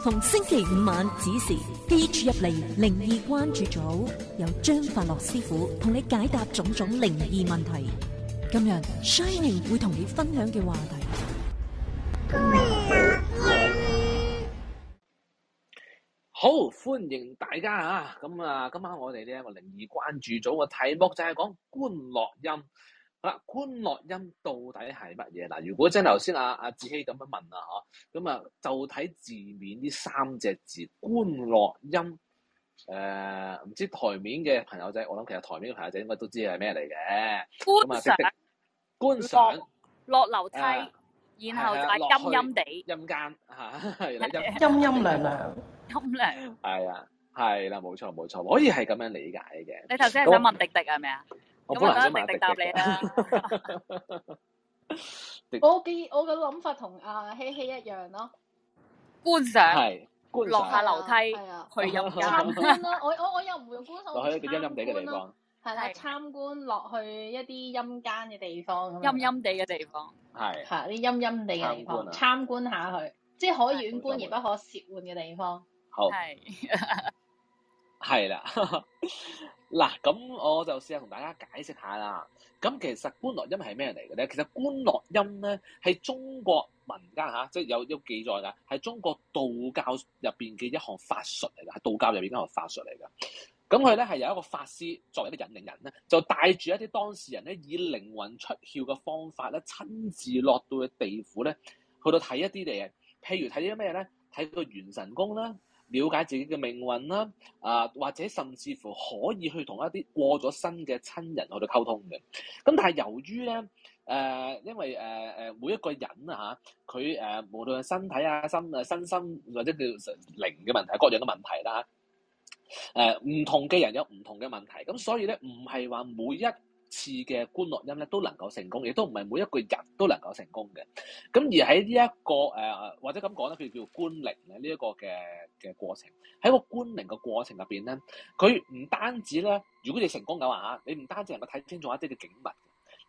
逢星期五晚子時，記住入嚟靈異關注組，由張法樂師傅同你解答種種靈異問題。今日 Shinning 會同你分享嘅話題，好歡迎大家啊！咁啊，今晚我哋呢一個靈異關注組嘅題目就係講觀落陰。好啦，觀落陰到底係乜嘢？嗱，如果真係頭先阿阿紫僖咁樣問啊，嗬，咁啊就睇字面呢三隻字觀落陰。誒、呃，唔知台面嘅朋友仔，我諗其實台面嘅朋友仔應該都知係咩嚟嘅。觀想，觀想落樓梯，樓呃、然後就係陰陰哋，陰間吓，陰陰涼涼，陰涼。係啊，係啦， 冇錯冇錯，錯，可以係咁樣理解嘅。你頭先係想問廸廸係咪啊？咁我一定答你啦。我嘅我嘅諗法同阿希希一樣咯。觀賞，落下樓梯去陰間咯。我我我又唔用觀賞，落去啲陰陰地嘅地方。係，參觀落去一啲陰間嘅地方。陰陰地嘅地方。係。吓，啲陰陰地嘅地方，參觀下去，即係可遠觀而不可褻玩嘅地方。好。係。係啦。嗱，咁我就試下同大家解釋下啦。咁其實觀落陰係咩嚟嘅咧？其實觀落陰咧係中國民間嚇，即係有有記載嘅，係中國道教入邊嘅一項法術嚟嘅，係道教入邊一項法術嚟嘅。咁佢咧係由一個法師作為一個引領人咧，就帶住一啲當事人咧，以靈魂出竅嘅方法咧，親自落到去地府咧，去到睇一啲嘅，譬如睇啲咩咧，睇個元神宮啦。了解自己嘅命運啦，啊、呃、或者甚至乎可以去同一啲過咗身嘅親人去度溝通嘅，咁但係由於咧，誒、呃、因為誒誒、呃、每一個人啊，佢誒、呃、無論係身體啊、心啊、身心或者叫靈嘅問題、各樣嘅問題啦，誒唔同嘅人有唔同嘅問題，咁、呃、所以咧唔係話每一次嘅觀落陰咧都能夠成功，亦都唔係每一個人都能夠成功嘅。咁而喺呢、這個呃、一個誒或者咁講咧，譬如叫觀靈咧呢一個嘅嘅過程喺個觀靈嘅過程入邊咧，佢唔單止咧，如果你成功嘅話吓，你唔單止能夠睇清楚一啲嘅景物。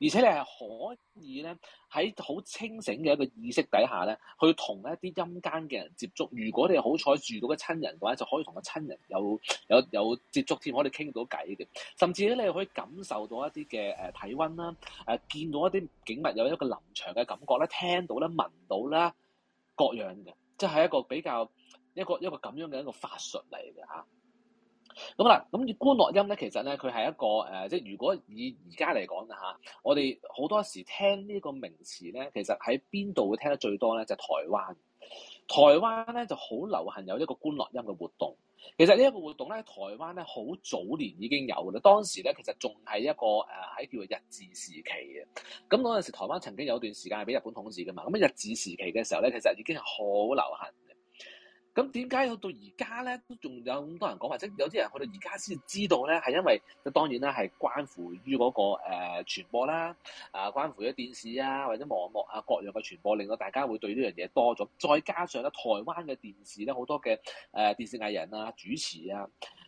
而且你係可以咧喺好清醒嘅一個意識底下咧，去同一啲陰間嘅人接觸。如果你好彩住到嘅親人嘅話，就可以同個親人有有有接觸添，可以傾到偈嘅。甚至咧，你可以感受到一啲嘅誒體温啦，誒，啊，見到一啲景物有一個臨場嘅感覺咧，聽到咧，聞到啦，各樣嘅，即係一個比較一個一個咁樣嘅一個法術嚟嘅嚇。啊。咁啦，咁觀落陰咧、呃，其實咧佢係一個誒，即係如果以而家嚟講嚇，我哋好多時聽呢個名詞咧，其實喺邊度會聽得最多咧？就係、台灣，台灣咧就好流行有一個觀落陰嘅活動。其實呢一個活動咧，台灣咧好早年已經有嘅啦。當時咧其實仲係一個誒，喺、呃、叫做日治時期嘅。咁嗰陣時，台灣曾經有段時間係俾日本統治嘅嘛。咁日治時期嘅時候咧，其實已經係好流行。咁點解去到而家咧，都仲有咁多人講，或者有啲人去到而家先知道咧，係因為當然啦，係關乎於嗰、那個誒、呃、傳播啦，啊、呃、關乎咗電視啊或者網絡啊各樣嘅傳播，令到大家會對呢樣嘢多咗。再加上咧，台灣嘅電視咧好多嘅誒、呃、電視藝人啊、主持啊，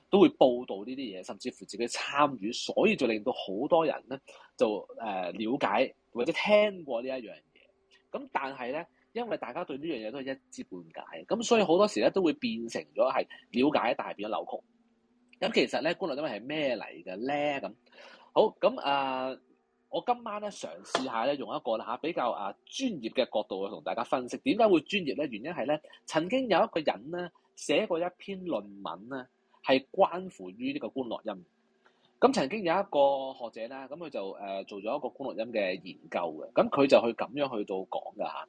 都會報導呢啲嘢，甚至乎自己參與，所以就令到好多人咧就誒、呃、了解或者聽過呢一樣嘢。咁但係咧。因為大家對呢樣嘢都係一知半解嘅，咁所以好多時咧都會變成咗係了解，但係變咗扭曲。咁其實咧，觀落陰係咩嚟嘅咧？咁好咁啊！Uh, 我今晚咧嘗試下咧，用一個嚇比較啊專業嘅角度去同大家分析，點解會專業咧？原因係咧，曾經有一個人咧寫過一篇論文咧，係關乎於呢個觀落陰。咁曾經有一個學者咧，咁佢就誒、呃、做咗一個觀落陰嘅研究嘅，咁佢就去咁樣去到講嘅嚇。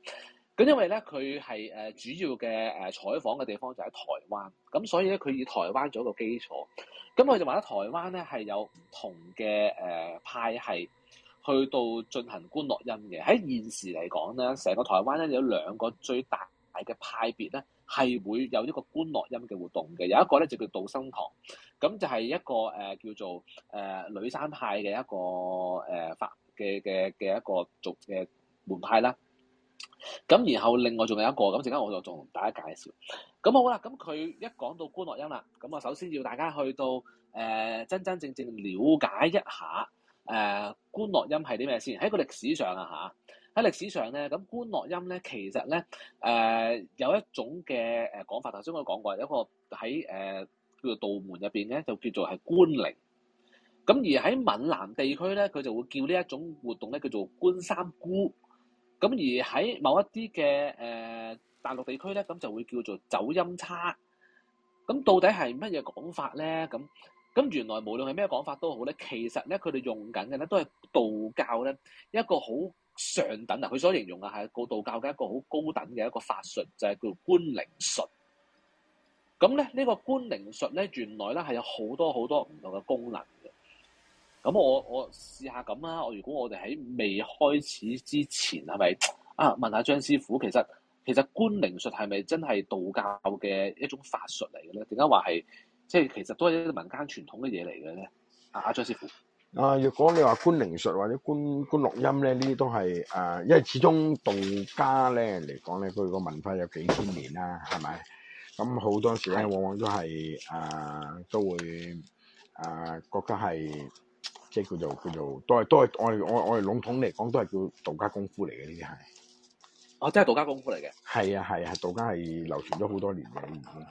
咁因為咧，佢係誒主要嘅誒採訪嘅地方就喺台灣，咁所以咧佢以台灣做一個基礎，咁我就話咧台灣咧係有唔同嘅誒派系去到進行觀落陰嘅。喺現時嚟講咧，成個台灣咧有兩個最大大嘅派別咧，係會有一個觀落陰嘅活動嘅。有一個咧就叫道生堂，咁就係一個誒叫做誒呂山派嘅一個誒法嘅嘅嘅一個族嘅門派啦。咁然後另外仲有一個，咁陣間我就仲同大家介紹。咁好啦，咁佢一講到觀落陰啦，咁啊，首先要大家去到誒、呃、真真正正了解一下誒、呃、觀落陰係啲咩先。喺個歷史上啊吓，喺歷史上咧，咁觀落陰咧其實咧誒、呃、有一種嘅誒講法，頭先我講過，有一個喺誒、呃、叫做道門入邊咧，就叫做係觀靈。咁而喺閩南地區咧，佢就會叫呢一種活動咧，叫做觀三姑。咁而喺某一啲嘅誒大陸地區咧，咁就會叫做走陰差。咁到底係乜嘢講法咧？咁咁原來無論係咩講法都好咧，其實咧佢哋用緊嘅咧都係道教咧一個好上等啊！佢所形容嘅係個道教嘅一個好高等嘅一個法術，就係叫觀靈術。咁咧呢個觀靈術咧，原來咧係有好多好多唔同嘅功能嘅。咁我我試下咁啦。我如果我哋喺未開始之前係咪啊？問下張師傅，其實其實觀靈術係咪真係道教嘅一種法術嚟嘅咧？點解話係即係其實都係一啲民間傳統嘅嘢嚟嘅咧？啊，張師傅啊，如果你話觀靈術或者觀觀落陰咧，呢啲都係誒、啊，因為始終道家咧嚟講咧，佢個文化有幾千年啦、啊，係咪？咁好多時咧、啊，往往都係誒、啊、都會誒、啊、覺得係。即係叫做叫做，都係都係我哋我我哋籠統嚟講，都係叫道家功夫嚟嘅呢啲係。哦、啊，即係道家功夫嚟嘅。係啊係啊，道家係流傳咗好多年嘅已經。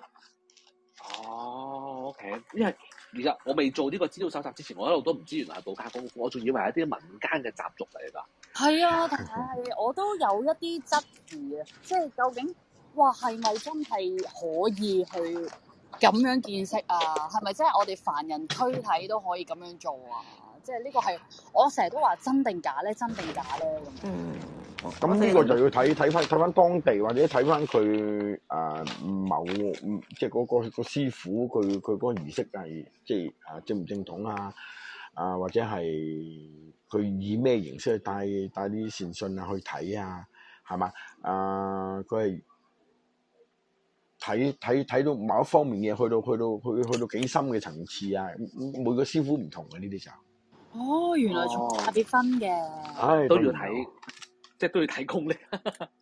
哦、嗯 oh，OK，因為其實我未做呢個資料蒐集之前，我一路都唔知原來係道家功夫，我仲以為係一啲民間嘅習俗嚟㗎。係 啊，但係我都有一啲質疑啊，即係究竟哇係咪真係可以去咁樣見識啊？係咪真係我哋凡人軀體都可以咁樣做啊？即係呢個係我成日都話真定假咧，真定假咧咁。嗯，咁呢個就要睇睇翻睇翻當地，或者睇翻佢誒某、嗯、即係嗰、嗰個個師傅佢佢嗰個儀式係即係誒正唔正統啊？啊、呃，或者係佢以咩形式去帶帶啲善信啊去睇啊，係嘛？啊、呃，佢係睇睇睇到某一方面嘢，去到去到去去到幾深嘅層次啊！每個師傅唔同嘅呢啲時候。哦，原來從特別分嘅，哎、都要睇，即係都要睇功力。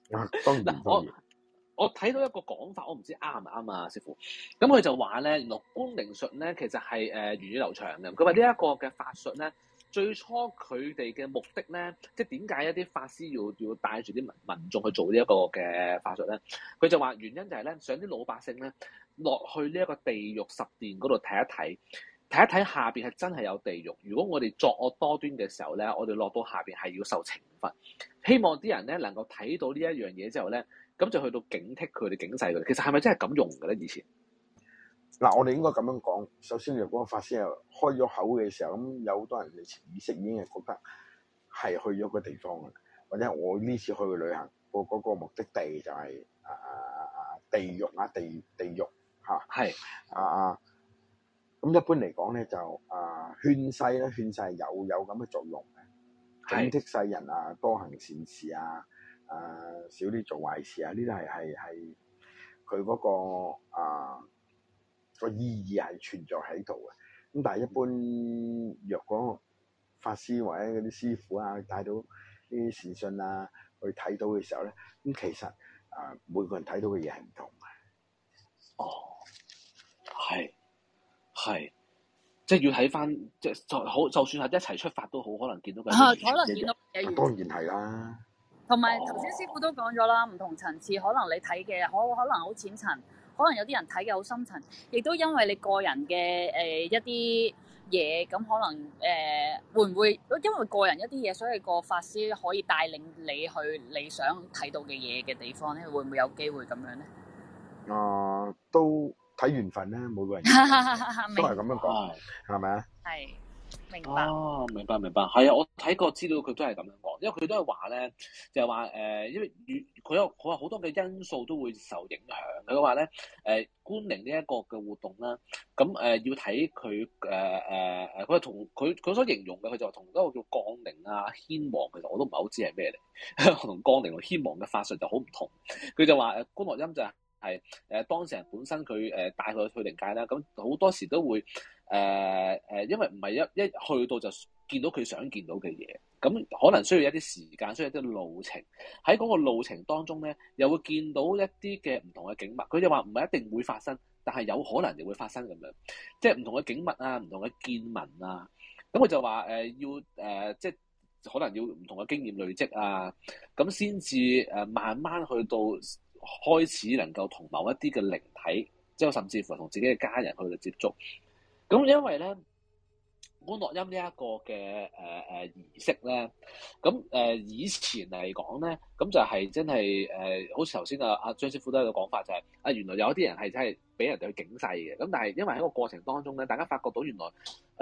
嗱、 啊 啊，我我睇到一個講法，我唔知啱唔啱啊，師傅。咁佢就話咧，六觀靈術咧，其實係誒、呃、源遠流長嘅。佢話呢一個嘅法術咧，最初佢哋嘅目的咧，即係點解一啲法師要要帶住啲民民眾去做呢一個嘅法術咧？佢就話原因就係咧，想啲老百姓咧落去呢一個地獄十殿嗰度睇一睇。睇一睇下邊係真係有地獄。如果我哋作惡多端嘅時候咧，我哋落到下邊係要受懲罰。希望啲人咧能夠睇到呢一樣嘢之後咧，咁就去到警惕佢哋，警醒佢哋。其實係咪真係咁用嘅咧？以前嗱，我哋應該咁樣講。首先，若果法師開咗口嘅時候，咁有好多人嘅意識已經係覺得係去咗個地方啦，或者我呢次去嘅旅行，我、嗰個目的地就係、是、啊地獄啊地地獄嚇係啊。是啊咁一般嚟講咧，就啊勸世咧，勸世有有咁嘅作用嘅，警惕世人啊，多行善事啊，啊少啲做壞事啊，呢啲係係係佢嗰個啊個意義係存在喺度嘅。咁但係一般若果法師或者嗰啲師傅啊帶到啲善信啊去睇到嘅時候咧，咁其實啊、呃、每個人睇到嘅嘢係唔同嘅。哦，係。係，即係要睇翻，即係就好，就算係一齊出發都好，可能見到嘅。啊，可能遇到嘅。當然係啦。同埋頭先師傅都講咗啦，唔同層次，可能你睇嘅可可能好淺層，可能有啲人睇嘅好深層，亦都因為你個人嘅誒、呃、一啲嘢，咁可能誒、呃、會唔會因為個人一啲嘢，所以個法師可以帶領你去你想睇到嘅嘢嘅地方咧，會唔會有機會咁樣咧？啊，都。睇緣分咧，每個人都係咁樣講，係咪啊？係吧，明白。哦、啊，明白，明白。係啊，我睇過資料，佢都係咁樣講，因為佢都係話咧，就係話誒，因為佢有佢有好多嘅因素都會受影響。佢話咧誒，觀靈呢一個嘅活動啦，咁誒、呃、要睇佢誒誒誒，佢係同佢佢所形容嘅，佢就同嗰個叫降靈啊、牽亡，其實我都唔係好知係咩嚟，同降靈同牽亡嘅法術就好唔同。佢就話誒、呃、觀落陰就係。係誒，當事人本身佢誒帶佢去靈界啦，咁好多時都會誒誒、呃，因為唔係一一去到就見到佢想見到嘅嘢，咁可能需要一啲時間，需要一啲路程。喺嗰個路程當中咧，又會見到一啲嘅唔同嘅景物。佢就話唔係一定會發生，但係有可能就會發生咁樣，即係唔同嘅景物啊，唔同嘅見聞啊。咁佢就話誒要誒，即、呃、係、呃呃就係、可能要唔同嘅經驗累積啊，咁先至誒慢慢去到。開始能夠同某一啲嘅靈體，即係甚至乎同自己嘅家人去到接觸。咁因為咧，觀落陰呢一個嘅誒誒儀式咧，咁誒以前嚟講咧，咁就係真係誒，好似頭先啊阿張師傅都有個講法，就是，就係啊原來有一啲人係真係俾人哋去警示嘅。咁但係因為喺個過程當中咧，大家發覺到原來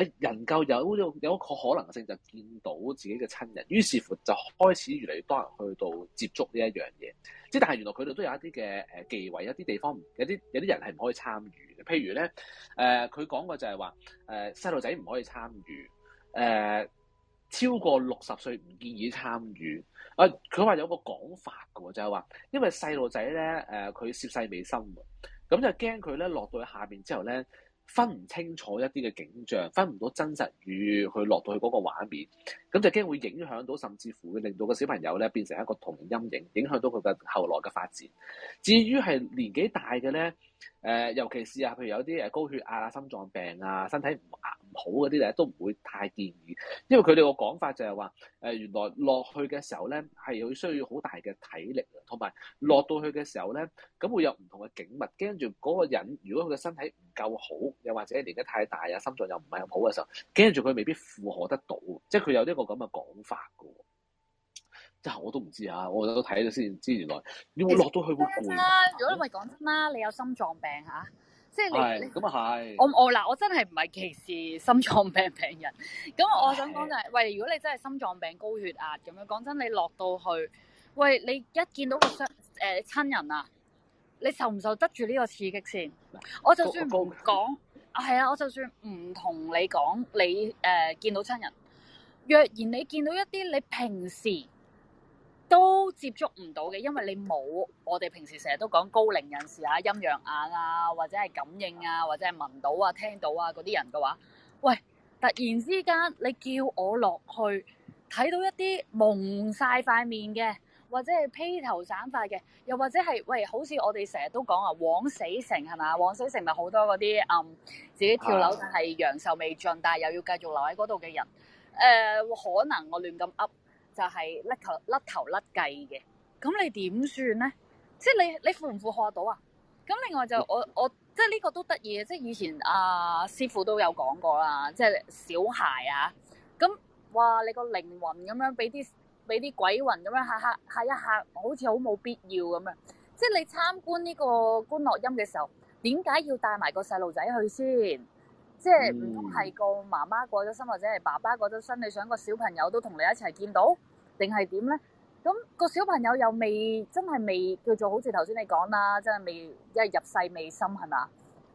誒人夠有有一個可能性就見到自己嘅親人，於是乎就開始越嚟越多人去到接觸呢一樣嘢。即但係原來佢哋都有一啲嘅誒忌諱，一啲地方，有啲有啲人係唔可以參與。譬如咧，誒佢講過就係話，誒細路仔唔可以參與，誒、呃、超過六十歲唔建議參與。啊、呃，佢話有個講法㗎就係、是、話，因為細路仔咧誒佢涉世未深，咁就驚佢咧落到去下面之後咧。分唔清楚一啲嘅景象，分唔到真實與佢落到去嗰個畫面，咁就驚會影響到，甚至乎會令到個小朋友咧變成一個童年陰影，影響到佢嘅後來嘅發展。至於係年紀大嘅咧。誒、呃，尤其是啊，譬如有啲誒高血壓啊、心臟病啊、身體唔好嗰啲咧，都唔會太建議，因為佢哋個講法就係話，誒、呃、原來落去嘅時候咧，係會需要好大嘅體力，同埋落到去嘅時候咧，咁會有唔同嘅景物，驚住嗰個人如果佢嘅身體唔夠好，又或者年紀太大啊，心臟又唔係好嘅時候，驚住佢未必負荷得到，即係佢有呢、這個咁嘅講法㗎。真我都唔知嚇，我都睇咗先知、啊，知原來你會落到去會攰啊。如果你咪講真啦，你有心臟病吓，即係咁啊，係、就係嗯、我我嗱，我真係唔係歧視心臟病病人。咁我想講就係喂，如果你真係心臟病、高血壓咁樣，講真你落到去喂，你一見到個傷誒親人啊，你受唔受得住呢個刺激先？我就算唔講係啊，我就算唔同你講，你誒、呃、見到親人，若然你見到一啲你平時。都接觸唔到嘅，因為你冇我哋平時成日都講高齡人士啊、陰陽眼啊，或者係感應啊，或者係聞到啊、聽到啊嗰啲人嘅話，喂！突然之間你叫我落去睇到一啲蒙晒塊面嘅，或者係披頭散髮嘅，又或者係喂，好似我哋成日都講啊，枉死城係咪？枉死城咪好多嗰啲嗯自己跳樓但係陽壽未盡，但係又要繼續留喺嗰度嘅人，誒可能我亂咁噏。就係甩頭甩頭甩計嘅，咁你點算咧？即係你你負唔負荷到啊？咁另外就我我即係呢個都得意啊！即係以前阿師傅都有講過啦，即係小孩啊，咁哇你個靈魂咁樣俾啲俾啲鬼魂咁樣嚇嚇嚇一嚇，好似好冇必要咁樣。即係你參觀呢個觀落陰嘅時候，點解要帶埋個細路仔去先？即係唔通係個媽媽過咗身，或者係爸爸過咗身，你想個小朋友都同你一齊見到，定係點咧？咁個小朋友又未真係未叫做好似頭先你講啦，真係未即係入世未深係咪？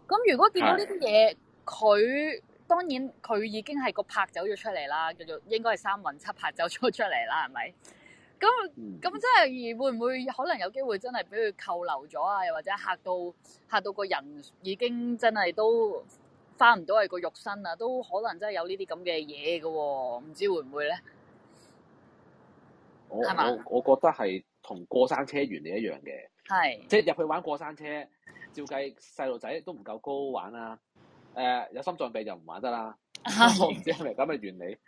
咁如果見到呢啲嘢，佢、啊、當然佢已經係個拍走咗出嚟啦，叫做應該係三魂七魄走咗出嚟啦，係咪？咁咁真係會唔會可能有機會真係俾佢扣留咗啊？又或者嚇到嚇到個人已經真係都～翻唔到係個肉身啊，都可能真係有、哦、會會呢啲咁嘅嘢嘅，唔知會唔會咧？我吧我覺得係同過山車原理一樣嘅，係即係入去玩過山車，照計細路仔都唔夠高玩啦、啊，誒、呃、有心臟病就唔玩得、啊、啦。吓， 我唔知係咪咁嘅原理。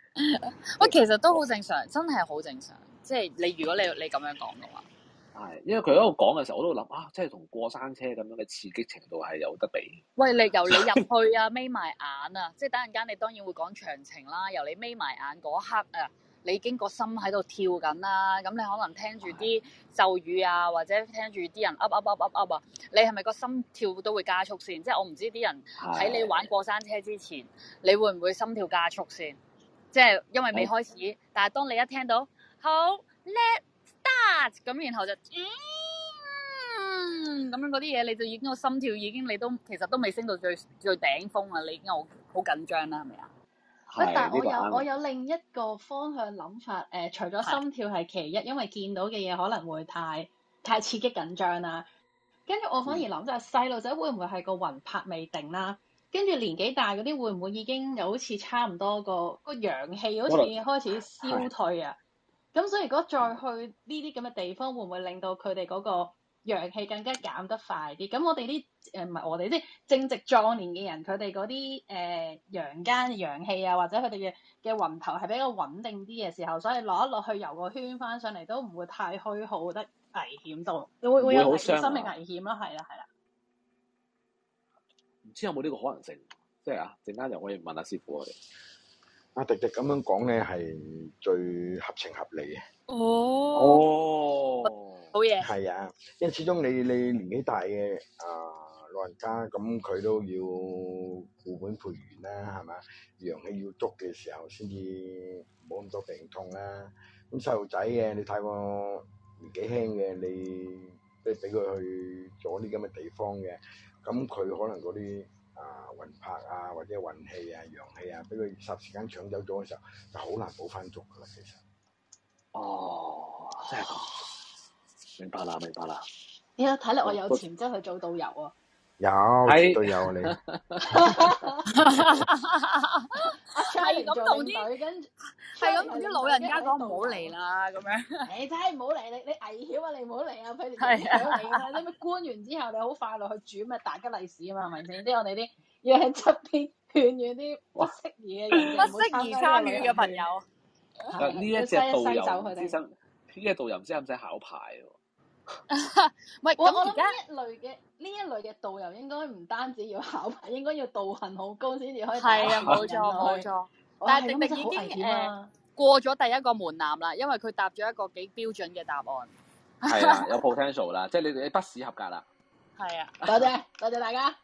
喂， 其實都好正常，我真係好正常。即係你如果你你咁樣講嘅話。係，因為佢喺度講嘅時候，我都會諗啊，即係同過山車咁樣嘅刺激程度係有得比。喂，你由你入去啊，眯埋眼啊， 即係等陣間你當然會講詳情啦。由你眯埋眼嗰刻啊，你已經個心喺度跳緊啦。咁你可能聽住啲咒語啊，或者聽住啲人噏噏噏噏噏啊，你係咪個心跳都會加速先？即係我唔知啲人喺你玩過山車之前，你會唔會心跳加速先？即係因為未開始，嗯、但係當你一聽到好叻。咁然後就咁樣嗰啲嘢，嗯、那那你就已經個心跳已經你都其實都未升到最最頂峰啦。你已經好緊張啦，係咪啊？係。但係我有這邊 我有另一個方向諗法，誒、呃，除咗心跳係其一，是因為見到嘅嘢，可能會太太刺激緊張啦。跟住我反而諗就係細路仔會唔會係個魂魄未定啦？跟住年紀大嗰啲會唔會已經又好似差唔多個個陽氣好似開始消退啊？咁所以如果再去呢啲咁嘅地方，會唔會令到佢哋嗰個陽氣更加減得快啲？咁我哋啲誒唔係我哋啲正值壯年嘅人，佢哋嗰啲誒陽間陽氣啊，或者佢哋嘅嘅雲頭係比較穩定啲嘅時候，所以落一落去遊個圈，翻上嚟都唔會太虛耗得危險到，你會會會有生命危險啦。係啦、啊，係啦。唔知有冇呢個可能性？即係啊，陣間由我哋問下師傅。迪迪咁樣講咧，係最合情合理嘅。哦，好嘢。係啊，因為始終你你年紀大嘅啊、呃、老人家，咁、嗯、佢都要固本培元啦，係嘛？陽氣要足嘅時候先至冇咁多病痛啦、啊。咁細路仔嘅，你睇個年紀輕嘅，你即係俾佢去咗啲咁嘅地方嘅，咁、嗯、佢可能嗰啲。啊，運拍啊，或者運氣啊、陽氣啊，俾佢霎時間搶走咗嘅時候，就好難補翻足噶啦，其實。哦，真係，明白啦，明白啦。咦，睇嚟我有潛質去做導遊啊？有，絕對有 Hey. 你。 係咁同啲，女跟係咁同啲老人家講唔好嚟啦咁樣，誒睇唔好嚟，你你危險啊！你唔好嚟啊！佢哋唔好嚟啊！你咩，觀完之後你好快落去住啊，大吉利是啊嘛，係咪先？即係我哋啲要喺側邊勸遠啲不適宜嘅參不適宜參與嘅朋友。嗱，呢一隻導遊先生，呢一導遊先生唔使考牌唔係， 是哇我我覺得呢一類嘅呢在一類嘅導遊應該唔單止要考牌，應該要道行好高先至可以。係啊哇，冇錯冇錯。哇但係定定已經誒過咗第一個門檻啦，因為佢答咗一個幾標準嘅答案。係啦，啊，有 potential 啦， 即係你你筆試合格啦。係啊， 多謝多謝大家。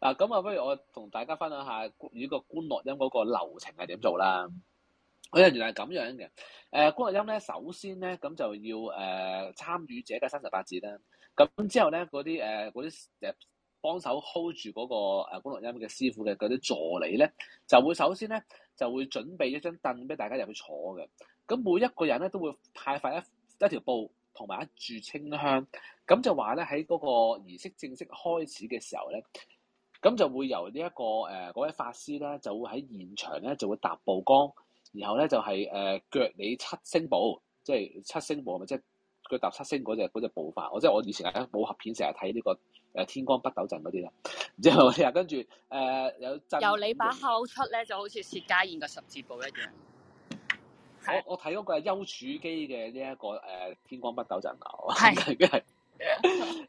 嗱，咁啊，不如我同大家分享下呢個觀落陰嗰個流程係點做啦。嗰陣原來係咁樣嘅。誒觀落陰咧，首先咧咁就要誒參與者嘅生辰八字啦。咁之後咧，嗰啲誒啲誒幫手 hold 住嗰、那個誒觀落陰嘅師傅嘅嗰啲助理咧，就會首先咧就會準備一張凳俾大家入去坐嘅。咁每一個人咧都會派發一一條布同埋一柱清香。咁就話咧喺嗰個儀式正式開始嘅時候咧，咁就會由呢、這、一個誒嗰、呃、位法師咧就會喺現場咧就會踏曝光。然後咧就係、是、誒、呃、腳，你七星步，即係七星步咪即係腳踏七星嗰隻嗰隻步伐？我即係我以前係武俠片成日睇呢個誒、呃、天光北斗陣嗰啲咧，然之後啊跟住誒、呃、有由你把口出咧，就好似薛家燕嘅十字步一樣。我我睇嗰個係丘處機嘅呢一個誒、呃、天光北斗陣啊，係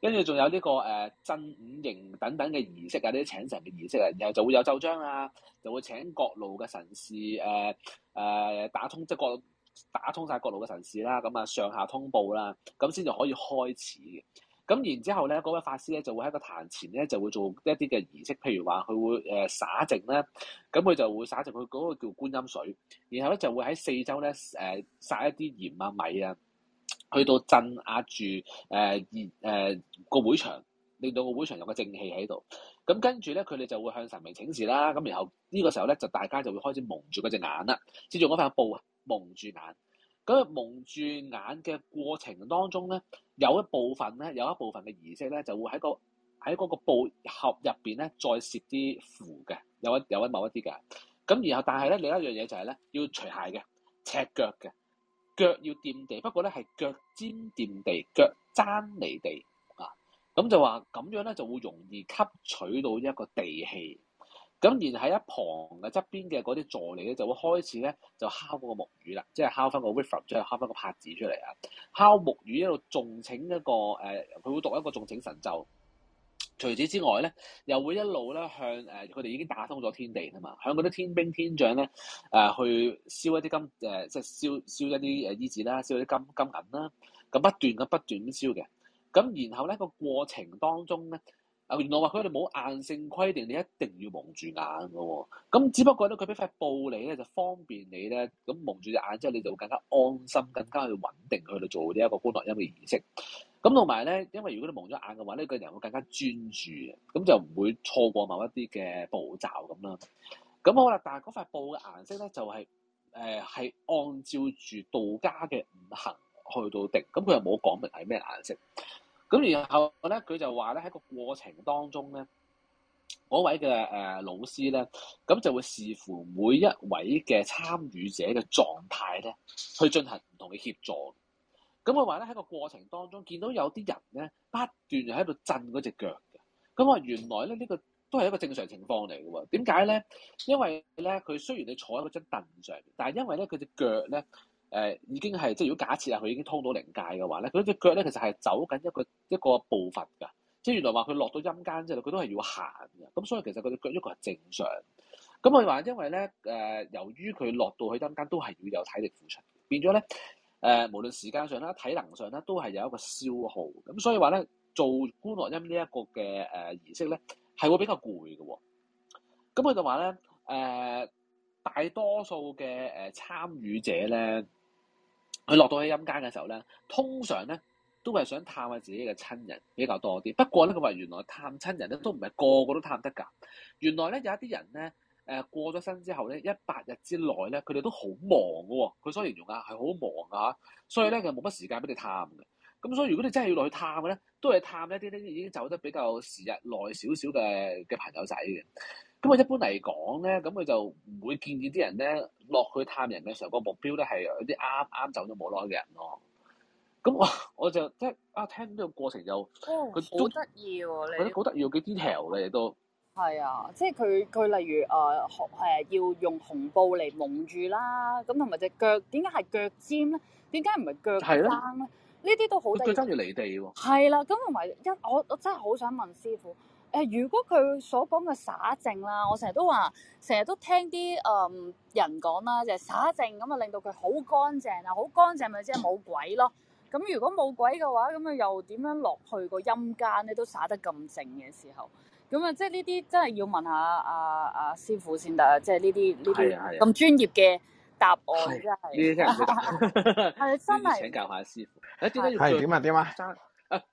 跟住仲有呢、這個誒鎮、呃、五營等等嘅儀式啊，啲請神嘅儀式啊，然後就會有奏章啊，就會請各路嘅神士誒誒、呃呃、打通即係各打通晒各路嘅神士啦，咁啊上下通報啦，咁先至可以開始。咁然之後咧，嗰、那、位、個、法師咧就會喺個壇前咧就會做一啲嘅儀式，譬如話佢會誒灑淨咧，咁、呃、佢就會灑淨佢嗰個叫觀音水，然後咧就會喺四周咧誒撒一啲鹽啊米啊。去到鎮壓住誒熱誒個會場，令到個會場有個正氣喺度。咁跟住咧，佢哋就會向神明請示啦。咁然後呢個時候咧，就大家就會開始蒙住嗰隻眼啦，接住嗰塊布蒙住眼。咁蒙住眼嘅過程當中咧，有一部分咧，有一部分嘅儀式咧，就會喺個喺嗰個布盒入邊咧，再攝啲符嘅，有揾有揾某一啲嘅。咁然後但係咧，另一樣嘢就係咧，要除鞋嘅，赤腳嘅。腳要掂地，不過咧係腳尖掂地，腳踭離地啊，咁就話咁樣咧就會容易吸取到一個地氣，咁然喺一旁嘅側邊嘅嗰啲助理咧就會開始咧就敲嗰個木魚啦，即係敲翻個 wood from，即係敲翻個拍子出嚟啊，敲木魚一路誦請一個誒，佢、呃、會讀一個誦請神咒。除此之外咧，又會一路咧向誒佢哋已經打通咗天地啊嘛，向嗰啲天兵天將咧誒去燒一啲金誒，即、呃、係燒燒一啲誒衣紙啦，燒啲金金銀啦，咁不斷咁不斷咁燒嘅，咁然後咧個過程當中咧，啊原來話佢哋冇硬性規定你一定要蒙住眼嘅喎、哦，咁只不過咧佢俾塊布你咧就方便你咧，咁蒙住隻眼之後你就會更加安心，更加去穩定去到做呢一個觀落陰嘅儀式。咁同埋咧，因為如果你矇咗眼嘅話咧，個人會更加專注，咁就唔會錯過某一啲嘅步驟咁啦。咁好啦，但係嗰塊布嘅顏色咧，就係誒係按照住道家嘅五行去到定，咁佢又冇講明係咩顏色。咁然後咧，佢就話咧喺個過程當中咧，嗰位嘅誒老師咧，咁就會視乎每一位嘅參與者嘅狀態咧，去進行唔同嘅協助。咁佢話咧喺個過程當中見到有啲人咧，不斷喺度震嗰隻腳嘅，咁佢話原來咧呢、這個都係一個正常情況嚟嘅喎。點解咧？因為咧佢雖然你坐喺嗰張凳上，但係因為咧佢隻腳咧誒、呃、已經係即係如果假設啊佢已經通到靈界嘅話咧，佢隻腳咧其實係走緊一個一個步伐㗎。即係原來話佢落到陰間之後，佢都係要行嘅。咁所以其實佢隻腳一個係正常。咁佢話因為咧誒、呃，由於佢落到去陰間都係要有體力付出，變咗咧。誒、呃，無論時間上啦，體能上咧，都係有一個消耗，咁、嗯、所以話咧，做觀落陰呢一個嘅誒儀式咧，係會比較攰嘅、哦。咁佢就話咧，誒、呃，大多數嘅誒參與者咧，佢落到去陰間嘅時候咧，通常咧都係想探下自己嘅親人比較多啲。不過咧，佢話原來探親人咧都唔係個個都探得噶。原來咧有一啲人咧。誒過咗身之後咧，一百日之內咧，佢哋都好忙嘅喎、哦。佢所形容啊係好忙嘅嚇，所以咧佢冇乜時間俾你探嘅。咁所以如果你真係要落去探嘅咧，都係探一啲咧已經走得比較時日耐少少嘅嘅朋友仔嘅。咁啊，一般嚟講咧，咁佢就唔會建議啲人咧落去探人嘅時候，個目標咧係有啲啱啱走咗冇耐嘅人咯。咁我我就即係啊，聽呢個過程又佢、哦、就好得意喎，覺得好得意喎，幾 detail 咧都。係啊，即係佢佢例如誒，紅、呃、誒要用紅布嚟蒙住啦，咁同埋隻腳點解係腳尖咧？點解唔係腳踭咧？呢啲、啊、都好。腳踭要離地喎、哦。係啦、啊，咁同埋一我我真係好想問師傅誒、呃，如果佢所講嘅灑淨啦，我成日都話，成日都聽啲誒、呃、人講啦，灑就係灑淨咁啊，令到佢好乾淨啊，好乾淨咪即係冇鬼咯。咁如果冇鬼嘅話，咁啊又點樣落去個陰間咧？都灑得咁淨嘅時候？咁啊，即係呢啲真係要問下阿阿師傅先得啊！即係呢啲呢啲咁專業嘅答案真係，係真係請教下師傅。點解要點啊？點啊？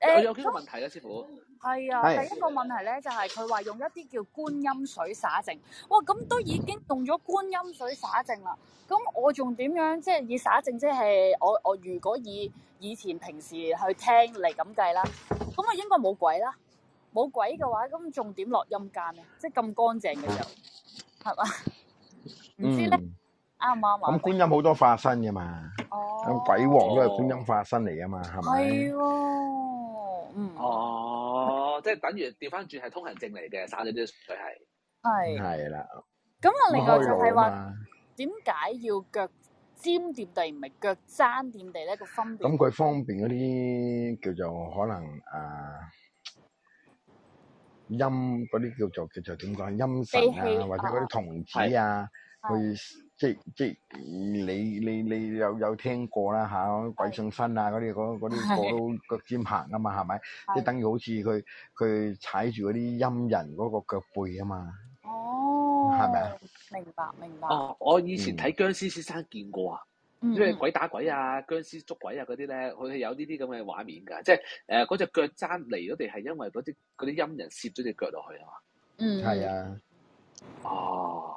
誒，有幾個問題咧，師傅？係啊，第一個問題咧就係佢話用一啲叫觀音水灑淨。哇，咁都已經用咗觀音水灑淨啦。咁我仲點樣即係以灑淨即係我我如果以以前平時去聽嚟咁計啦，咁我應該冇鬼啦。冇鬼嘅話，咁仲點落陰間咧？即係咁乾淨嘅就，係嘛？唔知咧，啱唔啱啊！咁觀音好多化身噶嘛？咁鬼王都係觀音化身嚟噶嘛？係咪？係哦，嗯。哦，即係等於調翻轉係通行證嚟嘅，灑咗啲水係。係。係啦。咁另外就係話，點解要腳尖掂地，唔係腳踭掂地咧？個分別。咁佢方便嗰啲叫做可能誒。陰嗰啲叫做叫做點講陰神啊，起或者嗰啲童子啊，去即係即係你你你有有聽過啦吓、啊、鬼上身啊，嗰啲嗰啲我都腳是尖行啊嘛，係咪？是即係等於好似佢佢踩住嗰啲陰人嗰個腳背啊嘛。哦，係咪啊？明白明白。哦、啊，我以前睇僵屍先生見過啊。嗯即、嗯、為鬼打鬼啊、僵屍捉鬼啊嗰啲咧，佢係有呢啲咁嘅畫面㗎，即係誒嗰隻腳踭離咗地係因為嗰啲嗰啲陰人攝咗隻腳落去啊嘛，嗯，係啊，哦，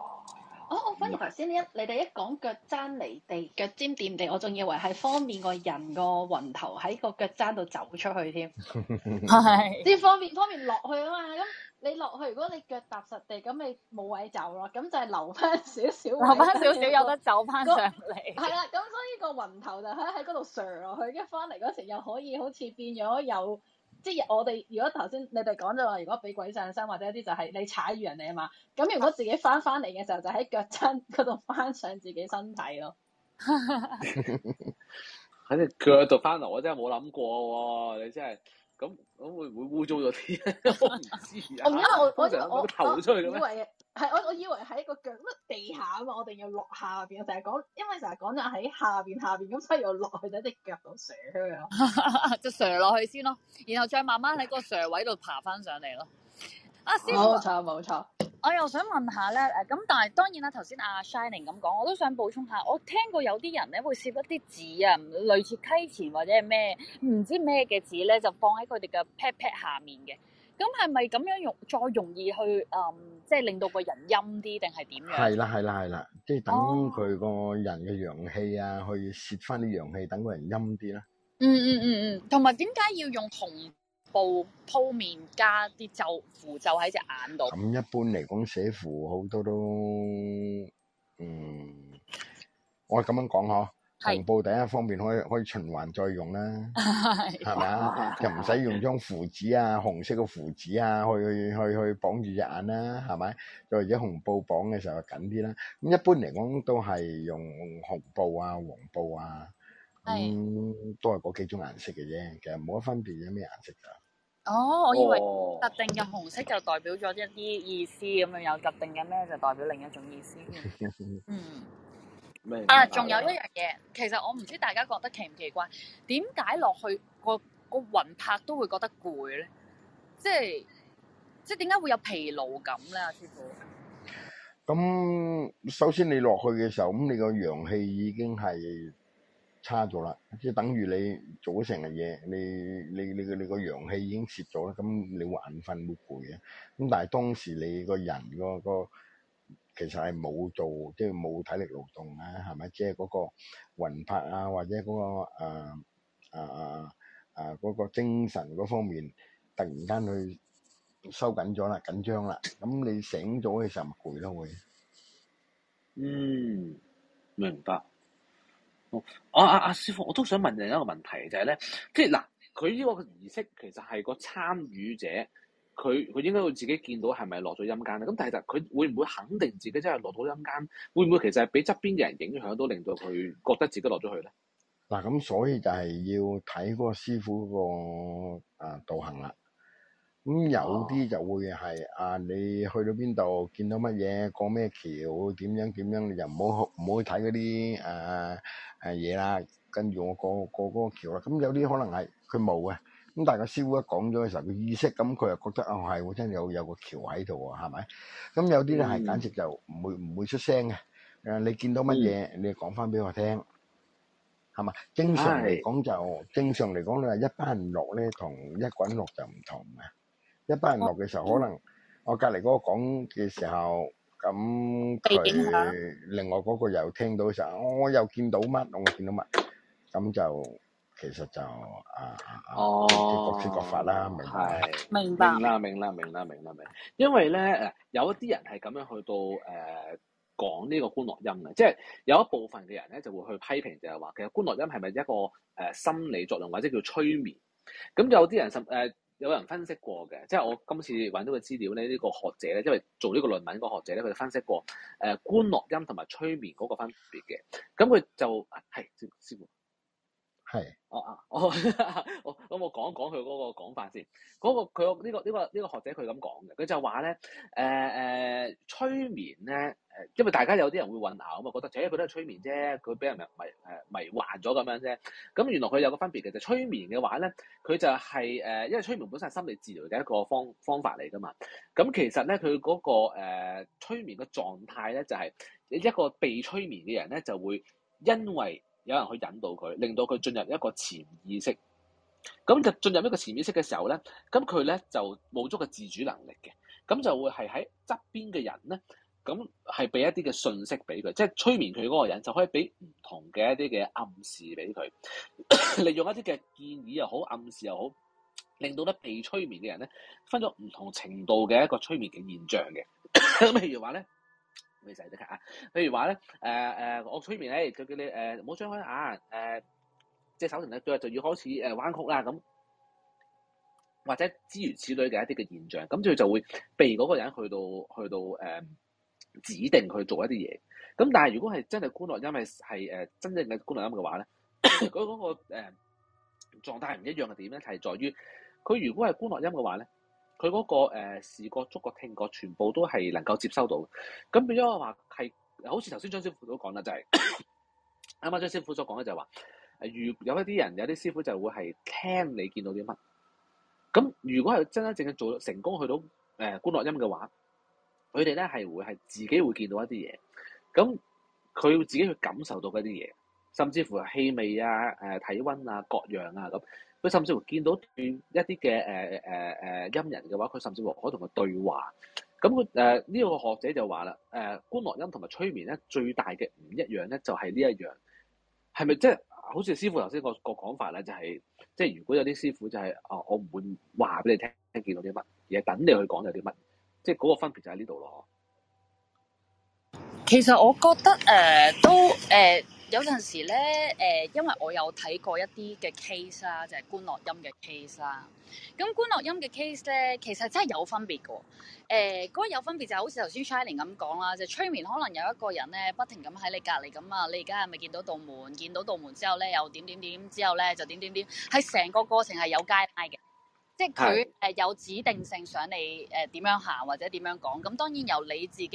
嗯、哦，反而頭先你一你哋一講腳踭離地，腳尖掂地，我仲以為係方便個人個雲頭喺個腳踭度走出去添，係 是，即係方便方便落去啊嘛，咁。你落去，如果你腳踏實地，咁你冇位走咯，咁就係留翻少少。留翻少少，點點有得走翻上嚟。係啦、那個，咁所以個雲頭就喺喺嗰度上落去，一住翻嚟嗰時又可以好似變咗有，即係我哋如果頭先你哋講咗話，如果俾鬼上身或者一啲就係你踩住人哋啊嘛，咁如果自己翻翻嚟嘅時候，就喺腳 c 嗰度翻上自己身體咯。喺、 啊、腳度翻嚟，我真係冇諗過喎、哦！你真係～咁，咁會唔會污糟咗啲，我唔知啊。我以為係我，我以為係一個腳乜地下啊嘛，我哋要落下邊，我成日講，因為成日講就喺下邊下邊，咁所以要落去喺隻腳度斜佢咯，就斜落去先咯，然後再慢慢喺個斜位度爬翻上嚟咯。師傅啊，冇錯冇錯。我又想問下咧，誒咁，但係當然啦，頭先阿 Shinning 咁講，我都想補充下，我聽過有啲人咧會攝一啲紙啊，類似溪錢或者係咩唔知咩嘅紙咧，就放喺佢哋嘅 pat pat 下面嘅，咁係咪咁樣用再容易去誒、嗯，即係令到個人陰啲定係點樣？係啦係啦係啦，即係等佢個人嘅陽氣啊，哦、去攝翻啲陽氣，等個人陰啲啦、嗯。嗯嗯嗯嗯，同埋點解要用紅布鋪面加啲咒符咒喺隻眼度。咁一般嚟講，寫符好多都，嗯，我咁樣講嗬，是紅布第一方面可以可以循環再用啦，係咪是？又唔使用，用張符紙啊，紅色嘅符紙啊，去去去去綁住隻眼啦、啊，係咪？再者紅布綁嘅時候緊啲啦。咁一般嚟講都係用紅布啊、黃布啊，咁是、嗯、都係嗰幾種顏色嘅啫，其實冇乜分別嘅咩顏色噶。哦，我以為特定嘅紅色就代表咗一啲意思，咁樣、哦、有特定嘅咩就代表另一種意思。 嗯，啊，仲有一樣嘢，啊、其實我唔知大家覺得奇唔奇怪，點解落去個個魂魄都會覺得攰咧？即係即係點解會有疲勞感咧？阿師傅。咁首先你落去嘅時候，咁你個陽氣已經係差咗啦，即係等於你做咗成日嘢，你你你個你個陽氣已經蝕咗啦，咁你會眼瞓會攰嘅。咁但係當時你個人、嗰個其實係冇做，即係冇體力勞動啊，係咪？即係嗰個魂魄啊，或者嗰、嗰個誒誒誒個精神嗰方面突然間去收緊咗啦，緊張啦，咁你醒咗嘅時候咪攰咯會。嗯，明白。阿阿阿師傅，我都想問另一個問題，就係、是、咧，即係嗱，佢呢個儀式其實係個參與者，佢佢應該會自己見到係咪落咗陰間咧？咁但係實佢會唔會肯定自己真係落到陰間？會唔會其實係俾側邊嘅人影響到，令到佢覺得自己落咗去咧？嗱，咁所以就係要睇嗰個師傅嗰、那個誒、啊、道行啦。咁有啲就會係啊！你去到邊度見到乜嘢過咩橋點樣點樣，你就唔好唔好去睇嗰啲誒誒嘢啦。跟住我過過嗰個橋啦。咁有啲可能係佢冇啊。咁但係個師傅一講咗嘅時候，佢意識咁佢又覺得啊，係我真係有有個橋喺度喎，係咪？咁有啲咧係簡直就唔會唔會出聲嘅。誒，你見到乜嘢，你講翻俾我聽，係嘛？正常嚟講就正常嚟講咧，一班人落咧同一個人落就唔同嘅。一班人落嘅時候，哦、可能我隔離嗰個講嘅時候，咁佢另外嗰個又聽到嘅時候，我又見到乜，我見到乜，咁就其實就啊，哦、各說各法啦，明白，明白，明白，明白，明啦，明啦，明啦，明啦，明。因為咧誒，有一啲人係咁樣去到誒講呢個觀落陰啊，即係有一部分嘅人咧就會去批評，就係話其實觀落陰係咪一個誒、呃、心理作用，或者叫催眠？咁有啲人什誒。呃呃呃有人分析過嘅，即係我今次揾到嘅資料咧，呢、這個學者咧，因為做呢個論文個學者咧，佢就分析過誒、呃、觀落陰同埋催眠嗰個分別嘅，咁佢就係師傅。係，我啊，我我咁我講一講佢嗰個講法先。嗰個佢呢個呢個呢個學者佢咁講嘅，佢就話咧，誒誒催眠咧，誒，因為大家有啲人會混淆咁啊，覺得其實佢都係催眠啫，佢俾人迷誒迷幻咗咁樣啫。咁原來佢有個分別嘅，就催眠嘅話咧，佢就係誒，因為催眠本身係心理治療嘅一個方方法嚟噶嘛。咁其實咧，佢嗰個誒催眠嘅狀態咧，就係一個被催眠嘅人咧，就會因為。有人去引導佢，令到佢進入一個潛意識。咁就進入一個潛意識嘅時候咧，咁佢咧就冇咗個自主能力嘅，咁就會係喺側邊嘅人咧，咁係俾一啲嘅信息俾佢，即係催眠佢嗰個人就可以俾唔同嘅一啲嘅暗示俾佢，利 用一啲嘅建議又好，暗示又好，令到咧被催眠嘅人咧分咗唔同程度嘅一個催眠嘅現象嘅。咁譬 如話咧。咪就得噶啊！譬如話咧，誒、呃、誒我催眠咧，就叫你誒唔好張開眼，誒即係手同埋腳就要開始誒彎曲啦，咁或者諸如此類嘅一啲嘅現象，咁佢就，就會被嗰個人去到去到誒、呃、指定去做一啲嘢。咁但係如果係真係觀落陰，係係誒真正嘅觀落陰嘅話咧，佢、那、嗰個誒、那個呃、狀態唔一樣嘅點咧，係在於佢如果係觀落陰嘅話咧。佢嗰、嗰個誒視覺、觸覺、聽覺，全部都係能夠接收到。咁變咗我話係，好似頭先張師傅都講啦，就係啱啱張師傅所講咧、就係，就係話，誒，有一啲人有啲師傅就會係聽你見到啲乜。咁如果係真真正正做成功去到誒觀落陰嘅話，佢哋咧係會係自己會見到一啲嘢。咁佢會自己去感受到嗰啲嘢，甚至乎係氣味啊、誒、呃、體温啊、各樣啊咁。佢甚至乎見到一啲嘅誒誒誒陰人嘅話，佢甚至乎可以同佢對話。咁佢誒呢個學者就話啦，誒、呃、觀落陰同埋催眠咧，最大嘅唔一樣咧，就係、是、呢一樣係咪，即係、就是、好似師傅頭先、那個、那個講法咧、就是，就係即係如果有啲師傅就係、是、啊、呃，我唔會話俾你聽見到啲乜嘢，等你去講有啲乜，即係嗰個分別就喺呢度咯。其實我覺得誒、呃、都誒。呃有陣時咧，誒、呃，因為我有睇過一啲嘅 case 啦，就係觀落陰嘅 case 啦。咁觀落陰嘅 case 咧，其實真係有分別嘅。誒、呃，嗰、那個有分別就係好似頭先 Shinning 咁講啦，就是、催眠可能有一個人咧，不停咁喺你隔籬咁啊。你而家係咪見到道門？見到道門之後咧，又點點點，之後咧就點點點，係成個過程係有階梯嘅，即係佢誒有指定性想你誒點、呃、樣行或者點樣講。咁當然由你自己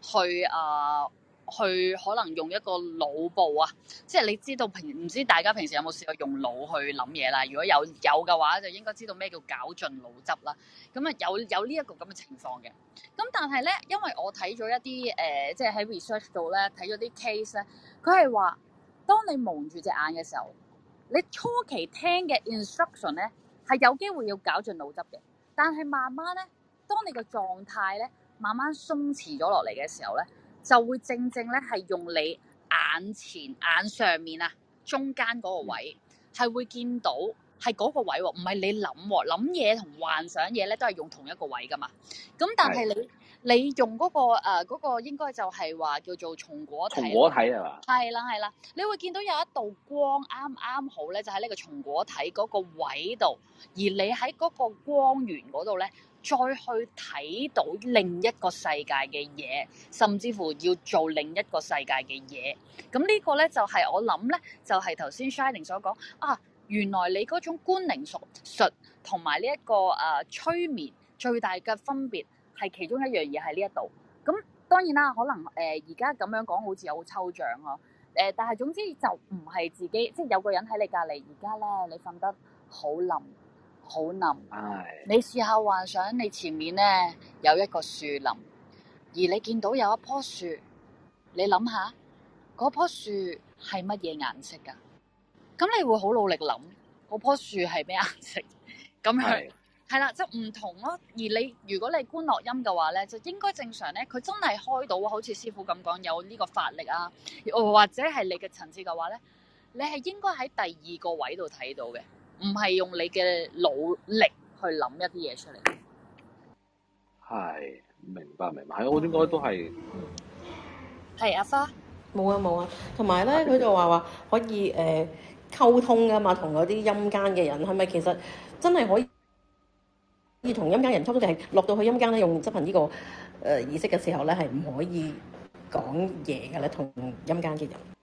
去啊。呃去可能用一個腦部啊，即係你知道平唔知大家平時有冇試過用腦去諗嘢啦？如果有有嘅話，就應該知道咩叫絞盡腦汁啦。咁啊有有呢一個咁嘅情況嘅。咁但係咧，因為我睇咗一啲誒、呃，即係喺 research 度咧睇咗啲 case 咧，佢係話，當你蒙住隻眼嘅時候，你初期聽嘅 instruction 咧係有機會要絞盡腦汁嘅。但係慢慢咧，當你個狀態咧慢慢鬆弛咗落嚟嘅時候咧。就會正正咧，係用你眼前、眼上面啊、中間嗰個位，係、嗯、會見到係嗰個位喎、哦，唔係你諗、啊，諗嘢同幻想嘢咧都係用同一個位噶嘛。咁但係你的你用嗰、嗰個誒嗰、呃嗰個應該就係話叫做松果體、松果體係嘛？係啦係啦，你會見到有一道光啱啱好咧，就喺、是、呢個松果體嗰個位度，而你喺嗰個光源嗰度咧。再去睇到另一個世界嘅嘢，甚至乎要做另一個世界嘅嘢。咁呢個咧就係我諗咧，就係、是、頭先、就是、Shinning 所講啊。原來你嗰種觀靈術術同埋呢一個誒、呃、催眠最大嘅分別係其中一樣嘢喺呢一度。咁當然啦，可能誒而家咁樣講好似好抽象咯。誒、呃，但係總之就唔係自己，即係有個人喺你隔籬。而家咧，你瞓得好冧。好冧，Yes. 你試下幻想你前面呢有一個樹林，而你見到有一棵樹，你諗下嗰棵樹係乜嘢顏色噶？咁你會好努力諗嗰棵樹係咩顏色？咁係係啦，就唔同咯。而你如果你觀落陰嘅話呢，就應該正常呢。佢真係開到好似師傅咁講有呢個法力啊，或者係你嘅層次嘅話呢，你係應該喺第二個位度睇到嘅。唔係用你嘅努力去諗一啲嘢出嚟，係明白明白，我應該都係係阿花，冇啊冇啊，同埋咧佢就話話可以誒、呃、溝通噶嘛，同嗰啲陰間嘅人，係咪其實真係可以要同陰間人溝通？定係落到去陰間咧，用執行呢、這個誒、呃、儀式嘅時候咧，係唔可以講嘢噶咧，同陰間嘅人。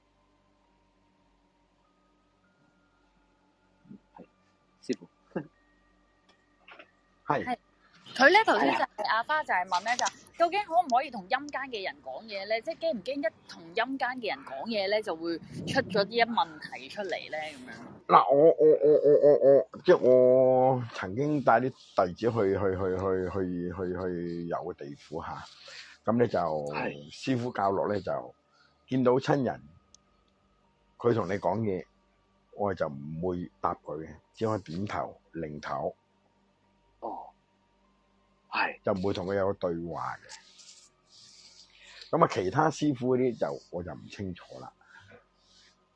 係，佢咧頭先就係阿花就係問咧就，究竟可唔可以同陰間嘅人講嘢咧？即係驚唔驚一同陰間嘅人講嘢咧，就會出咗啲一問題出嚟咧？咁樣嗱，我我我我我我，即係我曾經帶啲弟子去去去去去去去遊地府吓，咁咧就，係師傅教落咧就，見到親人，佢同你講嘢，我哋就唔會答佢嘅，只可以點頭、擰頭。係是就唔會同佢有個對話嘅，咁啊其他師傅嗰啲就我就唔清楚啦。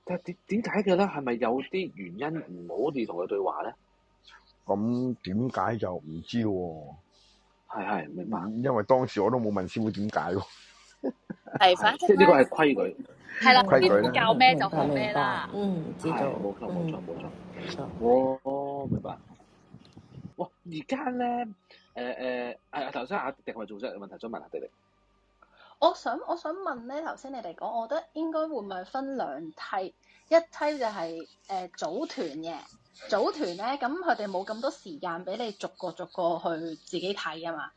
但係點點解嘅咧？係咪有啲原因唔好地同佢對話咧？咁點解就唔知喎、啊？係係，明白。因為當時我都冇問師傅點解喎。係，反正即呢個係規矩，係啦規矩教咩就係咩啦，嗯，冇錯冇錯冇錯。哎嗯、我明白。哇，而家咧～誒誒，係頭先阿迪迪咪做咗問題，想問下迪迪。我想我想問咧，頭先你哋講，我覺得應該會唔會分兩梯，一梯就係誒、組團嘅，組團咧，咁佢哋冇咁多時間俾你逐個逐個去自己睇啊嘛，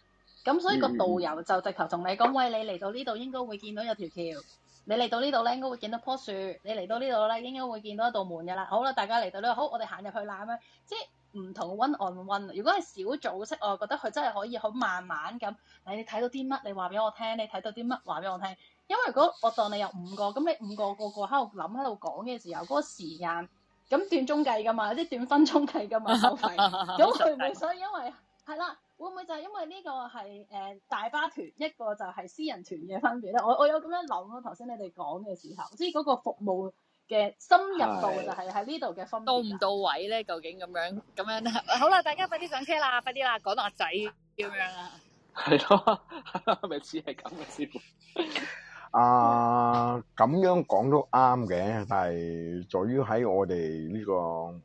咁所以個導遊就直頭同你講，嗯、喂，你嚟到呢度應該會見到有條橋。你嚟到呢度咧，應該會見到樖樹；你嚟到呢度咧，應該會見到一道門嘅啦。好啦，大家嚟到呢度，好，我哋行入去啦咁樣。即係唔同温案温。One on one, 如果係小組式，我覺得佢真係可以好慢慢咁。你你睇到啲乜，你話俾我聽；你睇到啲乜，話俾我聽。因為如果我當你有五個，咁你五個個個喺度諗喺度講嘅時候，嗰、那個時間咁段鐘計噶嘛，有啲段分鐘計噶嘛。咁佢唔會所以因為係啦。會唔會就係因為呢個係誒、呃、大巴團一個就係私人團嘅分別咧？我我有咁樣諗咯，頭先你哋講嘅時候，即係嗰個服務嘅深入度就係喺呢度嘅分到唔到位咧？究竟咁樣咁樣，好啦，大家快啲上車啦，快啲啦，講到阿仔咁樣啦，係咯，咪似係咁嘅師傅啊，咁樣講都啱嘅，但係在於喺我哋呢、呢個。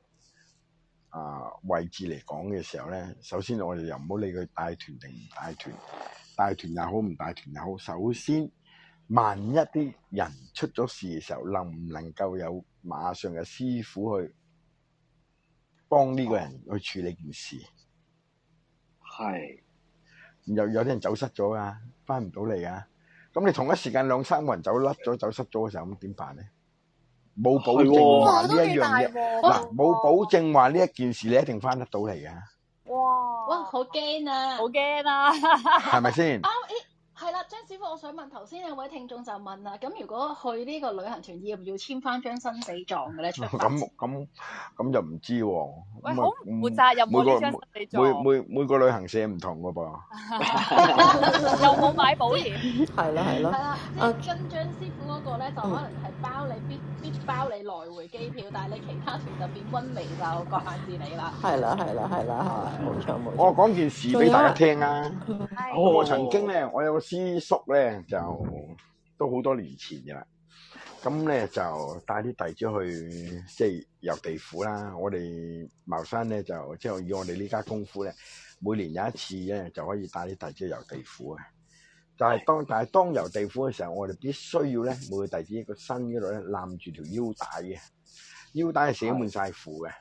啊，位置嚟講嘅時候咧，首先我哋又唔好理佢帶團定唔帶團，帶團又好，唔帶團又好，首先萬一啲人出咗事嘅時候，能唔能夠有馬上嘅師傅去幫呢個人去處理件事？係的，又有啲人走失咗啊，翻唔到嚟啊，咁你同一時間兩三個人走甩咗，走失咗嘅時候，咁點辦咧？冇保證話呢一樣嘢，嗱，冇保證話呢一件事你一定翻得到嚟嘅。哇哇，哇，好驚啊，好驚啊，係咪先？我想問頭先有位聽眾就問啦，咁如果去呢個旅行團要唔要簽翻張生死狀嘅咧？咁咁咁就唔知喎。喂，好唔負責任，又冇簽生死狀。每每每個旅行社唔同㗎噃，又冇買保險。係啦係啦。啊，跟張師傅嗰個咧，就可能係包你必必包你來回機票，但係你其他團就變温美就各眼字你啦。係啦係啦係啦，係冇錯冇錯。我講件事俾大家聽啊！我曾經咧，我有個師叔。咧就都好多年前嘅啦，咁咧就帶啲弟子去即係遊地府啦。我哋茅山咧就即係以我哋呢家功夫咧，每年有一次咧就可以帶啲弟子去遊地府啊。但係當但係當遊地府嘅時候，我哋必須要咧每個弟子，子一個身嗰度咧攬住條腰帶嘅腰帶係寫滿晒符嘅。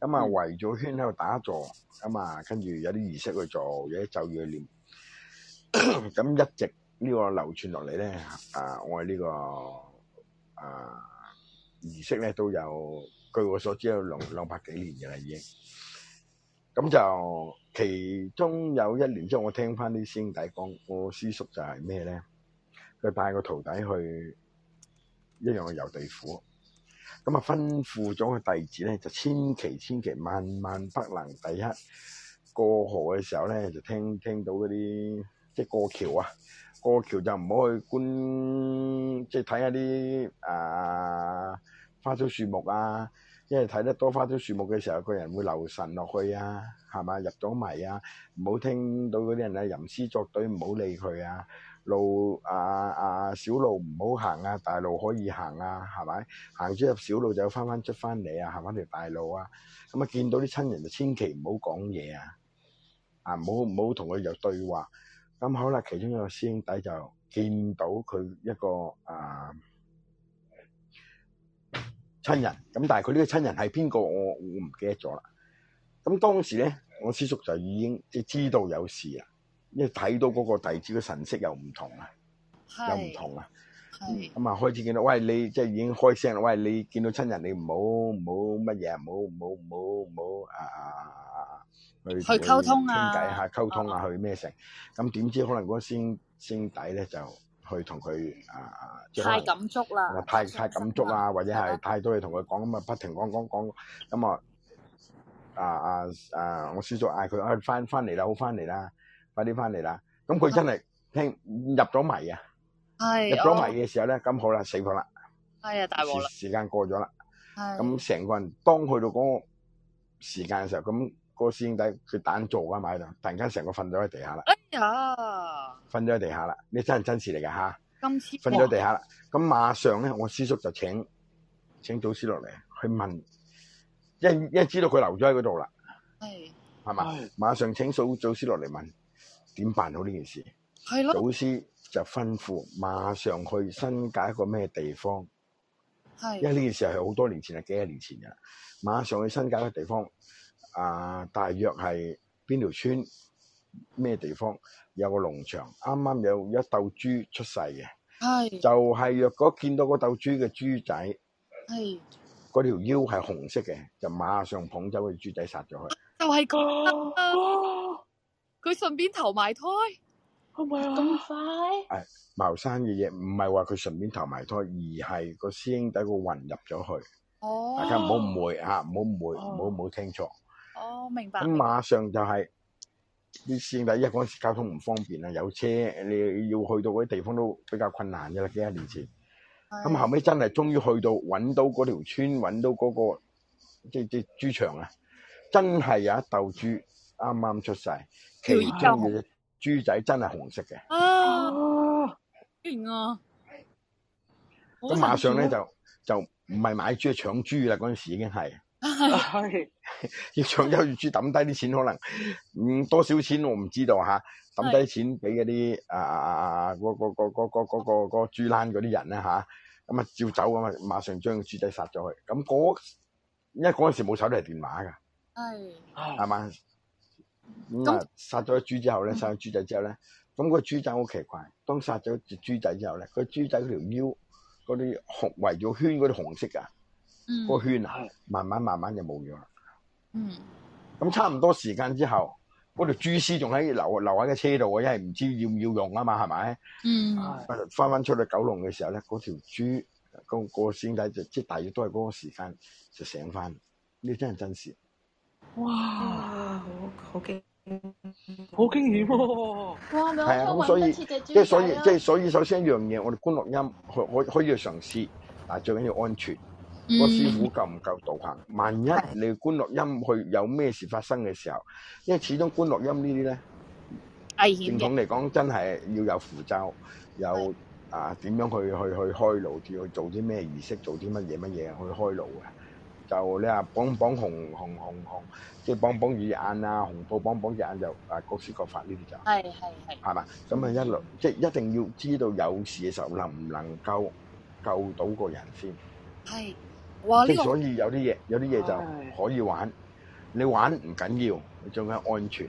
咁啊圍咗圈喺度打坐啊嘛，跟住有啲儀式去做，有啲咒語去念，咁 一直。呢個流傳落嚟咧，啊，我係呢個啊儀式咧，都有據我所知有兩兩百幾年嘅啦，已經咁就其中有一年之後，即係我聽翻啲師兄弟講，個師叔就係咩咧？佢帶個徒弟去一樣去遊地府，咁啊吩咐咗個弟子咧，就千祈千祈萬萬不能第一過河嘅時候咧，就聽聽到嗰啲即係過橋啊！過橋就唔好去觀，即係睇下啲啊花草樹木啊，因為睇得多花草樹木嘅時候，個人會留神落去啊，係嘛，入咗迷啊，唔好聽到嗰啲人啊吟詩作對，唔好理佢啊。路啊啊小路唔好行啊，大路可以行啊，係咪？行咗入小路就翻翻出翻嚟，啊行翻條大路啊。咁、嗯、啊見到啲親人就千祈唔好講嘢啊，啊唔好唔好同佢有對話。咁好啦，其中一個師兄弟就見到佢一個啊、呃、親人，咁但係佢呢個親人係邊個？我我唔記得咗啦。咁當時咧，我師叔就已經即係知道有事啊，因為睇到嗰個弟子嘅神色又唔同啊，是又唔同啊，咁啊是、嗯、開始見到，喂，你即係已經開聲啦，喂，你見到親人，你唔好唔好乜嘢，唔好唔好唔好唔好啊！去溝通啊，傾偈下溝通啊，去咩成？咁點知可能嗰個先先弟咧，就去同佢啊，太感觸啦，太太感觸啊，或者係太多嘢同佢講，咁啊不停講講講，咁啊啊啊！我師叔嗌佢，哎，翻翻嚟啦，好翻嚟啦，快啲翻嚟啦！咁佢真係聽入咗迷啊，入咗迷嘅時候咧，咁好啦，死火啦，係啊，大鑊啦，時間過咗啦，咁成個人當去到嗰個時間嘅時候咁。個師兄弟佢打坐啊，埋喺度，突然間成個瞓咗喺地下啦。哎呀！瞓咗喺地下啦，你真係真事嚟噶吓？今次瞓咗喺地下啦。咁哇馬上咧，我師叔就請請祖師落嚟去問，因因為知道佢留咗喺嗰度啦。係係嘛？吧是馬上請祖祖師落嚟問，點辦好呢件事？係咯的。祖師就吩咐馬上去新界一個咩地方？係的。因為呢件事係好多年前，係幾廿年前嘅。馬上去新界一個地方。啊，大約係邊條村咩地方有個農場，啱啱有一竇豬出世嘅，就係若果見到個竇豬嘅豬仔，嗰條腰係紅色嘅，就馬上捧走個豬仔殺咗佢。就係個佢順便投埋胎，係咪咁快？誒，茅山嘅嘢唔係話佢順便投埋胎，而係個師兄弟個魂入咗去。大家唔好誤會啊，唔好誤會，唔好唔好聽錯。哦，明白。咁馬上就係啲師弟，因為嗰陣時交通唔方便啊，有車你要去到嗰啲地方都比較困難嘅啦。幾多年前，咁的後尾真係終於去到，搵到嗰條村，搵到嗰、嗰個即即豬場啊！真係有一斗豬啱啱出世，的其中嘅豬仔真係紅色嘅。啊的，勁啊！咁馬上咧就就唔係買豬，係搶豬啦！嗰陣時已經係。 要搶優質豬抌低啲錢，可能唔、嗯、多少錢我唔知道吓，抌、啊、低錢俾嗰啲啊啊啊嗰嗰嗰個個豬欄啲人咧吓，咁啊、嗯、照走咁啊，馬上將個豬仔殺咗佢。咁、嗯、嗰、嗰個、因為陣時冇手提電話噶，係係嘛咁啊，殺咗豬之後咧，殺咗豬仔之後咧，咁、嗯嗯、個豬仔好奇怪，當殺咗隻豬仔之後咧，豬嗰個豬仔嗰條腰嗰啲紅圍咗圈嗰啲紅色噶。個圈啊，慢慢慢慢就冇咗。嗯，咁差唔多時間之後，嗰條豬屍仲喺留留喺個車度，因為唔知要唔要用啊嘛，係咪？嗯，翻翻出去九龍嘅時候咧，嗰條豬，嗰個、嗰個仙仔就即係大約都係嗰個時間就醒翻，呢啲係真事。哇，好驚，好驚險喎！哦、哇，係、那個、啊，所以即係所以即係所以，首先一樣嘢，我哋觀落陰可可以去嘗試，但係最緊要安全。個師傅夠唔夠道行？萬一你觀落陰去有咩事發生嘅時候，因為始終觀落陰呢啲咧，危險嘅。正統嚟講，真係要有符咒，有啊點樣去去去開路，至去做啲咩儀式，做啲乜嘢乜嘢去開路嘅。就你呀幫幫紅紅紅紅，即係幫幫隻眼啊，紅布幫幫隻眼就啊各施各法呢啲就係係係係嘛？咁啊一路即係一定要知道有事嘅時候能唔能夠救到個人先係。即嘩所以有啲嘢，有啲嘢就可以玩。的你玩唔緊要，你仲要安全。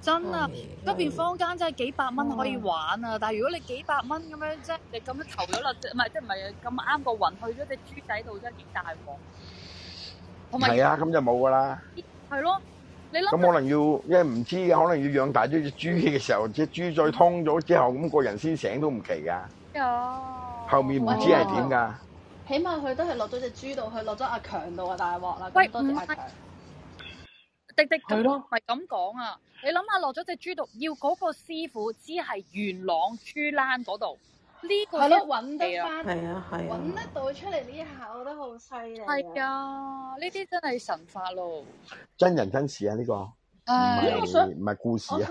真啊，嗰的邊坊間真係幾百蚊可以玩啊！哦、但係如果你幾百蚊咁樣，即你咁樣投咗落，唔係即係唔係咁啱個雲去咗隻豬仔度，真係幾大鑊。係咪？係啊，咁就冇噶啦。係咯，你諗咁可能要，因為唔知可能要養大咗隻豬嘅時候，隻豬再通咗之後，咁、那個人先醒都唔奇噶。哦、啊。後面唔知係點㗎？啊起碼佢都係落咗隻豬度，佢落咗阿強度啊！大鑊啦，多謝阿強。嗯、滴滴，唔係咁講啊！你諗下落咗隻豬度，要嗰個師傅知係元朗豬欄嗰度，呢個係咯，揾得翻，係啊，係啊，揾得到出嚟呢下，我覺得好犀利。係啊，呢啲真係神法咯！真人真事啊，呢、呢個唔係唔係故事啊。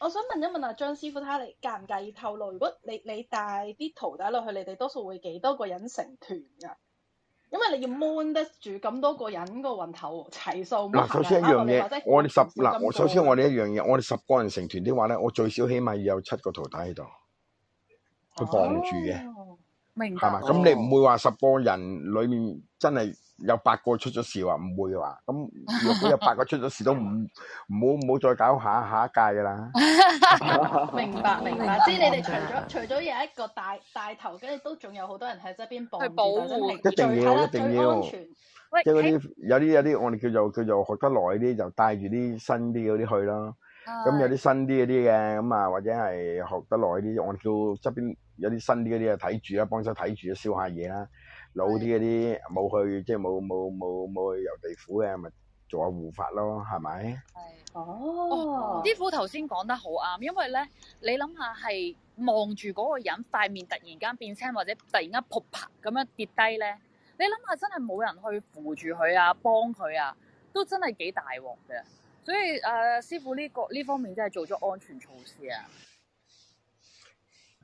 我想問一問啊，張師傅睇下你介唔介意透露，如果你你帶啲徒弟落去，你哋多數會幾多個人成團噶？因為你要 manage 住咁多個人個運頭齊數。嗱，首先一樣嘢，我哋十嗱，我首先我哋一樣嘢，我哋十個人成團的話咧，我最少起碼要有七個徒弟喺度去綁住嘅，哦、吧明白？係嘛？咁你唔會話十個人裏面真係。有八個出咗事話唔會嘅話，咁如果有八個出咗事 都唔唔好唔好再搞下下一屆㗎啦。 明白明白。即係白你哋除咗除咗有一個大大頭，跟住都仲有好多人喺側邊保護，最最安全。喂停，有啲有啲我哋叫做叫做學得耐啲就帶住啲新啲嗰啲去咯。咁 有啲新啲嗰啲嘅咁啊，或者係學得耐啲，我哋叫側邊有啲新啲嗰啲啊，睇住啊，幫手睇住啊，燒下嘢啦。老啲嗰啲冇去，即係冇冇冇冇去遊地府嘅，咪做下護法咯，係咪？係哦，師傅頭先講得好啱。因為咧，你諗下係望住嗰個人塊面突然間變青，或者突然間撲啪咁樣跌低咧，你諗下真係冇人去扶住佢啊，幫佢啊，都真係幾大鑊嘅。所以誒、呃，師傅呢、這個呢方面真係做咗安全措施啊。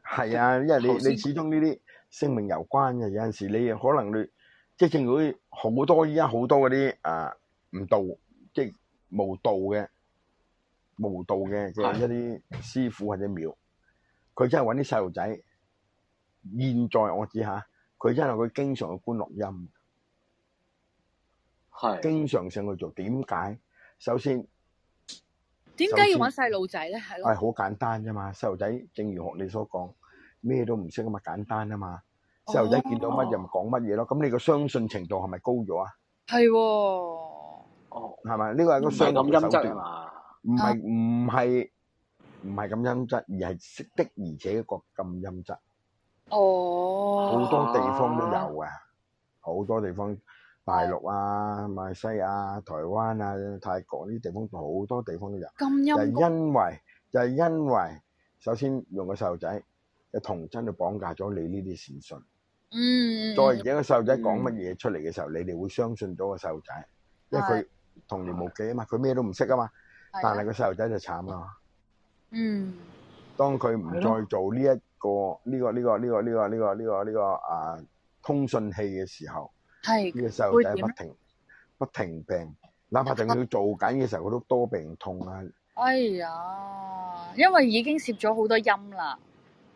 係啊，因為你你始終呢啲。性命有關嘅，有陣時你可能你即係正如好多依家好多嗰啲啊唔道即係無道嘅無道嘅，即係一啲師傅或者廟，佢的真係揾啲細路仔。現在我指下，佢真係佢經常去觀落陰，係的經常性去做。點解？首先，點解為何 先要揾細路仔咧？係咯，係好、哎、簡單啫嘛。細路仔，正如學你所講。咩都唔識啊嘛，簡單啊嘛。細路仔見到乜就講乜嘢咯。咁你個相信程度係咪高咗啊？係喎，哦，係咪？呢個係個信任嘅手段，唔係唔係唔係咁陰質，而係識的，而且覺咁陰質。哦，好多地方都有啊，好多地方大陸啊、馬來西亞、台灣啊、泰國呢啲地方好多地方都有。咁陰，就係因為就係因為首先用個細路仔。童真就綁架咗你呢啲善信，嗯，再而家個細路仔講乜嘢出嚟嘅時候，你哋會相信咗個細路仔，因為佢童言無忌啊嘛，佢咩都唔識啊嘛，但係個細路仔就慘啦。嗯，當佢唔再做呢一個呢個呢個呢個呢個呢個呢個呢個啊通訊器嘅時候，係呢個細路仔不停不停病，哪怕仲要做緊嘅時候，佢都多病痛啊。哎呀，因為已經攝咗好多陰啦。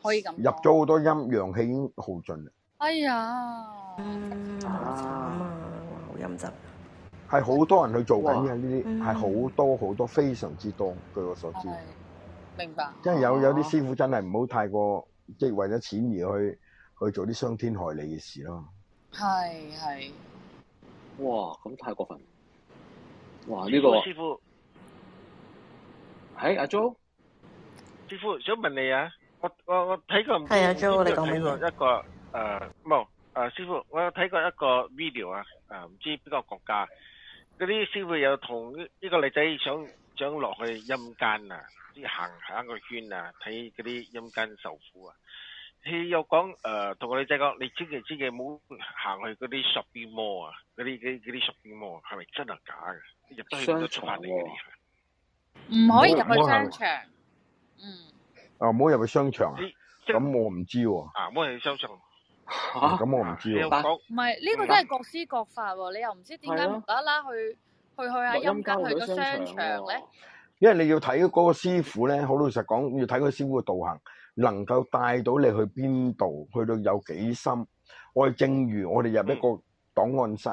可以咁入咗好多陰，陽氣已經耗盡啦。哎呀，好慘啊，好陰質。係好多人去做緊嘅呢啲，係好多好多，非常之多。據我所知，明白。即係有有啲師傅真係唔好太過，即係為咗錢而去去做啲傷天害理嘅事咯。係係，哇，咁太過分！哇，呢個師傅，係阿 Joe 師傅，想問你啊。我我我睇過唔係啊，張我你講邊個一個誒，冇誒，師傅，我有睇過一個 video 啊，誒，唔知邊個國家嗰啲師傅有同呢個女仔想想落去陰間啊，即係行行個圈啊，睇嗰啲陰間受苦啊，佢又講誒，同個女仔講，你千祈千祈唔好行去嗰啲 shopping mall 啊，嗰啲嗰嗰啲 shopping mall 係咪真係假嘅？入得去個商場喎，唔可以入去商場，嗯。啊！唔好入去商場啊！咁我唔知喎。啊！唔好入去商場。咁我唔知喎。唔係呢個都係各施各法喎，你又唔知點解唔得啦去去去喺陰間去個商場咧？因為你要睇嗰個師傅咧，好老實講，要睇個師傅嘅道行，能夠帶到你去邊度，去到有幾深。我哋正如我哋入一個檔案室，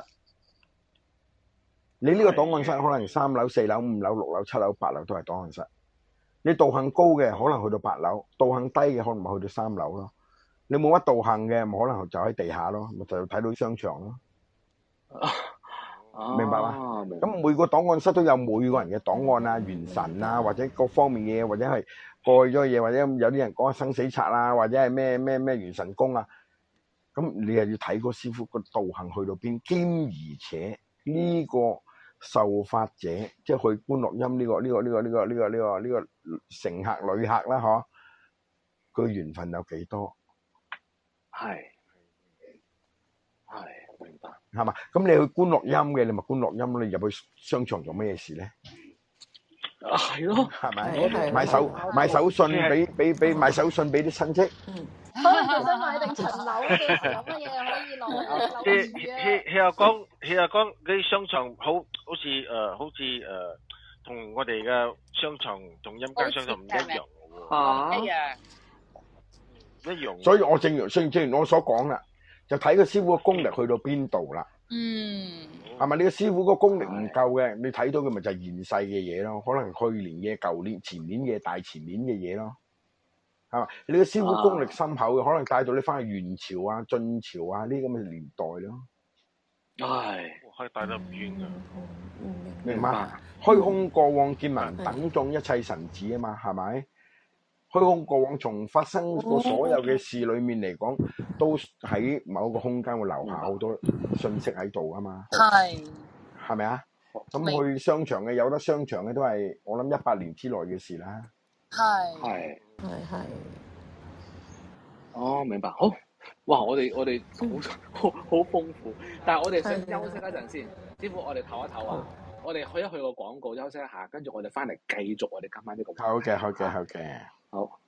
你呢個檔案室可能三樓、四樓、五樓、六樓、七樓、八樓都係檔案室。你道行高嘅可能去到八樓，道行低嘅可能咪去到三樓咯。你冇乜道行嘅，咪可能就喺地下咯。咪就睇到商場咯。明白嘛？咁每個檔案室都有每個人嘅檔案啊、元神啊，或者各方面嘢，或者係蓋咗嘢，或者有啲人講生死冊啊，或者係咩咩咩元神功啊。咁你又要睇個師傅個道行去到邊，兼而且呢個。受法者，即係去觀落陰呢個呢個呢個呢個呢個呢個呢個乘客旅客啦，嗬？佢緣分有幾多？係係明白。係嘛？咁你去觀落陰嘅，你咪觀落陰。你入去商場做咩嘢事咧？係咯？係咪？買手買手信俾俾俾買手信俾啲親戚。嗯，想買定層樓，定有乜嘢可以攞？啲啲又講。其實講啲商場好，好似誒、呃，好似誒，同、呃、我哋嘅商場同陰間商場唔一樣喎、啊。哦、嗯，一樣，一樣。所以我正如正如我所講啦，就睇個師傅嘅功力去到邊度啦。嗯。係咪你個師傅個功力唔夠嘅，的你睇到嘅咪就係現世嘅嘢咯？可能去年嘅、舊年、前年嘅、大前年嘅嘢咯。係嘛？你個師傅功力深厚嘅，可能帶到你翻去元朝啊、晉朝啊呢啲咁嘅年代咯。係，可以帶得唔遠噶，明白？虛空過往見聞等眾一切神旨啊嘛，係咪？虛空過往從發生過所有嘅事裏面嚟講，都喺某個空間會留下好多信息喺度啊嘛，係，係咪啊？咁去商場嘅有得商場嘅都係我諗一百年之內嘅事啦，係，係，係係。哦，明白，好。哇！我哋我哋好好好豐富，但係我哋想休息一陣先。的師傅，我哋唞一唞啊！嗯、我哋去一去個廣告，休息一下，跟住我哋翻嚟繼續我哋今晚呢個好。好嘅，好嘅，好嘅。好。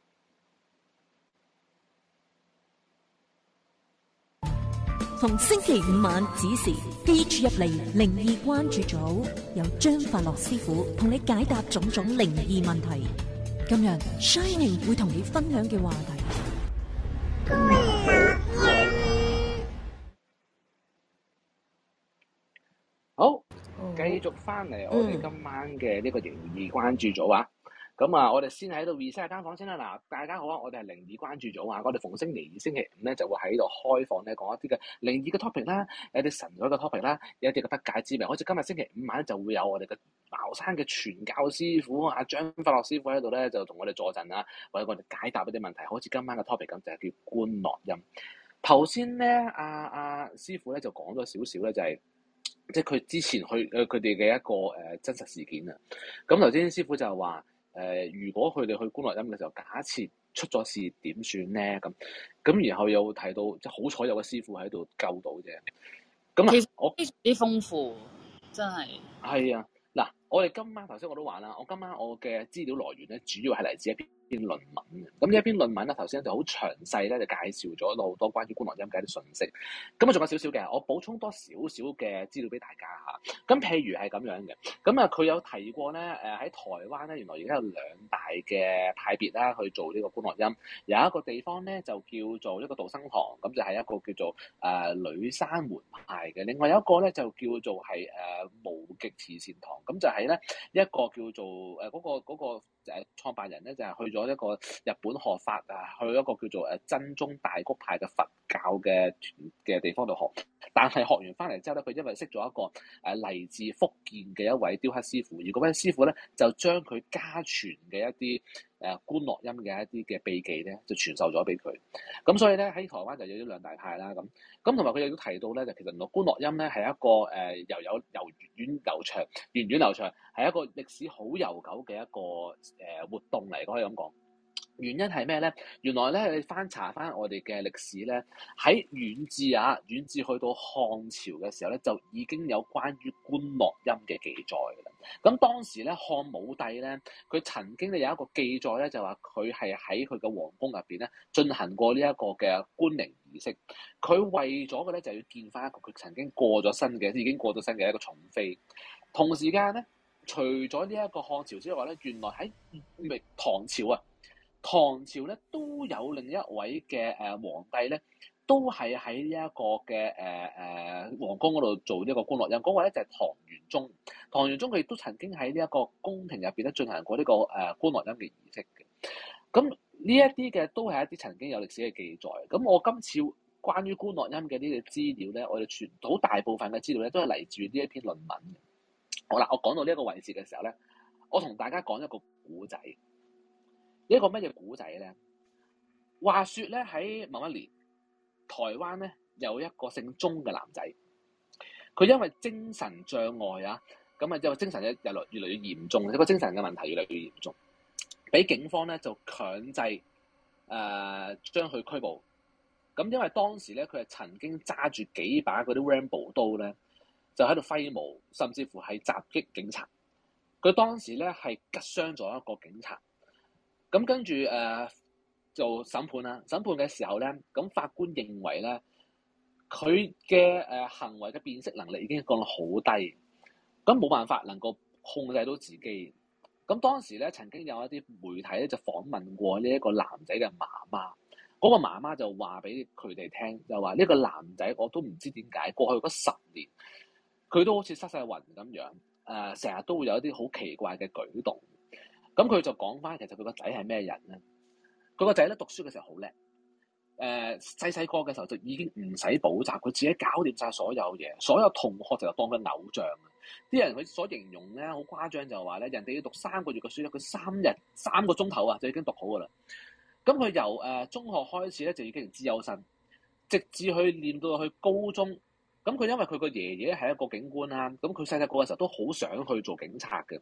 從星期五晚子時，記住入嚟靈異關注組，由張法樂師傅同你解答種種靈異問題。今日 Shining 會同你分享嘅話題。嗯繼續翻嚟我哋今晚嘅呢個靈異關注組啊，咁、嗯、啊，我哋先喺度 reset 間房先啦。嗱，大家好啊，我哋係靈異關注組啊，我哋逢星期二、星期五咧就會喺度開放咧講一啲嘅靈異嘅 topic 啦，有啲神鬼嘅 topic 啦，有啲嘅不解之謎。好似今日星期五晚咧就會有我哋嘅茅山嘅傳教師傅阿、啊、張法樂師傅喺度咧就同我哋坐陣啦、啊，或者我哋解答一啲問題。好似今晚嘅 topic 咁就係叫觀落陰。頭先咧，阿阿、啊啊、師傅咧就講咗少少咧，就係、就是。即係佢之前去誒佢哋嘅一個誒真實事件啊！咁頭先師傅就話誒、呃，如果佢哋去觀落陰嘅時候，假設出咗事點算咧？咁咁然後又提到即係好彩有個師傅喺度救到啫。咁其實我非常之豐富真係係啊！嗱，我哋今晚頭先我都話啦，我今晚我嘅資料來源咧，主要係嚟自一邊篇論文嘅，咁呢一篇論文咧，頭先就好詳細咧，就介紹咗好多關於觀落陰嘅一啲信息。咁啊，仲有少少嘅，我補充多少少嘅資料俾大家吓。咁譬如係咁樣嘅，咁啊，佢有提過咧，誒喺台灣咧，原來而家有兩大嘅派別啦，去做呢個觀落陰。有一個地方咧，就叫做一個道生堂，咁就係一個叫做誒、呃、女山門派嘅。另外有一個咧，就叫做係誒、呃、無極慈善堂，咁就係咧一個叫做誒嗰個嗰個，那個創辦人咧，就係去咗一個日本學法啊，去一個叫做誒真宗大谷派嘅佛教嘅嘅地方度學，但係學完翻嚟之後咧，佢因為識咗一個誒嚟自福建嘅一位雕刻師傅，而嗰位師傅咧就將佢家傳嘅一啲。誒觀落陰嘅一啲嘅秘技咧，就傳授咗俾佢。咁所以咧喺台灣就有咗兩大派啦。咁咁同埋佢亦都提到咧，就其實落觀落陰咧係一個誒又有源遠流長，源遠流長係一個歷史好悠久嘅一個誒活動嚟，可以咁講。原因係咩咧？原來咧，你翻查翻我哋嘅歷史咧，喺遠至啊，遠至去到漢朝嘅時候咧，就已經有關於觀落陰嘅記載㗎喇。咁當時咧，漢武帝咧，佢曾經咧有一個記載咧，就話佢係喺佢嘅皇宮入邊咧進行過呢一個嘅觀靈儀式。佢為咗嘅咧，就要見翻一個佢曾經過咗身嘅，已經過咗身嘅一個寵妃。同時間咧，除咗呢一個漢朝之外咧，原來喺唐朝啊。唐朝咧都有另一位嘅誒皇帝咧，都係喺呢一個嘅誒誒皇宮嗰度做呢一個觀落陰。嗰位咧就係、是、唐玄宗。唐玄宗佢亦都曾經喺呢一個宮廷入邊咧進行過呢個誒觀落陰嘅儀式嘅。咁呢一啲嘅都係一啲曾經有歷史嘅記載。咁我今次關於觀落陰嘅呢啲資料咧，我哋全好大部分嘅資料咧都係嚟自呢一篇論文。好啦，我講到呢一個位置嘅時候咧，我同大家講一個古仔。一個乜嘢古仔咧？話説咧，喺某一年，台灣咧有一個姓鐘嘅男仔，佢因為精神障礙啊，咁啊即精神咧，由來越嚟越嚴重，即個精神嘅問題越嚟越嚴重，俾警方咧就強制誒、呃、將佢拘捕。咁、啊、因為當時咧，佢係曾經揸住幾把嗰啲 Rambo 刀咧，就喺度揮舞，甚至乎係襲擊警察。佢當時咧係拮傷咗一個警察。咁跟住誒就審判啦，審判嘅時候咧，咁法官認為咧，佢嘅誒行為嘅辨識能力已經降到好低，咁冇辦法能夠控制到自己。咁當時咧曾經有一啲媒體咧就訪問過呢一個男仔嘅媽媽，嗰個媽媽就話俾佢哋聽，就話呢個男仔我都唔知點解過去嗰十年，佢都好似失晒魂咁樣，誒成日都會有一啲好奇怪嘅舉動。咁佢就講翻，其實佢個仔係咩人咧？佢個仔咧讀書嘅時候好叻，誒細細個嘅時候就已經唔使補習，佢自己搞掂晒所有嘢。所有同學就當緊偶像。啲人佢所形容咧好誇張，就呢，就係話咧人哋要讀三個月嘅書，佢三日三個鐘頭啊，就已經讀好噶啦。咁佢由誒、呃、中學開始咧，就已經係資優生，直至去念到去高中。咁佢因為佢個爺爺係一個警官啦、啊，咁佢細細個嘅時候都好想去做警察嘅。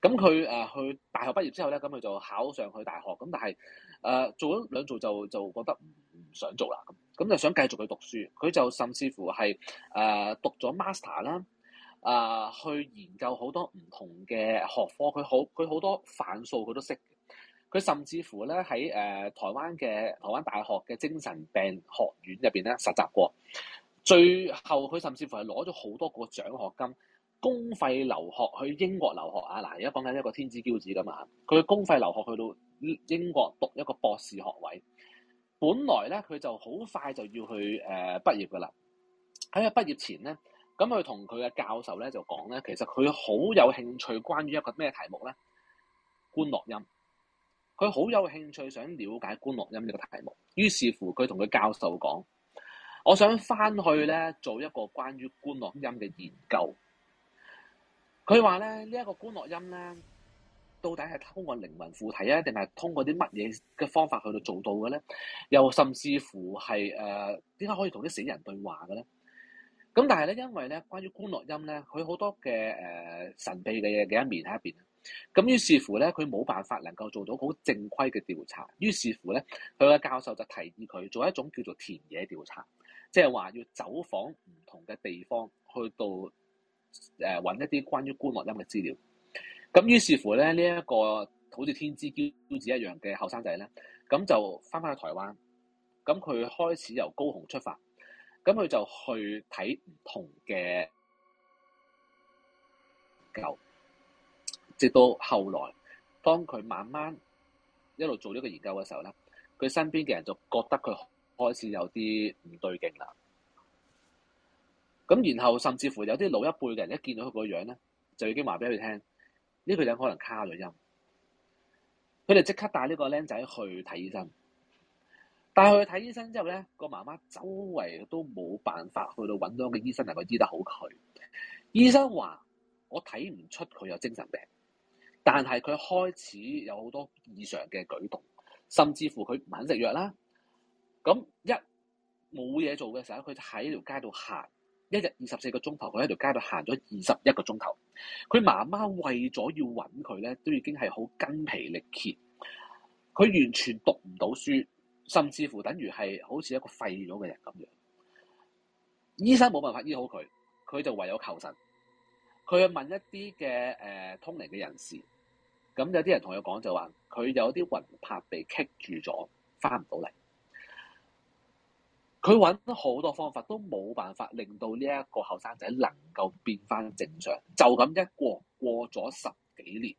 咁佢誒去大學畢業之後咧，咁佢就考上去大學。咁但係誒、呃、做咗兩做就就覺得唔想做啦。咁咁就想繼續去讀書。佢就甚至乎係誒、呃、讀咗 master 啦、呃，誒去研究好多唔同嘅學科。佢好佢好多範疇佢都識。佢甚至乎咧喺誒台灣嘅台灣大學嘅精神病學院入邊咧實習過。最後佢甚至乎係攞咗好多個獎學金，公費留學去英國留學啊！嗱，而家講緊一個天之驕子噶嘛，佢公費留學去到英國讀一個博士學位。本來咧佢就好快就要去誒、呃、畢業噶啦，喺個畢業前咧，咁佢同佢嘅教授咧就講咧，其實佢好有興趣關於一個咩題目咧？觀落陰，佢好有興趣想了解觀落陰呢個題目，於是乎佢同佢教授講。我想翻去咧做一個關於觀落陰嘅研究。佢話咧呢一、這個觀落陰咧，到底係通過靈魂附體啊，定係通過啲乜嘢嘅方法去到做到嘅咧？又甚至乎係誒點解可以同啲死人對話嘅咧？咁但係咧，因為咧關於觀落陰咧，佢好多嘅誒、呃、神秘嘅嘢嘅一面喺入邊。咁於是乎咧，佢冇辦法能夠做到好正規嘅調查。於是乎咧，佢嘅教授就提議佢做一種叫做田野調查，即係話要走訪唔同嘅地方，去到誒揾、呃、一啲關於觀落陰嘅資料。咁於是乎咧，呢、這、一個好似天之驕子一樣嘅後生仔咧，咁就翻返去台灣。咁佢開始由高雄出發，咁佢就去睇唔同嘅舊。直到後來，當佢慢慢一路做呢個研究嘅時候咧，佢身邊嘅人就覺得佢開始有啲唔對勁啦。咁然後甚至乎有啲老一輩嘅人一見到佢個樣咧，就已經話俾佢聽呢個人可能卡咗音。佢哋即刻帶呢個僆仔去睇醫生，但係去睇醫生之後咧，個媽媽周圍都冇辦法去到揾到個醫生能夠醫得好佢。醫生話：我睇唔出佢有精神病。但係佢開始有好多異常嘅舉動，甚至乎佢唔肯食藥啦。咁一冇嘢做嘅時候，佢就喺條街度行一日二十四個鐘頭，佢喺條街度行咗二十一個鐘頭。佢媽媽為咗要揾佢咧，都已經係好筋疲力竭。佢完全讀唔到書，甚至乎等於係好似一個廢咗嘅人咁樣。醫生冇辦法醫好佢，佢就唯有求神。佢問一啲嘅誒通靈嘅人士。咁有啲人同佢講就話，佢有啲魂魄被棘住咗，翻唔到嚟。佢揾好多方法都冇辦法令到呢一個後生仔能夠變翻正常。就咁一過過咗十幾年，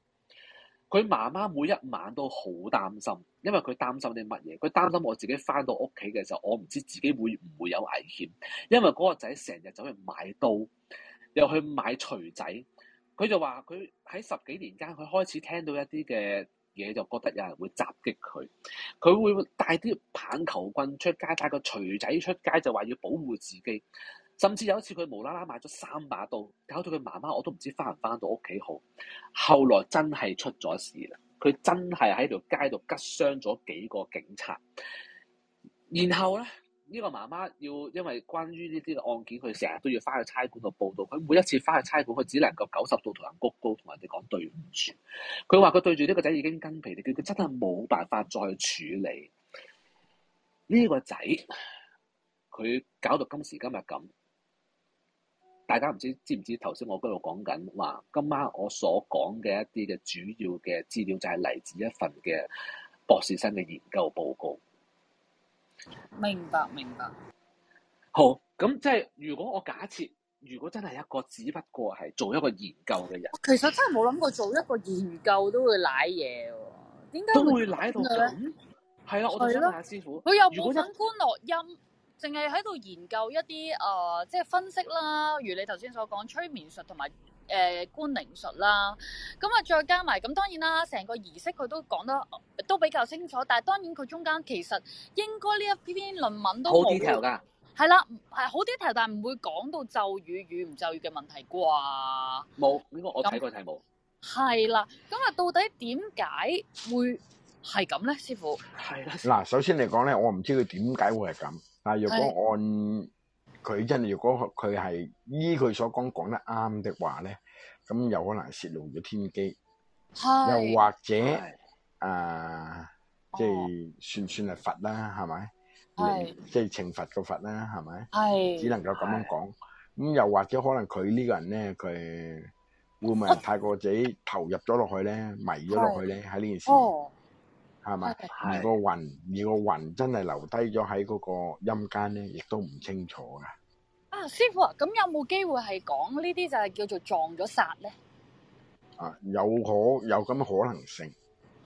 佢媽媽每一晚都好擔心，因為佢擔心啲乜嘢？佢擔心我自己翻到屋企嘅時候，我唔知自己會唔會有危險，因為嗰個仔成日走去買刀，又去買錘仔。佢就話：佢喺十幾年間，佢開始聽到一啲嘅嘢，就覺得有人會襲擊佢。佢會帶啲棒球棍出街，帶個錘仔出街，就話要保護自己。甚至有一次，佢無啦啦買咗三把刀，搞到佢媽媽我都唔知返唔返到屋企好。後來真係出咗事啦，佢真係喺條街度拮傷咗幾個警察。然後咧。呢個媽媽要因為關於呢啲嘅案件，佢成日都要翻去差館度報到。佢每一次翻去差館，佢只能夠九十度同人鞠躬同人哋講對唔住。佢話佢對住呢個仔已經筋疲力竭，佢真係冇辦法再處理呢、呢個仔。佢搞到今時今日咁，大家唔知知唔知頭先我嗰度講緊話，今晚我所講嘅一啲嘅主要嘅資料就係嚟自一份嘅博士生嘅研究報告。明白，明白。好，咁即係如果我假設，如果真係一個只不過係做一個研究嘅人，其實真係冇諗過做一個研究都會舐嘢、啊，點解都會瀨到咁？係啦， 我想問下師傅，佢有冇揾觀落陰？淨係喺度研究一啲誒、呃，即係分析啦，如你頭先所講，催眠術同埋。誒、呃，觀靈術啦，咁、嗯、啊，再加埋，咁當然啦，成個儀式佢都講得都比較清楚，但係當然佢中間其實應該呢一篇篇論文都好 detail 噶，係啦，係好 detail，但係唔會講到咒語與唔咒語嘅問題啩？冇呢個我睇過題冇係啦，咁啊，到底點解會係咁咧？師傅，係啦，嗱、啊，首先嚟講咧，我唔知佢點解會係咁，但係若果按。佢真係，如果佢係依佢所講講得啱的話咧，咁有可能泄露咗天機，是又或者啊是、呃，即係算算係佛啦，係咪、哦？即係懲罰個佛啦，係咪？是只能夠咁樣講。咁是又或者可能佢呢個人咧，佢會唔會太過自己投入咗落去咧， 迷咗落去咧喺呢件事？是哦係咪？的如果魂，如果魂真係留低咗喺嗰個陰間咧，亦都唔清楚噶。啊，師傅，啊，咁有冇機會係講呢啲就係叫做撞咗煞咧？啊，有可有咁嘅可能性。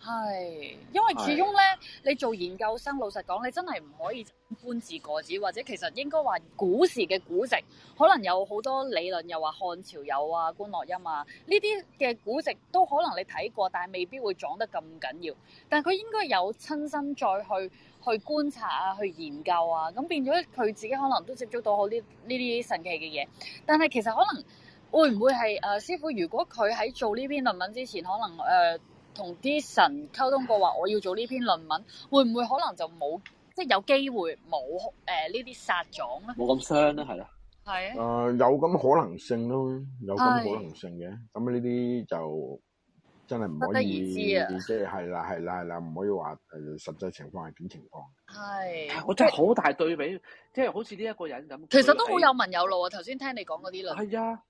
係，因為始庸咧，唉你做研究生，老實講，你真係唔可以搬字過紙，或者其實應該話古時嘅古籍，可能有好多理論，又話漢朝有啊，觀落陰啊，呢啲嘅古籍都可能你睇過，但係未必會撞得咁緊要。但係佢應該有親身再去去觀察啊，去研究啊，咁變咗佢自己可能都接觸到好呢呢啲神奇嘅嘢。但係其實可能會唔會係誒、呃、師傅？如果佢喺做呢篇論文之前，可能誒。呃同啲神溝通過話，我要做呢篇論文，會唔會可能就冇即係有機會冇誒、呃、呢啲殺葬咧？冇咁傷咧，係咯。係啊。誒、啊啊呃，有咁可能性咯、啊，有咁可能性嘅。咁呢啲就真係唔可以，即係係啦，係啦、就是，係啦、啊，唔、啊啊、可以話誒實際情況係點情況。係、啊。我真係好大對比，即、就、係、是、好似呢一個人咁。其實,其實都好有文有路啊！頭先聽你講嗰啲論文。係啊。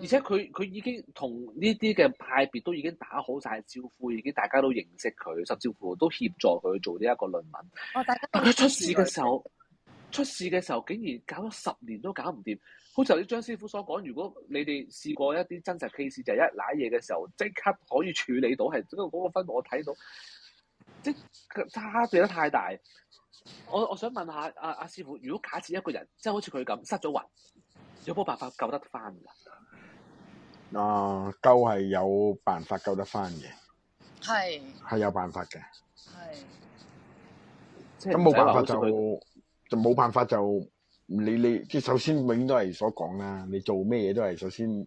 而且佢佢已經同呢啲嘅派別都已經打好晒招呼，已經大家都認識佢，甚至乎都協助佢做呢一個論文。哦、大家但係出事嘅時候，出事嘅時候竟然搞咗十年都搞唔掂。好似頭先張師傅所講，如果你哋試過一啲真實 case，就係一揦嘢嘅時候，即刻可以處理到係。只不過嗰個分我睇到，即係差別得太大。我我想問下阿阿師傅，如果假設一個人即係好似佢咁失咗魂，有冇辦法救得翻㗎？啊，救係有辦法救得翻嘅，係係是有辦法嘅，係是。咁冇辦法就就冇辦法就你你即係首先永遠都係所講啦，你做咩嘢都係首先你,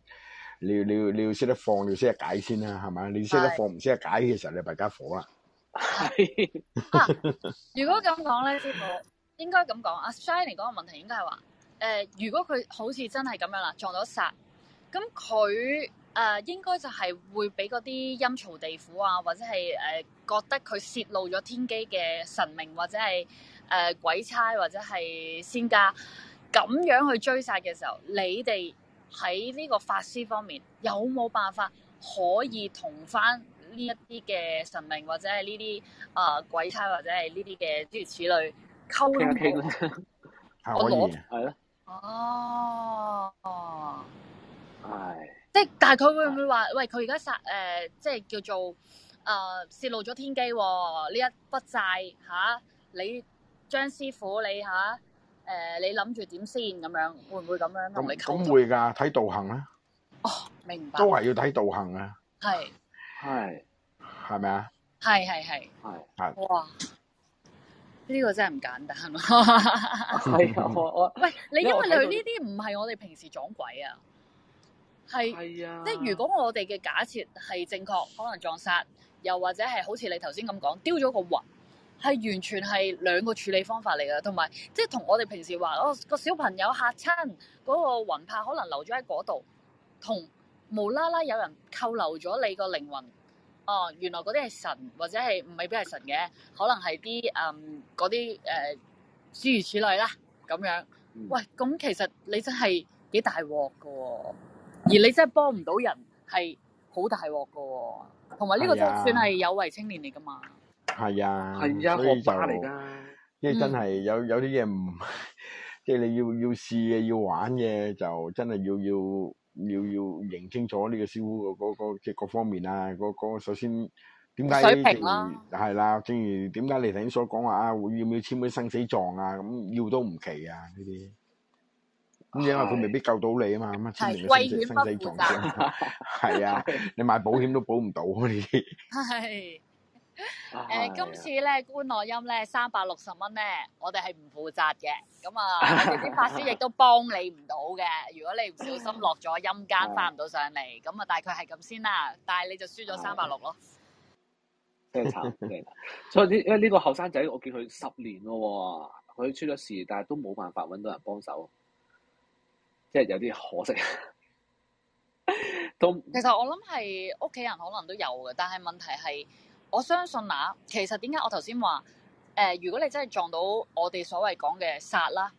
你,你要你要你要識得放，你要識得解先啦，係咪？你要識得放唔識是得解嘅時候，你弊家火啦。是 啊，如果咁講咧，師傅應該咁講。阿 Shinning 嚟講嘅問題應該，應該係話誒，如果佢好似真係咁樣啦，撞到殺。咁佢誒應該就係會俾嗰啲陰曹地府啊，或者係誒、呃、覺得佢泄露咗天機嘅神明，或者係誒、呃、鬼差，或者係仙家咁樣去追殺嘅時候，你哋喺呢個法師方面有冇辦法可以同翻呢一啲嘅神明，或者係呢啲啊鬼差，或者係呢啲嘅諸如此類溝通？聽一聽 以我攞係咯哦。 對啊。係、呃，即係但係佢會唔會話喂，佢而家殺誒，即係叫做誒，泄、呃、露咗天機呢一筆債吓？你張師傅你吓誒，你諗住點先咁樣？會唔會咁樣同你講？咁會噶，睇道行吖。哦，明白。都係要睇道行啊。係係係咪啊？係係係係哇！呢、這個真係唔簡單。係 啊，我我喂，你因為佢呢啲唔係我哋平時撞鬼啊。係，即係如果我哋嘅假設係正確，可能撞殺，又或者係好似你頭先咁講，丟咗個魂，係完全係兩個處理方法嚟㗎。同埋，即係同我哋平時話，哦、個小朋友嚇親嗰個魂魄可能留咗喺嗰度，同無啦啦有人扣留咗你個靈魂。哦，原來嗰啲係神，或者係未必係神嘅，可能係啲誒啲誒諸如此類啦。咁樣，喂，咁其實你真係幾大鑊㗎喎！而你真係幫唔到人，係好大鑊噶，同埋呢個就算係有為青年嚟噶嘛？係啊，係一個學霸嚟噶，即係真係有有啲嘢唔，即係你要要試嘅，要玩嘅，就真係要要要要認清楚呢個師傅個嗰個即係各方面啊，嗰嗰首先點解水平啦？係啦，正如點解你頭先所講話啊，要唔要簽啲生死狀啊？咁要都唔奇啊，呢啲。咁因為佢未必救到你啊嘛，咁啊千年嘅生係啊，你買保險都保唔到你呢係誒，今次咧觀落陰咧三百六十蚊咧，我哋係唔負責嘅。咁啊，啲法師亦都幫你唔到嘅。如果你唔小心落咗陰間，翻唔到上嚟，咁啊 糖，大概係咁先啦。但老係師你就輸咗三百六咯，真係慘。所以呢，呢個後生仔，我見佢十年咯，佢出咗事，但係都冇辦法揾到人幫手。即係有啲可惜，都其實我諗係屋企人可能都有嘅，但係問題係，我相信嗱、啊，其實點解我頭先話誒，如果你真係撞到我哋所謂講嘅殺啦，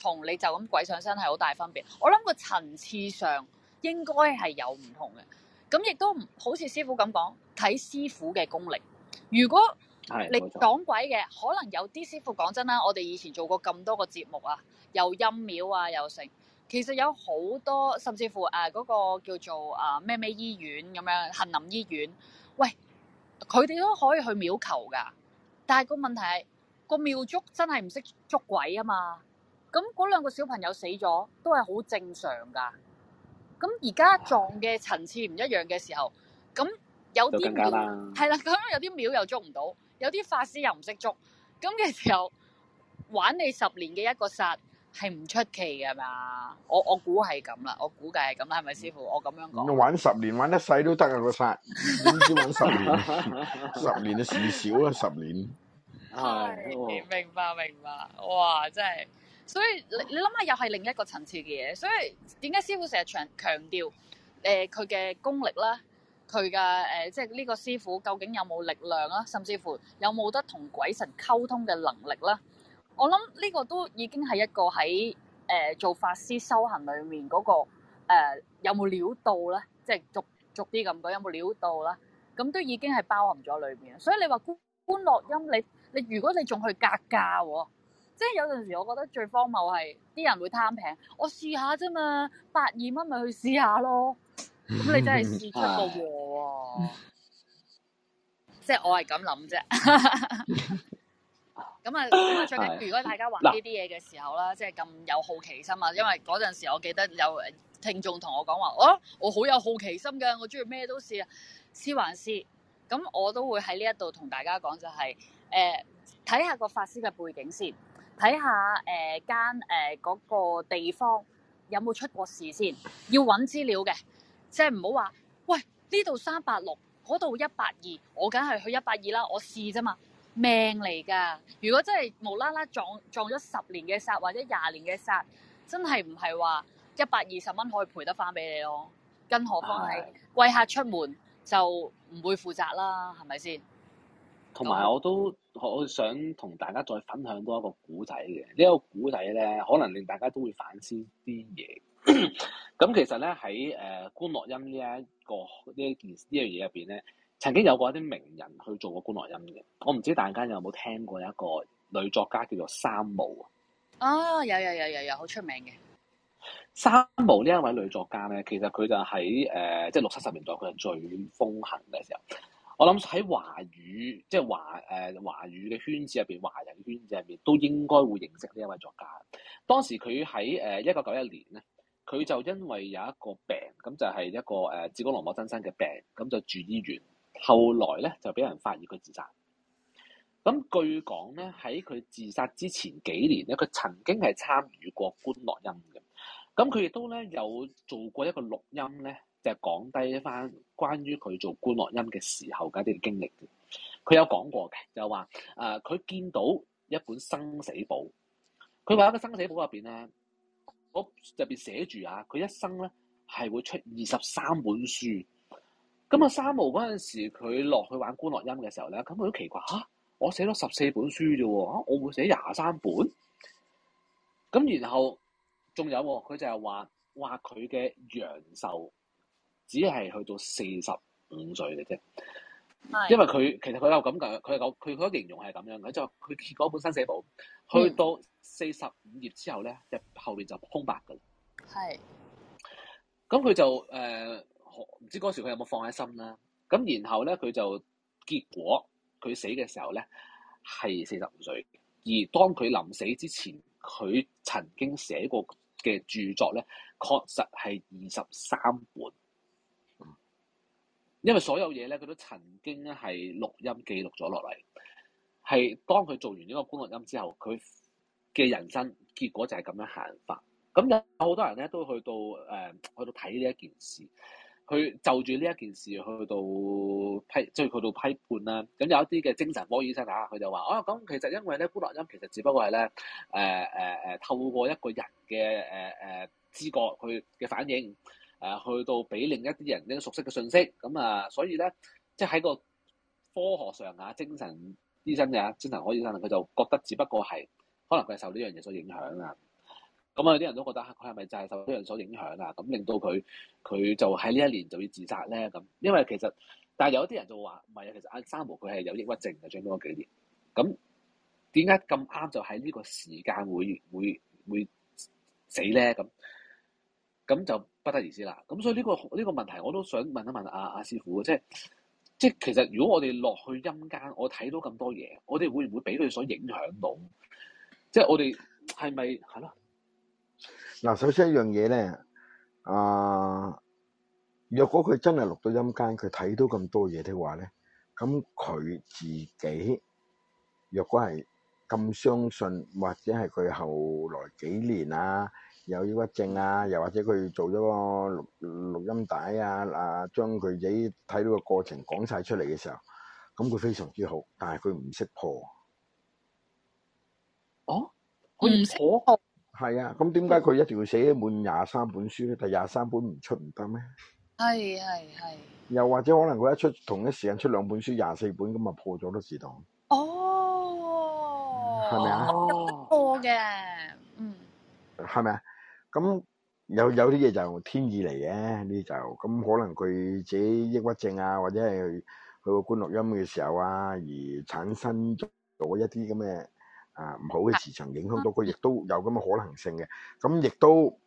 同你就咁鬼上身係好大分別。我諗個層次上應該係有唔同嘅，咁亦都唔好似師傅咁講，睇師傅嘅功力。如果你講鬼嘅，可能有啲師傅講真啦，我哋以前做過咁多個節目啊，有陰廟啊，又成。其實有好多，甚至乎誒嗰個叫做誒咩咩醫院咁樣，杏林醫院，喂，佢哋都可以去廟求噶，但係個問題係個廟捉真係唔識捉鬼啊嘛，咁嗰兩個小朋友死咗都係好正常噶，咁而家撞嘅層次唔一樣嘅時候，咁有啲廟係啦，咁有啲廟又捉唔到，有啲法師又唔識捉，咁嘅時候玩你十年嘅一個殺。係唔出奇噶嘛？我我估係咁啦，我估計係咁啦，係咪師傅？我咁樣講。你玩十年，玩一世都得啊！個佛，點知玩十年？十年啊，事少啦，十年，係明白明白，哇！真係。所以你你諗下，又係另一個層次嘅嘢，所以點解師傅成日強強調誒，佢嘅功力啦，佢嘅誒，即係呢個師傅究竟有冇力量啦，甚至乎有冇得同鬼神溝通嘅能力啦？我諗呢個都已經係一個喺誒做法師修行裏面嗰個誒有冇料到咧？即係逐逐啲咁講有冇料到啦？咁都已經係包含咗裏面。所以你話觀觀落陰你你如果你仲去格價，即係有陣時我覺得最荒謬係啲人會貪平。我試下啫嘛，百二蚊咪去試下咯。咁你真係試出個鑊喎！即係我係咁諗啫。咁啊，如果大家玩呢啲嘢嘅時候啦，即係咁有好奇心啊，因為嗰陣時我記得有聽眾同我講話，我、啊、我好有好奇心㗎，我中意咩都試啊，試還試。咁我都會喺呢一度同大家講就係、是，誒、呃、睇下個法師嘅背景先，睇下誒間誒嗰個地方有冇出過事先，要揾資料嘅，即係唔好話，喂呢度三百六，嗰度一百二，我梗係去一百二啦，我試啫嘛！命嚟㗎！如果真係無啦啦撞撞咗十年嘅殺或者廿年嘅殺，真係唔係話一百二十蚊可以賠得翻俾你咯。更何況係貴、哎、客出門就唔會負責啦，係咪先？同埋我都好想同大家再分享多一個古仔嘅呢個古仔咧，可能令大家都會反思啲嘢。咁 其實咧喺誒觀落陰、呢個呢個呢個呢個、呢一個呢件呢樣嘢入邊咧。曾經有過一啲名人去做過觀落陰嘅。我唔知大家有冇聽過一個女作家叫做三毛啊？啊、哦，有有有有有，好出名嘅三毛呢一位女作家咧，其實佢就喺誒即係六七十年代佢係最風行嘅時候。我諗喺華語即係、就是、華誒、呃、華語嘅圈子入邊，華人圈子入邊都應該會認識呢一位作家。當時佢喺誒一九九一年咧，佢就因為有一個病咁就係一個誒子宮內膜增生嘅病，咁就住醫院。後來咧就俾人發現佢自殺。咁據講咧喺佢自殺之前幾年咧，佢曾經係參與過觀落陰嘅。咁佢亦都咧有做過一個錄音咧，就講、是、低一翻關於佢做觀落陰嘅時候嗰啲經歷。佢有講過嘅就話、是，誒、呃，佢見到一本生死簿。佢話喺個生死簿入邊咧，入邊寫住啊，佢一生咧係會出二十三本書。咁啊，嗯、三毛嗰陣時佢落去玩觀落陰嘅時候咧，咁佢都奇怪嚇、啊，我寫咗十四本書啫喎、啊，我會寫廿三本。咁然後仲有喎、哦，佢就係話話佢嘅陽壽只係去到四十五歲嘅啫。是因為佢其實佢有咁嘅，佢有佢佢嗰形容係咁樣嘅，就係佢結果本身寫簿去到四十五頁之後咧，入、嗯、後面就空白㗎喇。係是。咁佢就誒。呃唔知嗰時佢有冇放喺心啦？咁然後咧，佢就結果佢死嘅時候咧，係四十五歲。而當佢臨死之前，佢曾經寫過嘅著作咧，確實係二十三本。因為所有嘢咧，佢都曾經係錄音記錄咗落嚟。係當佢做完呢個觀落陰之後，佢嘅人生結果就係咁樣行法。咁有好多人咧都去到誒、呃、去到睇呢一件事。佢就住呢一件事去到批，即係去到批判啦。咁有一啲嘅精神科醫生啊，佢就話：哦，咁其實因為咧，觀落陰其實只不過係咧，誒誒誒，透過一個人嘅誒誒知覺去嘅反應，誒、呃、去到俾另一啲人一個熟悉嘅信息。咁啊，所以咧，即係喺個科學上啊，精神醫生嘅精神科醫生佢就覺得只不過係，可能佢係受呢樣嘢所影響啊。咁有啲人都覺得佢係咪就係受啲人所影響啊？咁令到佢佢就喺呢一年就要自殺咧咁。因為其實，但係有啲人就話唔係啊。其實阿三毛佢係有抑鬱症嘅，最多嗰幾年。咁點解咁啱就喺呢個時間會會會死咧？咁咁就不得而知啦。咁所以呢個呢個問題我都想問一問阿阿啊師傅，即係即係其實如果我哋落去陰間，我睇到咁多嘢，我哋會唔會俾佢所影響到？即係我哋係咪係咯？嗱，首先一樣嘢咧，啊、呃，若果佢真係錄到陰間，佢睇到咁多嘢的話咧，咁佢自己若果係咁相信，或者係佢後來幾年啊有抑鬱症啊，又或者佢做咗個錄錄音帶啊，啊將佢自己睇到嘅過程講晒出嚟嘅時候，咁佢非常之好，但係佢唔識破。哦，佢唔識。係啊，咁點解佢一定要寫滿廿三本書咧？第廿三本唔出唔得咩？係係係。又或者可能佢一出同一時間出兩本書，廿四本咁咪破咗個時檔。哦，係咪啊？有得破嘅，嗯。係咪啊？咁有有啲嘢就天意嚟嘅呢？就咁可能佢自己抑鬱症啊，或者係去去個觀落陰嘅時候啊，而產生咗一啲咁嘅。啊，唔好嘅磁場影響到佢，亦都有咁嘅可能性嘅。咁亦都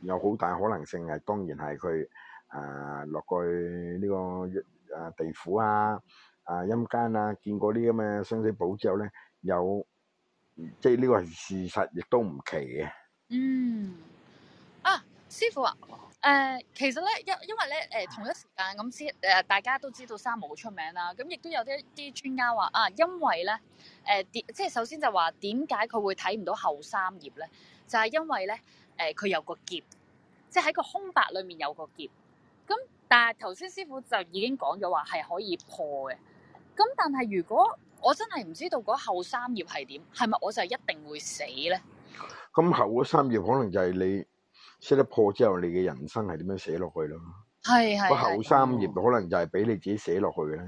有好大可能性，係當然係佢啊落過去呢個啊地府啊啊陰間啊，見過啲咁嘅生死簿之後咧，有即係呢個係事實，亦都唔奇嘅。嗯，啊，師父啊。誒、呃，其實咧，因因為咧，誒、呃，同一時間咁知誒，大家都知道三毛好出名啦，咁、嗯、亦都有一啲專家話啊，因為咧，誒、呃，點即係首先就話，點解佢會睇唔到後三頁咧？就係、是、因為咧，誒、呃，佢有個劫，即係喺個空白裏面有個劫。咁、嗯、但係頭先師傅就已經講咗話係可以破嘅。咁、嗯、但係如果我真係唔知道嗰後三頁係點，係咪我就一定會死咧？咁、嗯、後三頁可能就係你。識得破之後，你嘅人生係點樣寫落去咯？係係。個後三頁可能就係俾你自己寫落去嘅咧。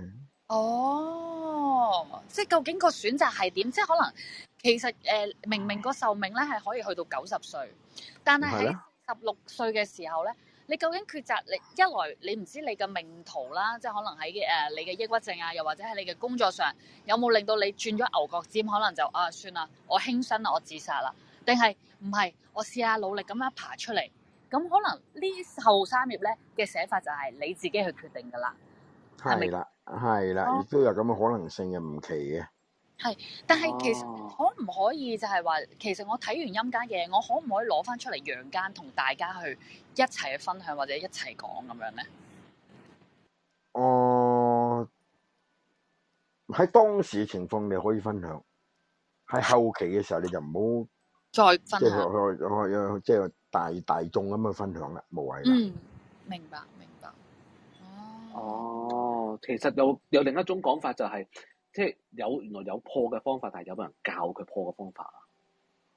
哦，即係究竟個選擇係點？即係可能其實誒、呃，明明個壽命咧係可以去到九十歲，但係喺十六歲嘅時候咧，呢你究竟抉擇？你一來你唔知你嘅命途啦，即係可能喺誒你嘅抑鬱症啊，又或者喺你嘅工作上有冇令到你轉咗牛角尖？可能就啊，算啦，我輕生啦，我自殺啦。定係唔係？我試下努力咁樣爬出嚟，咁可能呢啲後三頁咧嘅寫法就係你自己去決定噶啦，係咪啦？係啦，亦的、嗯、都有咁嘅可能性嘅，唔奇嘅。係，但係其實可唔可以就係話，啊、其實我睇完陰間嘅，我可唔可以攞翻出嚟陽間同大家去一齊去分享或者一齊講咁樣咧？哦、啊，喺當時嘅情況你可以分享，喺後期嘅時候你就唔好。再分享即係可即係大大眾咁去分享啦，無謂啦。嗯，明白明白哦，哦。其實有有另一種講法就係，是，即係有原來有破嘅方法，但係有人教佢破嘅方法，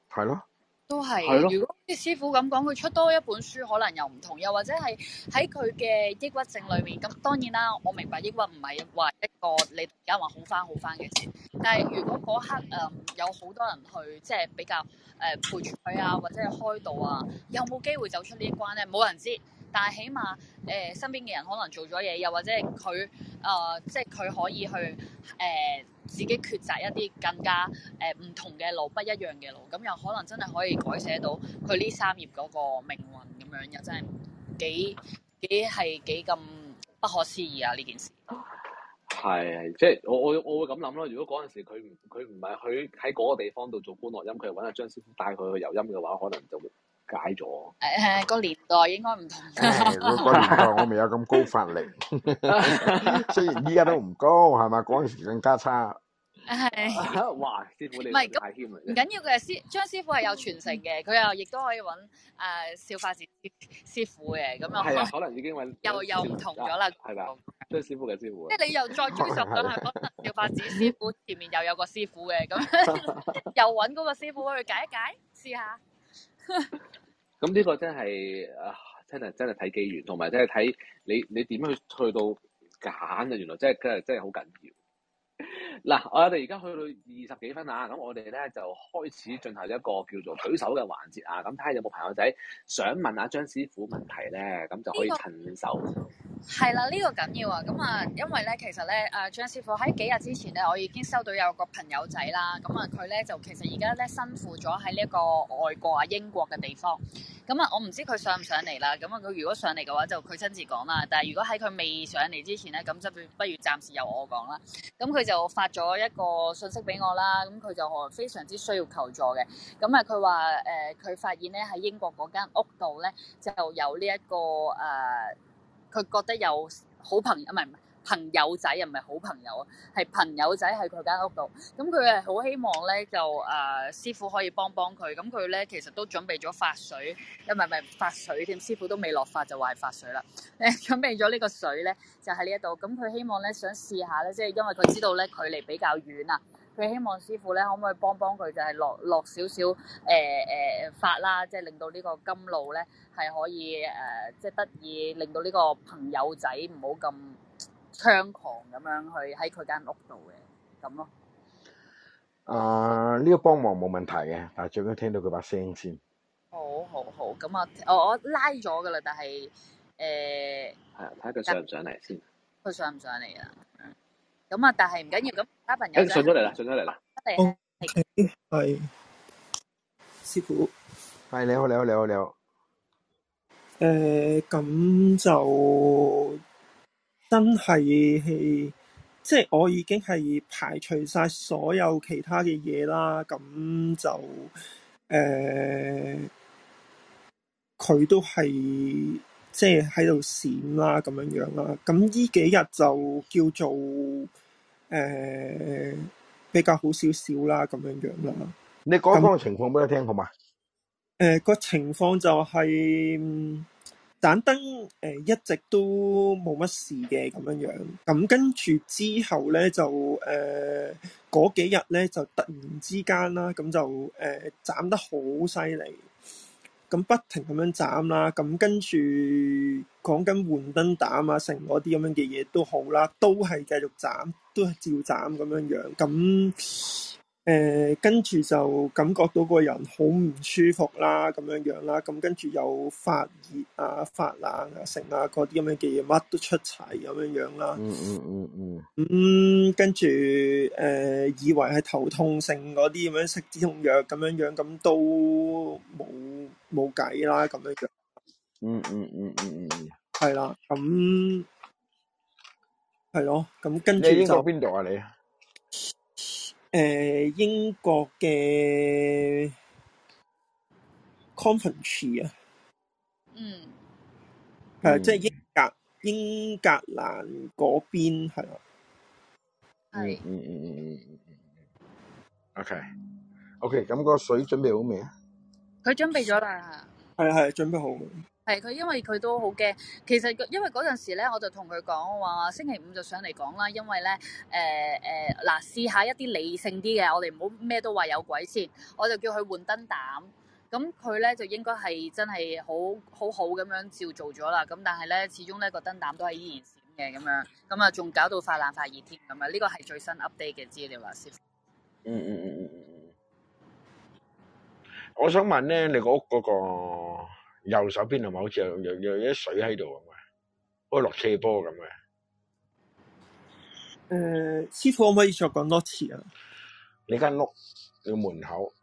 係咯、嗯。都係，的如果啲師傅咁講，佢出多一本書，可能又唔同，又或者係喺佢嘅抑鬱症裏面。咁當然啦，我明白抑鬱唔係話一個你而家話好返好返嘅事。但係如果嗰刻誒、嗯、有好多人去，即係比較誒、呃、陪住佢啊，或者係開導啊，有冇機會走出呢一關咧？冇人知。但係起碼誒、呃、身邊嘅人可能做咗嘢，又或者係佢誒，即係佢可以去誒、呃、自己抉擇一啲更加誒唔、呃、同嘅路，不一樣嘅路，咁又可能真係可以改寫到佢呢三頁嗰個命運咁樣，又真係幾幾係幾咁不可思議啊！呢件事係即係我我我會咁諗咯。如果嗰陣時佢唔佢唔係去喺嗰個地方度做觀落陰，佢揾阿張師傅帶佢去遊陰嘅話，可能就會。解咗，誒，個年代應該唔同。年代我未有咁高法力，雖然依家都唔高，係咪？嗰陣時更加差。係。哇，師傅你太謙啦。唔緊要嘅，師張師傅係有傳承嘅，佢又亦都可以揾誒少法子師傅嘅，咁 啊。係可能已經揾又又唔同咗啦。係啦，張師傅嘅師傅。即係你又再追溯緊係可能少法子師、師傅前面又有個師傅嘅，咁又揾嗰個師傅去解，解一解，試下。咁 呢個真係啊，真係真係睇機緣，同埋真係睇你你點樣去去到揀啊！原來真係真係真係好緊要。嗱，我哋而家去到二十幾分啊，咁我哋咧就開始進行一個叫做舉手嘅環節啊。咁睇下有冇朋友仔想問下張師傅問題咧，咁就可以趁手。這個係啦，呢個緊要啊！咁啊，因為咧，其實咧，誒，張師傅喺幾日之前咧，我已經收到有個朋友仔啦。咁啊，佢咧就其實而家咧身負咗喺呢一個外國啊，英國嘅地方。咁啊，我唔知佢上唔上嚟啦。咁啊，佢如果上嚟嘅話，就佢親自講啦。但係如果喺佢未上嚟之前咧，咁就不如暫時由我講啦。咁佢就發咗一個信息俾我啦。咁佢就非常之需要求助嘅。咁啊，佢話誒，佢發現咧喺英國嗰間屋度咧，就有呢一個誒。呃佢覺得有好朋友，唔係，唔係朋友仔，又唔係好朋友啊，係朋友仔喺佢間屋度。咁佢係好希望咧，就誒、呃、師傅可以幫幫佢。咁佢咧其實都準備咗發水，因唔係，唔係發水添，師傅都未落法就話係發水啦。誒 準備咗呢個水咧，就喺呢一度。咁佢希望咧，想試下咧，即、就、係、是、因為佢知道咧距離比較遠啊。佢希望師傅咧，可唔可以幫幫佢，就係落落少少誒誒法啦，即係令到呢個甘露咧係可以誒，即係得以令到呢個朋友仔唔好咁猖狂咁樣去喺佢間屋度嘅咁咯。啊，呢個幫忙冇問題嘅，但係最緊要聽到佢把聲先。好好好，咁啊，我我拉咗㗎喇，但係誒。係啊，睇下佢上唔上嚟先。佢上唔上嚟啊？嗯。咁啊，但係唔緊要咁。一直上咗嚟啦，上咗嚟啦。O K，係師傅，係你好，你好，你好，你好。誒、呃，咁就真係，即係、就是、我已經係排除晒所有其他嘅嘢啦。咁就誒，佢、呃、都係即係喺度閃啦，咁樣樣啦。咁呢幾日就叫做。誒、呃、比較好少少啦，咁樣樣啦。你講講個情況俾我、嗯、聽，好嘛？誒、呃嗰個情況就係盞燈，誒一直都冇乜事嘅咁樣樣。咁、嗯、跟住之後咧就誒嗰、呃、幾日咧就突然之間啦，咁、嗯、就誒、呃、斬得好犀利，咁、嗯、不停咁樣斬啦，咁、嗯、跟住。講緊換燈膽啊，成嗰啲咁樣嘅嘢都好啦，都係繼續斬，都係照斬咁樣樣。咁誒跟住就感覺到個人好唔舒服啦，咁樣樣啦。咁跟住又發熱啊、發冷啊、成啊嗰啲咁樣嘅嘢，乜都出齊咁樣樣啦。嗯嗯嗯。咁跟住誒、呃，以為係頭痛性嗰啲咁樣食止痛藥咁樣樣，咁都冇冇計啦，咁樣樣。嗯嗯嗯嗯嗯，係啦，咁係咯，咁跟住就英國邊度啊？你誒，英國嘅 Coventry 啊，嗯，係即係英格英格蘭嗰邊係啊，係、嗯，嗯嗯嗯嗯嗯嗯 OK，OK 咁個水準備好未啊？佢準備咗啦，係係準備好。係佢，因為佢都好驚。其實，因為嗰陣時咧，我就同佢講話，星期五就上嚟講啦。因為咧，誒、呃、誒，嗱、呃，試下一啲理性啲嘅，我哋唔好咩都話有鬼先。我就叫佢換燈膽，咁佢咧就應該係真係好，好好好咁樣照做咗啦。咁但係咧，始終咧個燈膽都係依然閃嘅咁樣，咁啊仲搞到發冷發熱添。咁啊，呢個係最新 update 嘅資料啊，師傅。嗯嗯嗯嗯嗯嗯。我想問咧，你個屋嗰、嗰個？右手邊係咪好似有有有啲水喺度咁啊？好似落斜波咁啊？誒，師傅可唔可以再講多次啊？你間屋嘅門口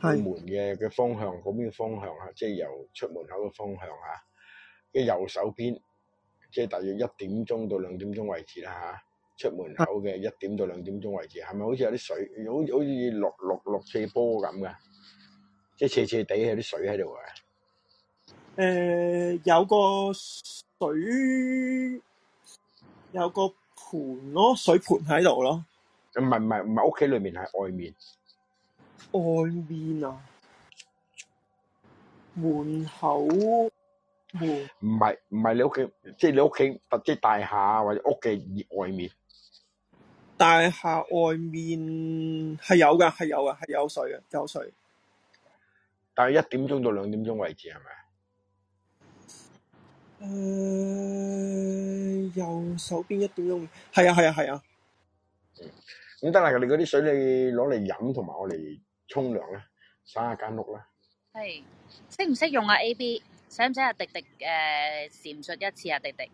個門嘅嘅方向，嗰邊方向啊，即係由出門口嘅方向啊。嘅右手邊即係大約一點鐘到兩點鐘位置啦。吓，出門口嘅一點到兩點鐘位置，係咪好似有啲水，好似好似落落落斜波咁噶，即係斜斜地有啲水喺度啊！誒、呃、有個水有個盤咯，水盤喺度咯。唔係唔係唔係屋企裏面，係外面。外面啊！門口門唔係唔係你屋企，即、就、係、是、你屋企、就是、或者大廈或者屋企外面大廈外面係有嘅，係有嘅，係有，有水嘅有水。但係一點鐘到兩點鐘為止，係咪？誒，右手邊一點鐘，係啊，係啊，係啊。咁得啦，你嗰啲水你攞嚟飲，同埋我嚟沖涼啦，洗下間屋啦。係，識唔識用啊？A B，使唔使阿迪迪誒闡述一次啊？迪迪，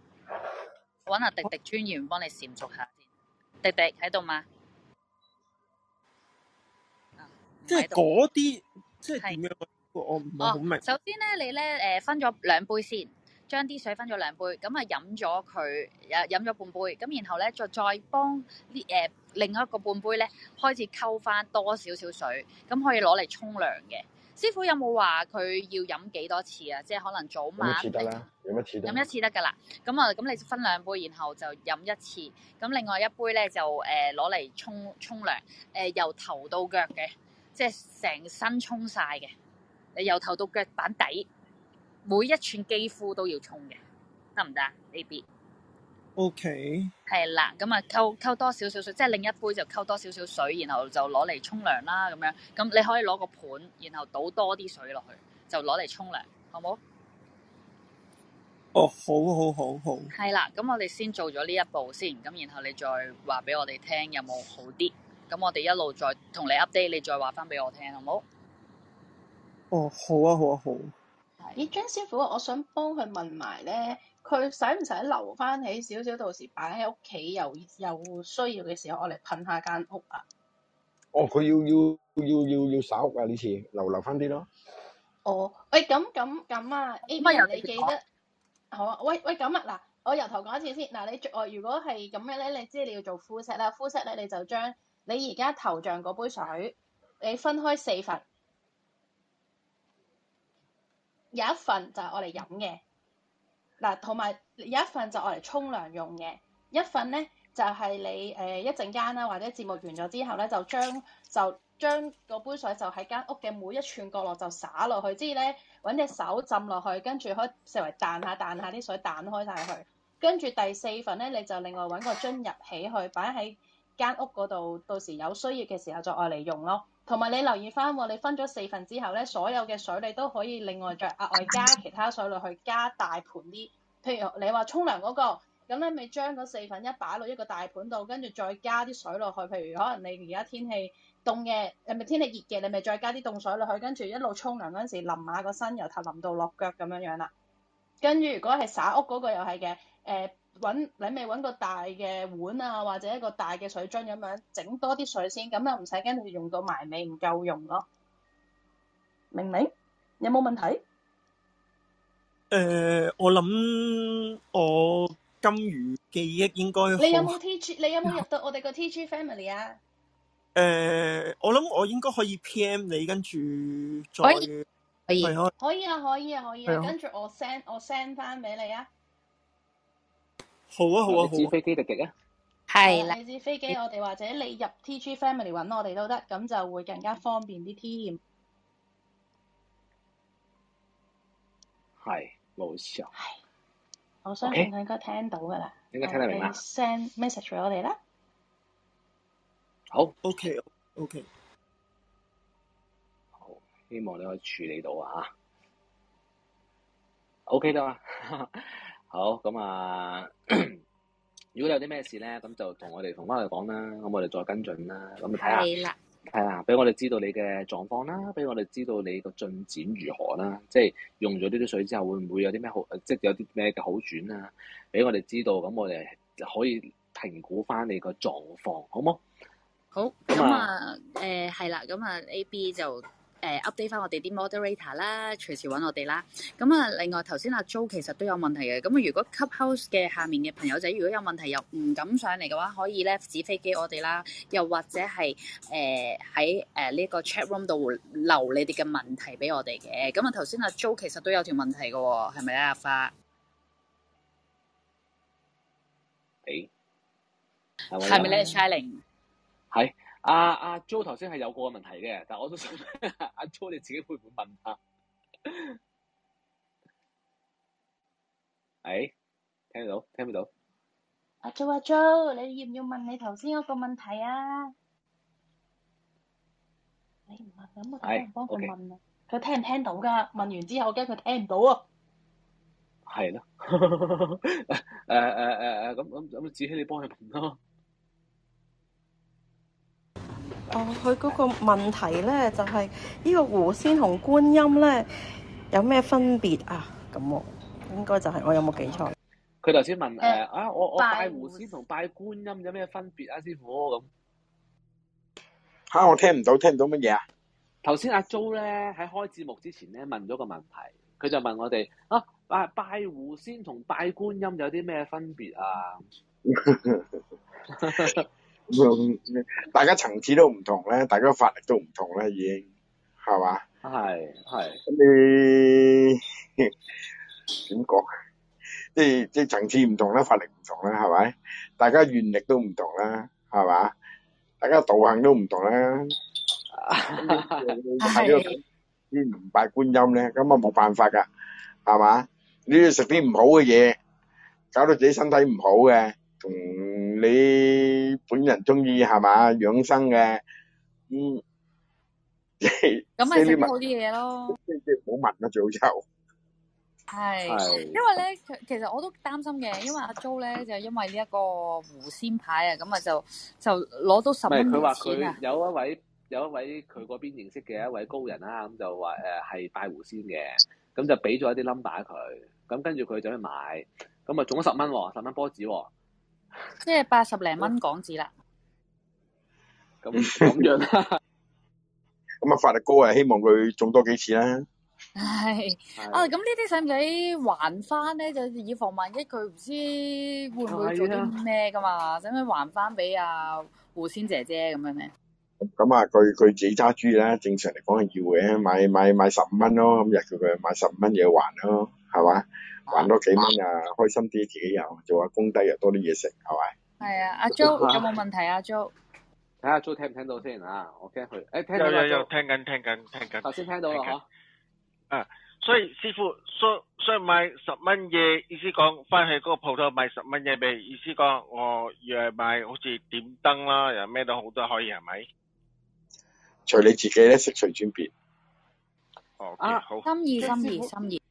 搵阿迪迪專員幫你闡述下先。迪迪喺度嘛？即係嗰啲，即係點樣？我我唔係好明。首先咧，你咧誒分咗兩杯先。將啲水分咗兩杯，咁啊飲咗佢，飲咗半杯，咁然後咧就再幫呢誒、呃、另外一個半杯咧開始溝返多少少水，咁可以攞嚟沖涼嘅。師傅有冇話佢要飲幾多次啊？即係可能早晚。一次得啦，飲一次飲一次得噶啦。咁啊，咁你分兩杯，然後就飲一次，咁另外一杯咧就誒攞嚟沖沖涼，誒、呃、由頭到腳嘅，即係成身沖晒嘅，由頭到腳板底。每一寸肌膚都要沖嘅，得唔得？A B，OK，係啦，咁啊，溝溝多少少水，即係另一杯就溝多少少水，然後就攞嚟沖涼啦，咁樣，咁你可以攞個盤，然後倒多啲水落去，就攞嚟沖涼，好冇？哦，好，好，好，好。係啦，咁我哋先做咗呢一步先，咁然後你再話俾我哋聽有冇好啲，咁我哋一路再同你 update，你再話翻俾我聽，好冇？哦，好啊，好啊，好。咦、欸，張師傅，我想幫佢問埋咧，佢使唔使留翻起少少，到時擺喺屋企，又又需要嘅時候噴，我嚟噴下間屋啊？哦，佢要要要要要少啊！呢次留留翻啲咯。哦、欸，喂，咁咁咁啊？誒，乜人你記得？啊好啊，喂喂，咁啊嗱，我由頭講一次先嗱，你做，如果係咁樣咧，你知你要做敷色啦，敷色咧你就將你而家頭像嗰杯水，你分開四份。有一份就係我嚟飲嘅，嗱，同埋有一份就我嚟沖涼用嘅，一份咧就係、是、你誒一陣間啦，或者節目完咗之後咧，就將就將嗰杯水就喺間屋嘅每一寸角落就灑落去，之後咧揾隻手浸落去，跟住可以成為彈下彈下啲水彈開晒去，跟住第四份咧，你就另外揾個樽入起去，擺喺間屋嗰度，到時有需要嘅時候再愛嚟用咯。同埋你留意翻，你分咗四份之後咧，所有嘅水你都可以另外再額外加其他水落去加大盤啲。譬如你話沖涼嗰個咁咧，咪將嗰四份一擺落一個大盤度，跟住再加啲水落去。譬如可能你而家天氣凍嘅，你咪天氣熱嘅，你咪再加啲凍水落去，跟住一路沖涼嗰陣時淋下個身，由頭淋到落腳咁樣樣啦。跟住如果係灑屋嗰個又係嘅，誒、呃。搵你咪搵個大嘅碗啊，或者一個大嘅水樽咁樣，整多啲水先，咁又唔使驚你用到埋尾唔夠用咯。明明有冇問題？誒、呃，我諗我金魚記憶應該你有冇 T G，你有冇入到我哋個 T G family 啊？誒、呃，我諗我應該可以 P M 你，跟住，再可以可以對可以啊，可以啊，可以啊，可以啊，跟住我 send 我 send 翻俾你啊。好啊，好啊，紙飛機特級啊，係啦，紙飛機我哋或者你入 T G Family 搵我哋都得，咁就會更加方便啲添。係冇錯，係我相信佢應該聽到噶啦，應該聽得明啦，send message 俾我哋啦。好，O K，O K，好，希望你可以處理到啊，O K 得啦。Okay 好，咁啊咳咳，如果有啲咩事咧，咁就同我哋同翻嚟講啦，咁我哋再跟進啦，咁睇下，係啦的，係啦，俾我哋知道你嘅狀況啦，俾我哋知道你個進展如何啦，即係用咗呢啲水之後會唔會有啲咩好，即係有啲咩嘅好轉啊，俾我哋知道，咁我哋可以評估翻你個狀況，好冇？好，咁好啊，誒、啊，係、呃、啦，咁啊，A B 就。誒，update 翻我哋啲 moderator 啦，隨時揾我哋啦。咁啊，另外頭先阿 Joe 其實都有問題嘅。咁啊，如果 club house 嘅下面嘅朋友仔如果有問題又唔敢上嚟嘅話，可以咧紙飛機我哋啦，又或者係誒喺誒呢個 chat room 度留你哋嘅問題俾我哋嘅。咁啊，頭先阿 Joe 其實都有條問題嘅，係咪咧阿花？誒、hey.，係咪咧 Shinning？係。Hey. 阿阿 Jo 頭先係有個問題嘅，但係我都想阿、啊、Jo 你自己會唔會問下？哎，聽得到，聽唔到。阿、啊、Jo 阿、啊、Jo，你要唔要問你頭先嗰個問題啊？你、哎、唔問咁啊，佢唔幫佢問啊。佢、哎 okay. 聽唔聽到噶？問完之後我，驚佢聽唔到啊。係咯。誒誒誒誒，咁咁咁，紫、呃、僖、呃呃呃呃、你幫佢問咯。哦，佢嗰個問題咧就係、是、呢個狐仙同觀音咧有咩分別啊？咁喎，應該就係、是、我有冇記錯？佢頭先問誒啊、欸、啊，我我拜狐仙同拜觀音有咩分別啊？師傅咁吓、啊，我聽唔到，聽唔到乜嘢啊？頭先阿 Jo 咧喺開節目之前咧問咗個問題，佢就問我哋啊，啊，拜拜狐仙同拜觀音有啲咩分別啊？ 大家層次都唔同咧，大家法力都唔同咧，已經係嘛？係係。咁你點講？即係即係層次唔同啦，法力唔同啦，係咪？大家願力都唔同啦，係嘛？大家道行都唔同啦。呢啲唔拜觀音咧，咁啊冇辦法噶係嘛？你要食啲唔好嘅嘢，搞到自己身體唔好嘅，同。你本人中意係嘛養生嘅，咁咁咪食好啲嘢咯，即係冇問嘅早朝。係，因為咧，其實我都擔心嘅，因為阿 Jo 咧就因為呢一個狐仙牌啊，咁啊就就攞到十蚊，唔係佢話佢有一位，有一位佢嗰邊認識嘅一位高人啦，咁就話誒係拜狐仙嘅，咁就俾咗一啲 number 佢，咁跟住佢就去買，咁啊中咗十蚊喎，十蚊波子喎。即係八十零蚊港紙啦 樣吧，咁咁樣啦，咁啊法力哥啊，希望佢種多幾次啦。唉，啊，咁呢啲使唔使還翻咧？就以防萬一，佢唔知會唔會做啲咩噶嘛？使唔使還翻俾阿胡仙姐姐咁樣咧？咁啊、嗯，佢佢自己揸住啦。正常嚟講係要嘅，買買買十五蚊咯。咁日佢佢買十五蚊嘢還咯，係嘛？賺多幾蚊啊，開心啲，自己又做下功德又多啲嘢食，係咪？係啊，阿 Joe 有冇問題啊？Joe、啊，睇下 Joe 聽唔聽到先啊，我聽佢，誒、欸，聽到啊、有有有，聽緊聽緊聽緊，頭先聽到嗬，啊，所以師傅所以所以買十蚊嘢，意思講翻去嗰個鋪頭買十蚊嘢俾，意思講我要係買好似點燈啦，又咩都好多可以係咪？隨你自己咧，食隨轉變。哦、啊，好，心意心意心意。.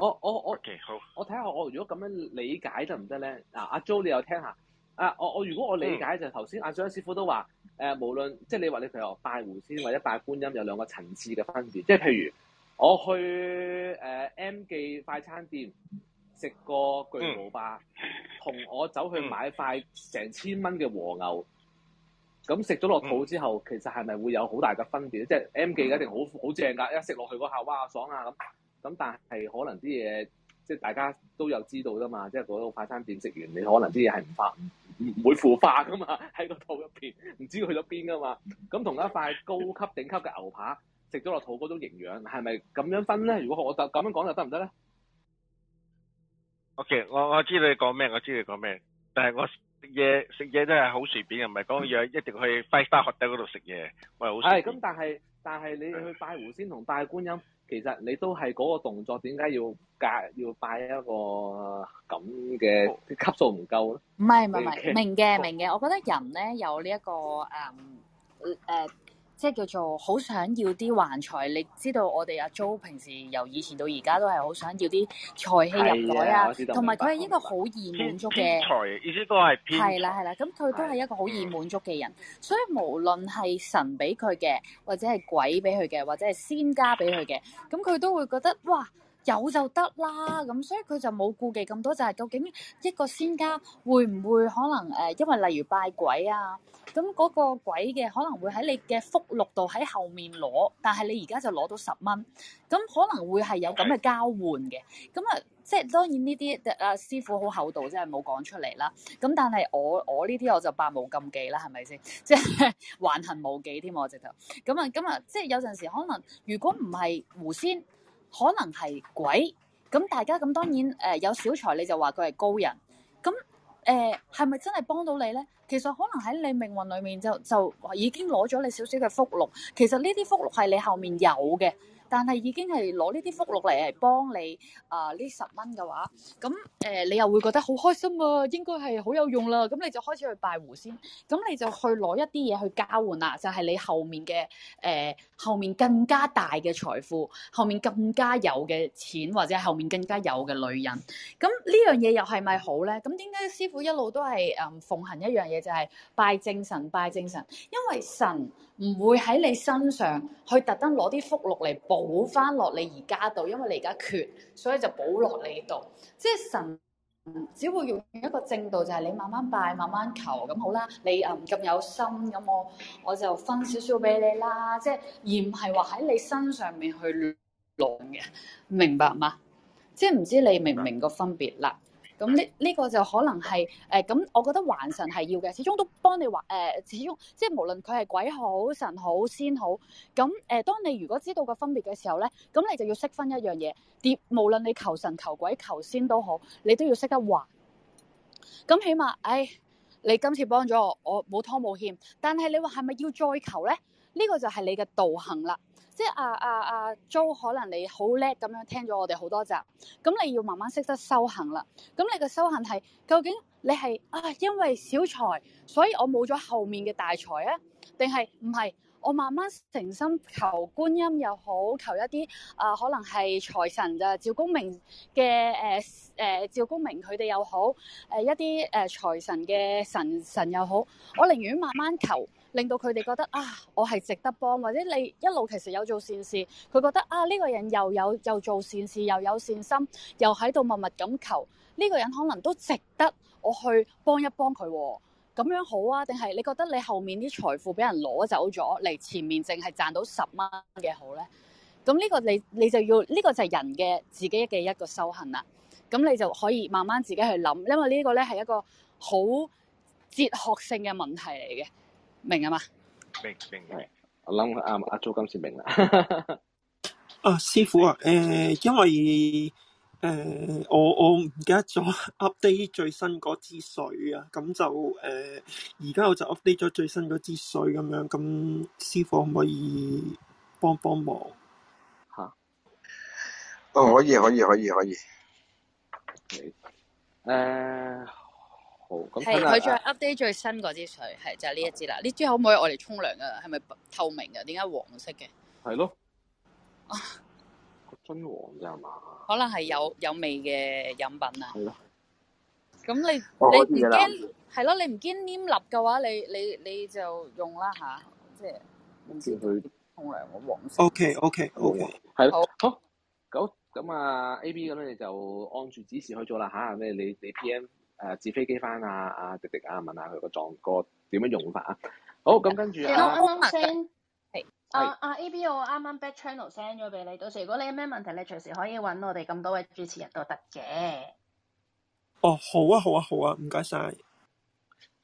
我我我，我睇下我如果咁樣理解得唔得咧？嗱、啊，阿 Jo 你又聽下，啊我我如果我理解就頭先阿張師傅都話，誒、呃、無論即係、就是、你話你譬如拜狐仙或者拜觀音有兩個層次嘅分別，即係譬如我去誒、呃、M 記快餐店食個巨無霸，同我走去買塊成千蚊嘅和牛，咁食咗落肚之後，嗯、其實係咪會有好大嘅分別？即、就、係、是、M 記一定好好正㗎，一食落去嗰下哇爽啊咁。咁但係可能啲嘢，即係大家都有知道㗎嘛，即係嗰度快餐店食完，你可能啲嘢係唔化唔會腐化㗎嘛，喺個肚入邊，唔知去咗邊㗎嘛。咁同一塊高級頂級嘅牛扒食咗落肚嗰種營養係咪咁樣分咧？如果我就咁樣講就得唔得咧？OK，我我知你講咩，我知你講咩，但係我。食嘢食嘢都係好隨便，唔係講要一定去五星酒店嗰度食嘢，我係好。係咁，但係但係你去拜狐仙同拜觀音，其實你都係嗰個動作，點解要拜要拜一個咁嘅級數唔夠咧？唔係唔係唔係明嘅明嘅，我覺得人咧有呢一個誒誒。即係叫做好想要啲橫財，你知道我哋阿 Jo 平時由以前到而家都係好想要啲財氣入來啊，同埋佢係一個好易滿足嘅，偏財意思都係偏。係啦係啦，咁佢都係一個好易滿足嘅人，的所以無論係神俾佢嘅，或者係鬼俾佢嘅，或者係仙家俾佢嘅，咁佢都會覺得哇。有就得啦，咁所以佢就冇顧忌咁多，就係究竟一個仙家會唔會可能誒？因為例如拜鬼啊，咁嗰個鬼嘅可能會喺你嘅福祿度喺後面攞，但係你而家就攞到十蚊，咁可能會係有咁嘅交換嘅。咁啊，即係當然呢啲阿師傅好厚道，即係冇講出嚟啦。咁但係我我呢啲我就百無禁忌啦，係咪先？即係橫行無忌添，我直頭。咁啊咁啊，即係有陣時可能如果唔係狐仙。可能係鬼，咁大家咁當然誒、呃、有小財你就話佢係高人，咁誒係咪真係幫到你咧？其實可能喺你命運裡面就就已經攞咗你少少嘅福祿，其實呢啲福祿係你後面有嘅。但係已經係攞呢啲福祿嚟幫你啊！呢、呃、十蚊嘅話，咁、嗯、誒、呃、你又會覺得好開心啊！應該係好有用啦。咁、嗯、你就開始去拜狐仙，咁、嗯、你就去攞一啲嘢去交換啦。就係、是、你後面嘅誒、呃、後面更加大嘅財富，後面更加有嘅錢，或者係後面更加有嘅女人。咁、嗯、呢樣嘢又係咪好呢？咁點解師傅一路都係誒、嗯、奉行一樣嘢，就係、是、拜正神，拜正神，因為神。唔會喺你身上去特登攞啲福祿嚟補翻落你而家度，因為你而家缺，所以就補落你度。即係神只會用一個正道，就係、是、你慢慢拜，慢慢求，咁好啦。你誒、啊、咁有心咁，我我就分少少俾你啦。即係而唔係話喺你身上面去攬嘅，明白嗎？即係唔知你明唔明個分別啦。咁呢呢個就可能係誒咁，呃、我覺得還神係要嘅，始終都幫你還誒、呃，始終即係無論佢係鬼好神好仙好，咁、呃、誒，當你如果知道個分別嘅時候咧，咁你就要識分一樣嘢，跌無論你求神求鬼求仙都好，你都要識得還。咁起碼，唉、哎，你今次幫咗我，我冇拖冇欠，但係你話係咪要再求咧？呢、呢個就係你嘅道行啦。即係啊啊啊，租、啊啊、可能你好叻咁樣聽咗我哋好多集，咁你要慢慢識得修行啦。咁你嘅修行係究竟你係啊？因為小財，所以我冇咗後面嘅大財啊？定係唔係？我慢慢誠心求觀音又好，求一啲啊，可能係財神啊，趙公明嘅誒誒趙公明佢哋又好，誒、啊、一啲誒財神嘅神神又好，我寧願慢慢求。令到佢哋覺得啊，我係值得幫，或者你一路其實有做善事，佢覺得啊，呢個人又有又做善事，又有善心，又喺度默默咁求呢個人，可能都值得我去幫一幫佢咁樣好啊？定係你覺得你後面啲財富俾人攞走咗，嚟前面淨係賺到十蚊嘅好呢？咁、嗯、呢個你你就要呢個就係人嘅自己嘅一個修行啦。咁、嗯、你就可以慢慢自己去諗，因為呢個呢係一個好哲學性嘅問題嚟嘅。明啊嘛，明明係，我諗阿阿祖今次明啦。 啊，師傅啊，誒、呃，因為誒、呃，我我唔記得咗 update 最新嗰支水啊，咁就誒，而、呃、家我就 update 咗最新嗰支水咁樣，咁師傅可唔可以幫幫忙？吓哈，哦，可以，可以，可以，可以。誒。呃係佢仲係 update 最新嗰支水。係就係呢一支啦。呢支可唔可以我嚟沖涼啊？係咪透明噶？點解黃色嘅？係咯，金黃啫係嘛？可能係有有味嘅飲品啊。係咯，咁你你唔驚係咯？你唔驚黏笠嘅話，你你你就用啦吓，即係用住佢沖涼。黃色。O K O K O K，係好，好，咁咁啊 A B 咁咧你就按住指示去做啦吓。咩？你你 P M。誒，紙飛機翻啊！阿迪迪啊，問下佢個狀個點樣用法啊。好，咁，跟住啊，啱啱 send 係啊啊 A B，我啱啱 back channel send 咗俾你。到時如果你有咩問題，你隨時可以揾我哋咁多位主持人都得嘅。哦，好啊，好啊，好啊，唔該晒。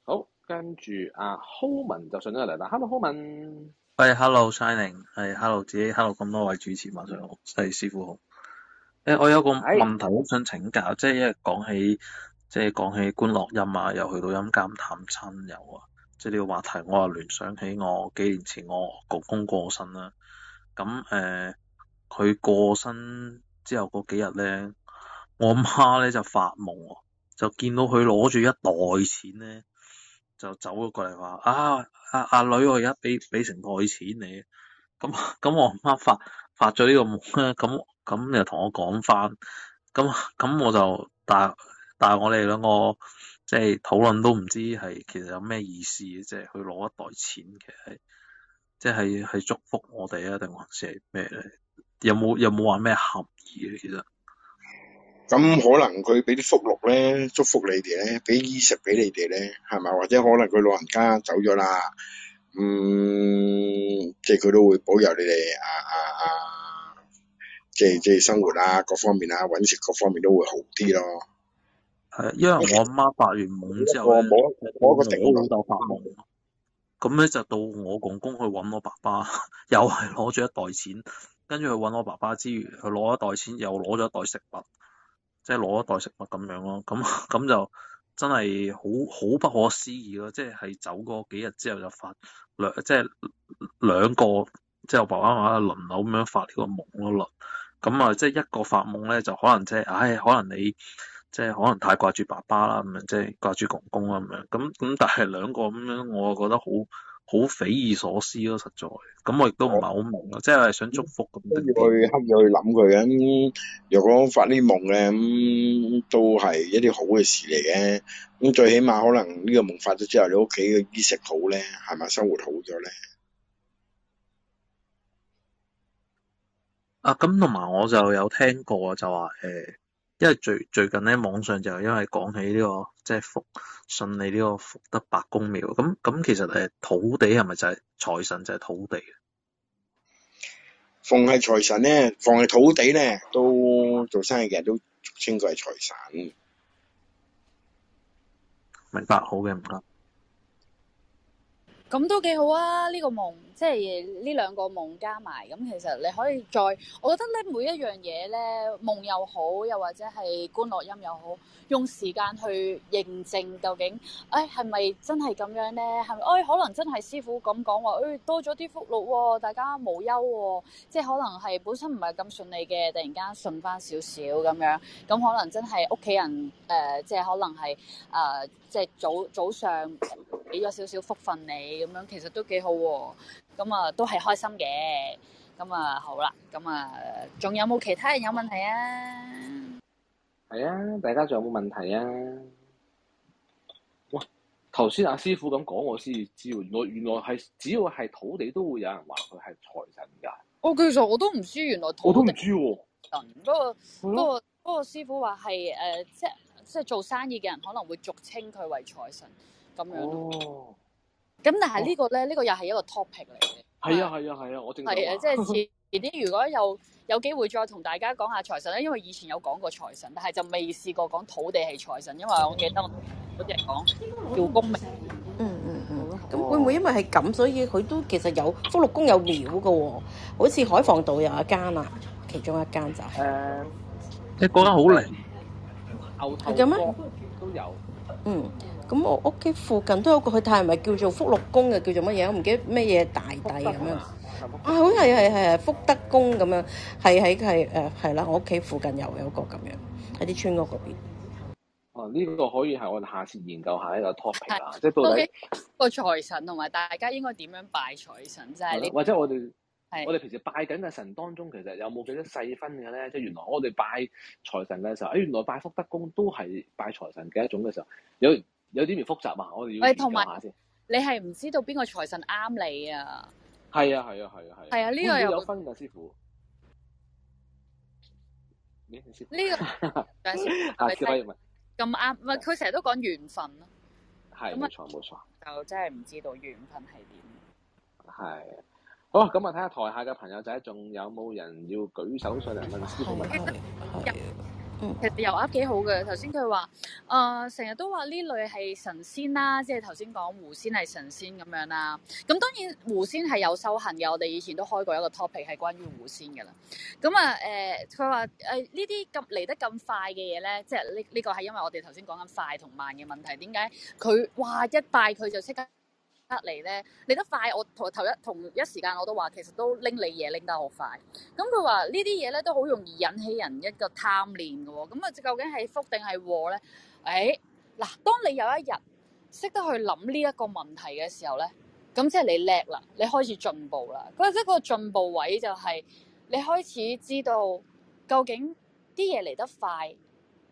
好，跟住啊，浩文就上咗嚟啦。Hello，Hello 浩文，喂、hey，Hello，Shining，係、hey, Hello 自己。Hello 咁多位主持，晚上細師傅好誒、欸。我有個問題都想請教，Hey. 即係因為講起。即係講起觀落陰啊，又去到陰間探親友啊，即係呢個話題，我又聯想起我幾年前我公公過身啦。咁誒，佢、呃、過身之後嗰幾日咧，我媽咧就發夢，就見到佢攞住一袋錢咧，就走咗過嚟話：啊阿阿、啊啊、女，我而家俾俾成袋錢你。咁咁，我媽發發咗呢個夢咧，咁咁又同我講返，咁咁我就但。但係我哋兩個即係討論，都唔知係其實有咩意思，即係去攞一袋錢嘅，其實即係係祝福我哋啊，定還是係咩咧？有冇有冇話咩合意嘅？其實咁可能佢俾啲福祿咧，祝福你哋咧，俾衣食俾你哋咧，係咪？或者可能佢老人家走咗啦，嗯，即係佢都會保佑你哋啊啊啊，即係即係生活啊，各方面啊，搵食各方面都會好啲咯。係，因為我阿媽發完夢之後咧，我個我老豆發夢，咁咧就到我公公去搵我爸爸，又係攞住一袋錢，跟住去搵我爸爸之餘，佢攞一袋錢，又攞咗一袋食物，即係攞一袋食物咁樣咯。咁咁就真係好好不可思議咯，即係係走過幾日之後就發兩，即係兩個，即係我爸爸媽媽輪流咁樣發呢個夢咯。咁啊，即係一個發夢咧，就可能即係，唉，可能你。即係可能太掛住爸爸啦，咁樣即係掛住公公啦，咁樣咁咁，但係兩個咁樣，我啊覺得好好匪夷所思咯，實在。咁我亦都唔係好明咯，哦、即係想祝福咁。嗯、樣去刻意去諗佢嘅，如、嗯、果發啲夢咧，咁、嗯、都係一啲好嘅事嚟嘅。咁、嗯、最起碼可能呢個夢發咗之後，你屋企嘅衣食好咧，係咪生活好咗咧？啊，咁同埋我就有聽過就話誒。欸因為最最近咧網上就因為講起呢、這個即係福順利呢個福德白公廟咁，咁其實誒土地係咪就係財神就係土地？奉係財神咧，奉係土地咧，都做生意嘅人都俗稱佢係財神，明白好嘅唔該。謝謝咁都幾好啊！呢、這個夢，即係呢兩個夢加埋，咁其實你可以再，我覺得咧，每一樣嘢咧，夢又好，又或者係觀落陰又好，用時間去認證究竟，誒係咪真係咁樣咧？係咪？誒、哎、可能真係師傅咁講話誒多咗啲福祿、哦、大家無憂、哦，即係可能係本身唔係咁順利嘅，突然間順翻少少咁樣，咁可能真係屋企人誒、呃、即係可能係誒、呃、即係早早上俾咗少少福分你。咁樣其實都幾好，啊，咁啊都係開心嘅，咁啊好啦，咁啊仲有冇其他人有問題啊？係啊，大家仲有冇問題啊？喂，頭先阿師傅咁講我先知，原來原來係只要係土地都會有人話佢係財神噶。哦，其實我都唔知，原來土地我都唔知喎，啊。神不過的不過不過師傅話係誒，即即係做生意嘅人可能會俗稱佢為財神咁樣咯。哦咁但係呢個咧，呢、哦、個又係一個 topic 嚟嘅。係啊係啊係啊！我正。係啊，即係遲啲如果有有機會再同大家講下財神咧，因為以前有講過財神，但係就未試過講土地係財神，因為我記得我啲人講叫公明、嗯。嗯嗯嗯。咁、嗯嗯嗯、會唔會因為係咁，所以佢都其實有福祿宮有廟嘅喎？好似海防道有一間啦，其中一間就係、是。誒、呃，你嗰間好靈。係嘅咩？都有。嗯。咁我屋企附近都有個，佢太唔係叫做福祿宮嘅，叫做乜嘢？我唔記得咩嘢大帝咁、啊啊、樣。啊，好似係係係福德宮咁樣，係喺係誒係啦。我屋企附近又有個咁樣，喺啲村屋嗰邊。哦，呢個可以係我哋下次研究下一個 topic 啦的。即係到底個財、okay, 神同埋大家應該點樣拜財神，即、就、係、是這個、或者我哋的我哋平時拜緊嘅神當中，其實有冇幾多細分嘅咧？即係原來我哋拜財神嘅時候，誒原來拜福德宮都係拜財神嘅一種嘅時候有。有啲唔複雜嘛，我哋要同埋。你係唔知道邊個財神啱你啊？係啊係啊係啊係啊，呢個、啊啊啊哎、有分噶師傅。呢個等下先，咁啱咪佢成日都講緣分咯。係冇錯，冇錯？就真係唔知道緣分係點。係、啊，好咁啊！睇下台下嘅朋友仔，仲有冇人要舉手想問師傅問題？其實遊鴨幾好嘅，頭先佢話，誒成日都話呢類係神仙啦、啊，即係頭先講狐仙係神仙咁樣啦、啊。咁、嗯、當然狐仙係有修行嘅，我哋以前都開過一個 topic 係關於狐仙嘅啦。咁啊誒，佢話誒呢啲咁嚟得咁快嘅嘢咧，即係呢呢個係因為我哋頭先講緊快同慢嘅問題。點解佢哇一拜佢就即刻？得嚟咧嚟得快，我同頭一同一時間我都話，其實都拎你嘢拎得好快。咁佢話呢啲嘢咧都好容易引起人一個貪念嘅。咁、嗯、啊，究竟係福定係禍咧？誒、哎、嗱，當你有一日識得去諗呢一個問題嘅時候咧，咁即係你叻啦，你開始進步啦。咁即係個進步位就係、是、你開始知道究竟啲嘢嚟得快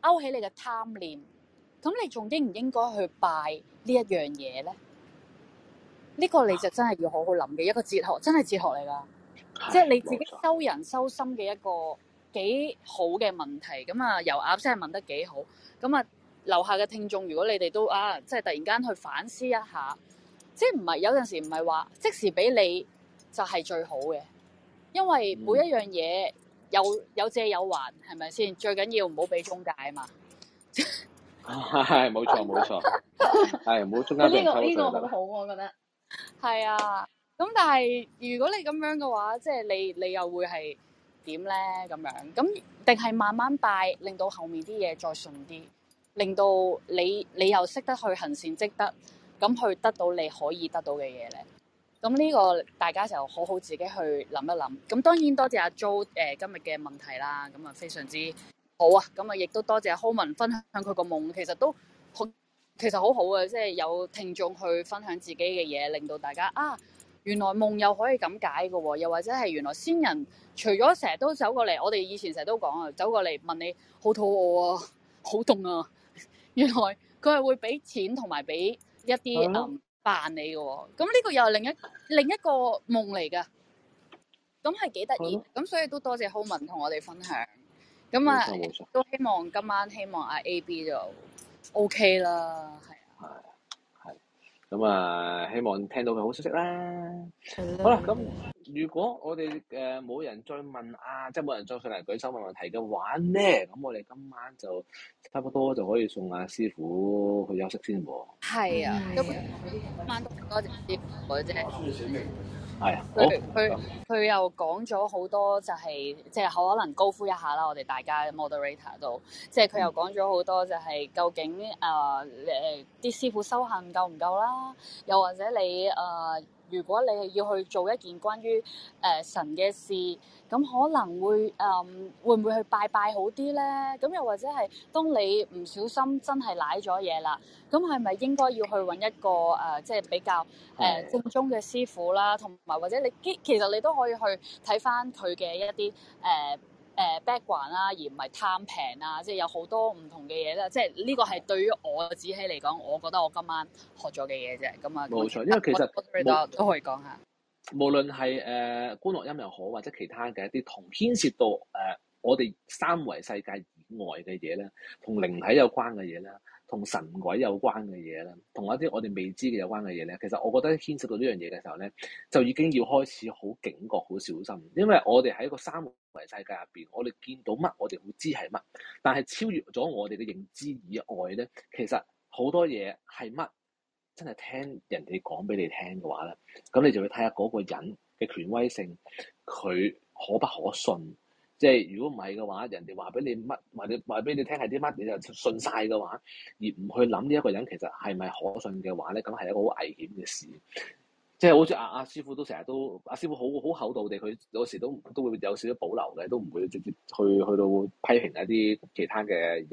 勾起你嘅貪念，咁你仲應唔應該去拜呢一樣嘢咧？呢個你就真係要好好諗嘅一個哲學，真係哲學嚟㗎，即係你自己收人收心嘅一個幾好嘅問題。咁啊，由鴨先係問得幾好。咁啊，樓下嘅聽眾，如果你哋都啊，即係突然間去反思一下，即係唔係有陣時唔係話即時俾你就係最好嘅，因為每一樣嘢有、嗯、有，有借有還，係咪先？最緊要唔好俾中介啊嘛。係冇錯冇錯，係冇、 哎、中間呢、 呢個呢、呢個好好，我覺得。係啊，咁但係如果你咁樣嘅話，即、就、係、是、你你又會係點咧？咁樣咁定係慢慢拜，令到後面啲嘢再順啲，令到你你又識得去行善積德咁去得到你可以得到嘅嘢咧。咁呢、這個大家就好好自己去諗一諗。咁當然多謝阿 Joe 誒、呃、今日嘅問題啦，咁啊非常之好啊。咁啊亦都多謝 Ho 文分享佢個夢，其實都好。其實好好啊，即係有聽眾去分享自己嘅嘢，令到大家啊，原來夢又可以咁解嘅，哦，又或者係原來先人除咗成日都走過嚟，我哋以前成日都講啊，走過嚟問你好肚餓啊，好凍啊，原來佢係會俾錢同埋俾一啲的嗯辦理嘅，哦，咁呢個又係另一另一個夢嚟嘅，咁係幾得意，咁的所以都多謝浩文同我哋分享，咁啊都希望今晚希望阿 A B 就。O K 啦，係、okay，係、啊，咁啊、嗯，希望聽到佢好消息啦。啊、好啦，咁如果我哋呃冇人再問啊，即係冇人再上嚟、啊、舉手問問題嘅話咧，咁我哋今晚就差唔多就可以送阿師傅去休息先喎。係啊，今晚都多謝師傅。係啊，佢佢佢又講咗好多就係，是，即係可能高呼一下啦，我哋大家 moderator 都，即係佢又講咗好多就係，究竟誒誒啲師傅修行夠唔夠啦？又或者你誒？呃如果你係要去做一件關於誒神嘅事，咁可能會誒會唔會去拜拜好啲咧？咁又或者係當你唔小心真係舐咗嘢啦，咁係咪應該要去揾一個誒即係比較誒正宗嘅師傅啦？同埋或者你基其實你都可以去睇翻佢嘅一啲誒。誒 background 啦，而唔係貪平啊，即係有好多唔同嘅嘢啦。即係呢個係對於我紫僖嚟講，我覺得我今晚學咗嘅嘢啫。咁啊，冇錯，因為其實都可以講下無，無論係誒、呃、觀落陰又好，或者其他嘅一啲同牽涉到誒、呃、我哋三維世界以外嘅嘢咧，同靈體有關嘅嘢咧，同神鬼有關嘅嘢咧，同一啲我哋未知嘅有關嘅嘢咧，其實我覺得牽涉到呢樣嘢嘅時候咧，就已經要開始好警覺、好小心，因為我哋喺一個三維世界入邊，我哋見到乜，我哋會知係乜，但係超越咗我哋嘅認知以外咧，其實好多嘢係乜真係聽人哋講俾你聽嘅話咧，咁你就要睇下嗰個人嘅權威性，佢可不可信？即係如果唔係嘅話，人哋話俾你乜，話你話俾你聽係啲乜嘢就信晒嘅話，而唔去諗呢一個人其實係咪可信嘅話咧，咁係一個好危險嘅事。即係好似阿阿師傅都成日都阿、啊、師傅好好厚道地，佢有時都都會有少少保留嘅，都唔會直接去去，去到批評一啲其他嘅人。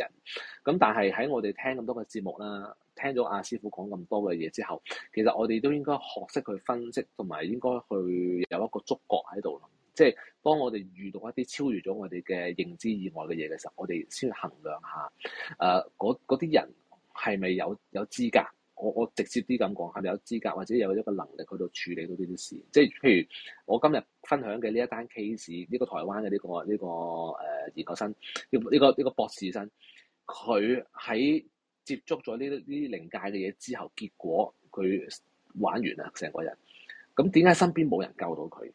咁但係喺我哋聽咁多嘅節目啦，聽咗阿、啊、師傅講咁多嘅嘢之後，其實我哋都應該學識去分析，同埋應該去有一個觸覺喺度。即係當我哋遇到一啲超越咗我哋嘅認知以外嘅嘢嘅時候，我哋先衡量下，誒嗰啲人係咪有有資格？我我直接啲咁講，係咪有資格或者有一個能力去到處理到呢啲事？即係譬如我今日分享嘅呢一單 case，呢個台灣嘅呢個呢個誒研究生，呢呢個呢個博士生，佢喺接觸咗呢啲靈界嘅嘢之後，結果佢玩完啦成個人。咁點解身邊冇人救到佢？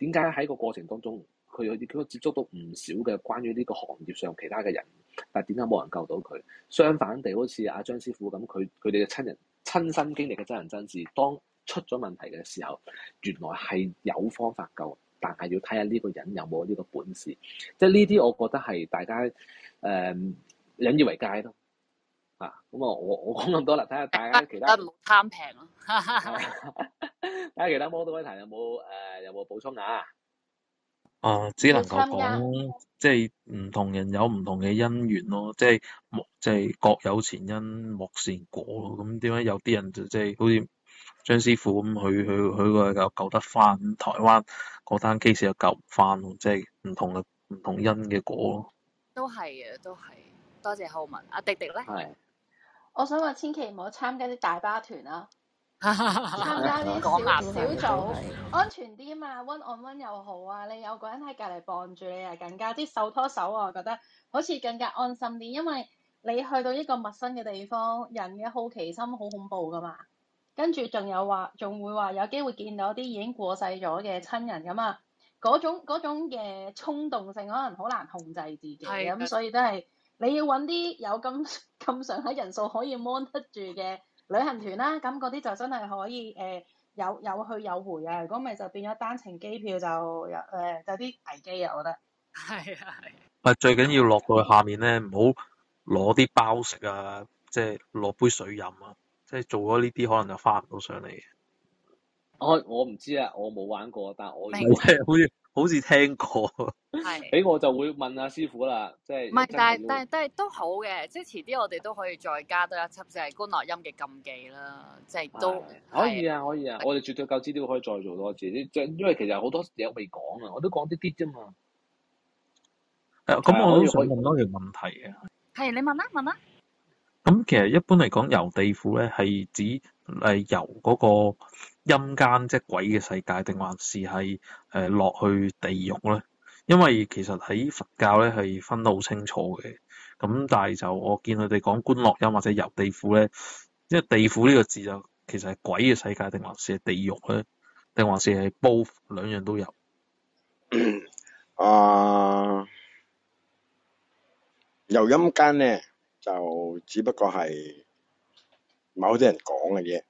點解喺個過程當中，佢佢都接觸到唔少嘅關於呢個行業上其他嘅人，但係點解冇人救到佢？相反地，好似阿張師傅咁，佢佢哋嘅親人親身經歷嘅真人真事，當出咗問題嘅時候，原來係有方法救，但係要睇下呢個人有冇呢個本事。即係呢啲，我覺得係大家誒引以為戒咯。啊，咁啊，我我講咁多啦，睇下大家其他貪平咯，睇下其他摩多威壇有冇誒，有冇補充啊？啊，只能夠講，即係唔同人有唔同嘅姻緣咯，即係莫就係、是、各有前因莫善果咯。咁點解有啲人就即係、就是、好似張師傅咁，佢佢佢個救救得翻，台灣嗰單 case 又救唔翻，即係唔同嘅唔同因嘅果咯、啊。都係嘅，都係，多謝浩文，阿迪迪咧。係。我想話，千祈唔好參加啲大巴團啊，參 加啲小 講小組， 安全啲啊嘛，溫按溫又好啊，你有個人喺隔籬傍住你，啊，更加啲手拖手啊，我覺得好似更加安心啲，因為你去到一個陌生嘅地方，人嘅好奇心好恐怖噶嘛，跟住仲有話，仲會話有機會見到啲已經過世咗嘅親人咁啊，嗰種嗰種嘅衝動性可能好難控制自己，咁的、嗯、所以都係。你要揾啲有咁咁上下人數可以 mon 得住嘅旅行團啦，啊，咁嗰啲就真係可以誒、呃、有有去有回啊！如果咪就變咗單程機票就有誒有啲危機啊！我覺得係啊，係、啊。唔、啊、最緊要落到去下面咧，唔好攞啲包食啊，即係攞杯水飲啊，即係做咗呢啲可能就翻唔到上嚟。我我唔知啊，我冇玩過，但係我唔係好似。 好似聽過是，係，俾我就會問阿師傅啦，即係，唔係，但係但係但係都好嘅，即係遲啲我哋都可以再加多一輯，就係觀落陰嘅禁忌啦，即係都是是可以啊，可以啊，是我哋絕對夠資料可以再做多次，即因為其實好多嘢未講啊，我都講啲啲啫嘛。誒，咁我都想問多條問題嘅。係，你問啦、啊，問啦、啊。咁其實一般嚟講，遊地府咧係指誒遊嗰個。陰間即係鬼嘅世界，定還是係誒落去地獄咧？因為其實喺佛教咧係分得好清楚嘅，咁但係就我見佢哋講觀落陰或者遊地府咧，因為地府呢個字就其實係鬼嘅世界，定還是係地獄咧？定還是係 both 兩樣都有？啊，遊陰間咧就只不過係某啲人講嘅嘢。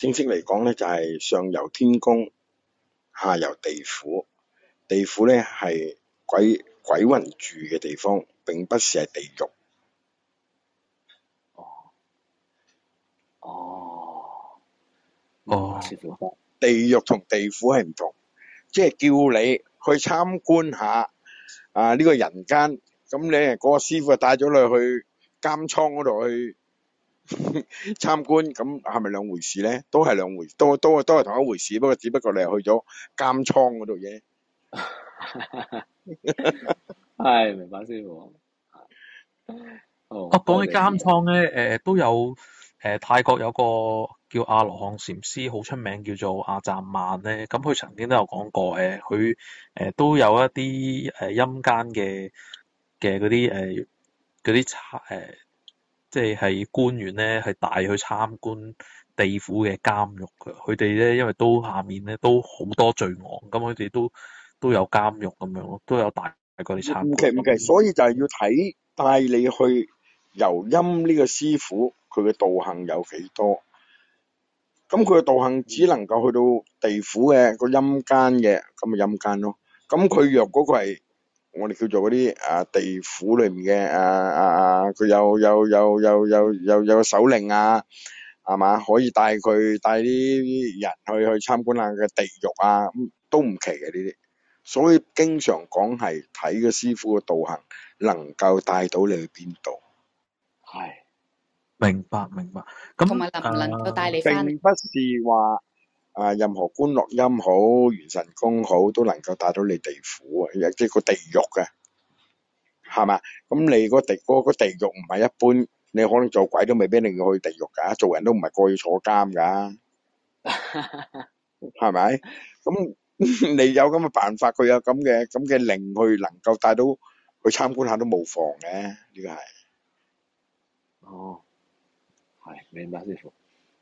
正式嚟講咧，就係上游天宮，下游地府。地府咧係鬼鬼魂住嘅地方，並不是係地獄。哦，哦，哦。地方。地獄同地府係唔同，即係叫你去參觀下啊，呢個人間，咁你個師傅就帶咗你去監倉嗰度去。參觀咁係咪兩回事咧？都係兩回事，都都都係同一回事，不過只不過你係去咗監倉嗰度啫。係，明白，師傅。哦，講起監倉咧，誒謝，都有誒、呃，泰國有個叫阿羅漢禪師，好出名，叫做阿讚曼咧。咁佢曾經都有講過，誒、呃，佢、呃、誒都有一啲誒陰間嘅嘅嗰啲誒啲誒。即係官員咧，係帶去參觀地府嘅監獄嘅。佢哋咧，因為都下面咧都好多罪案，咁佢哋都都有監獄咁樣咯，都有帶嗰啲參。唔其唔其，所以就係要睇帶你去遊陰呢個師傅，佢嘅道行有幾多？咁佢嘅道行只能夠去到地府嘅、個陰間嘅，咁啊陰間咯。咁佢若果佢係。我哋叫做嗰啲啊地府裏面嘅啊啊，佢、啊、有有有有有有有首領啊，係嘛，可以帶佢帶啲人去去參觀下佢嘅地獄啊，嗯、都唔奇嘅呢啲。所以經常講係睇個師傅嘅道行，能夠帶到你去邊度。係，明白明白。咁同埋能唔能夠帶你返？並不是話。啊！任何觀落陰好，元神宮好，都能夠帶到你地府啊，即係個地獄嘅係嘛？咁你個地個個地獄唔係一般，你可能做鬼都未必俾你去地獄噶，做人都唔係過去坐監噶，係咪？咁你有咁嘅辦法，佢有咁嘅咁嘅靈去，能夠帶到去參觀下都無妨嘅，呢個係。哦，係，明白師傅。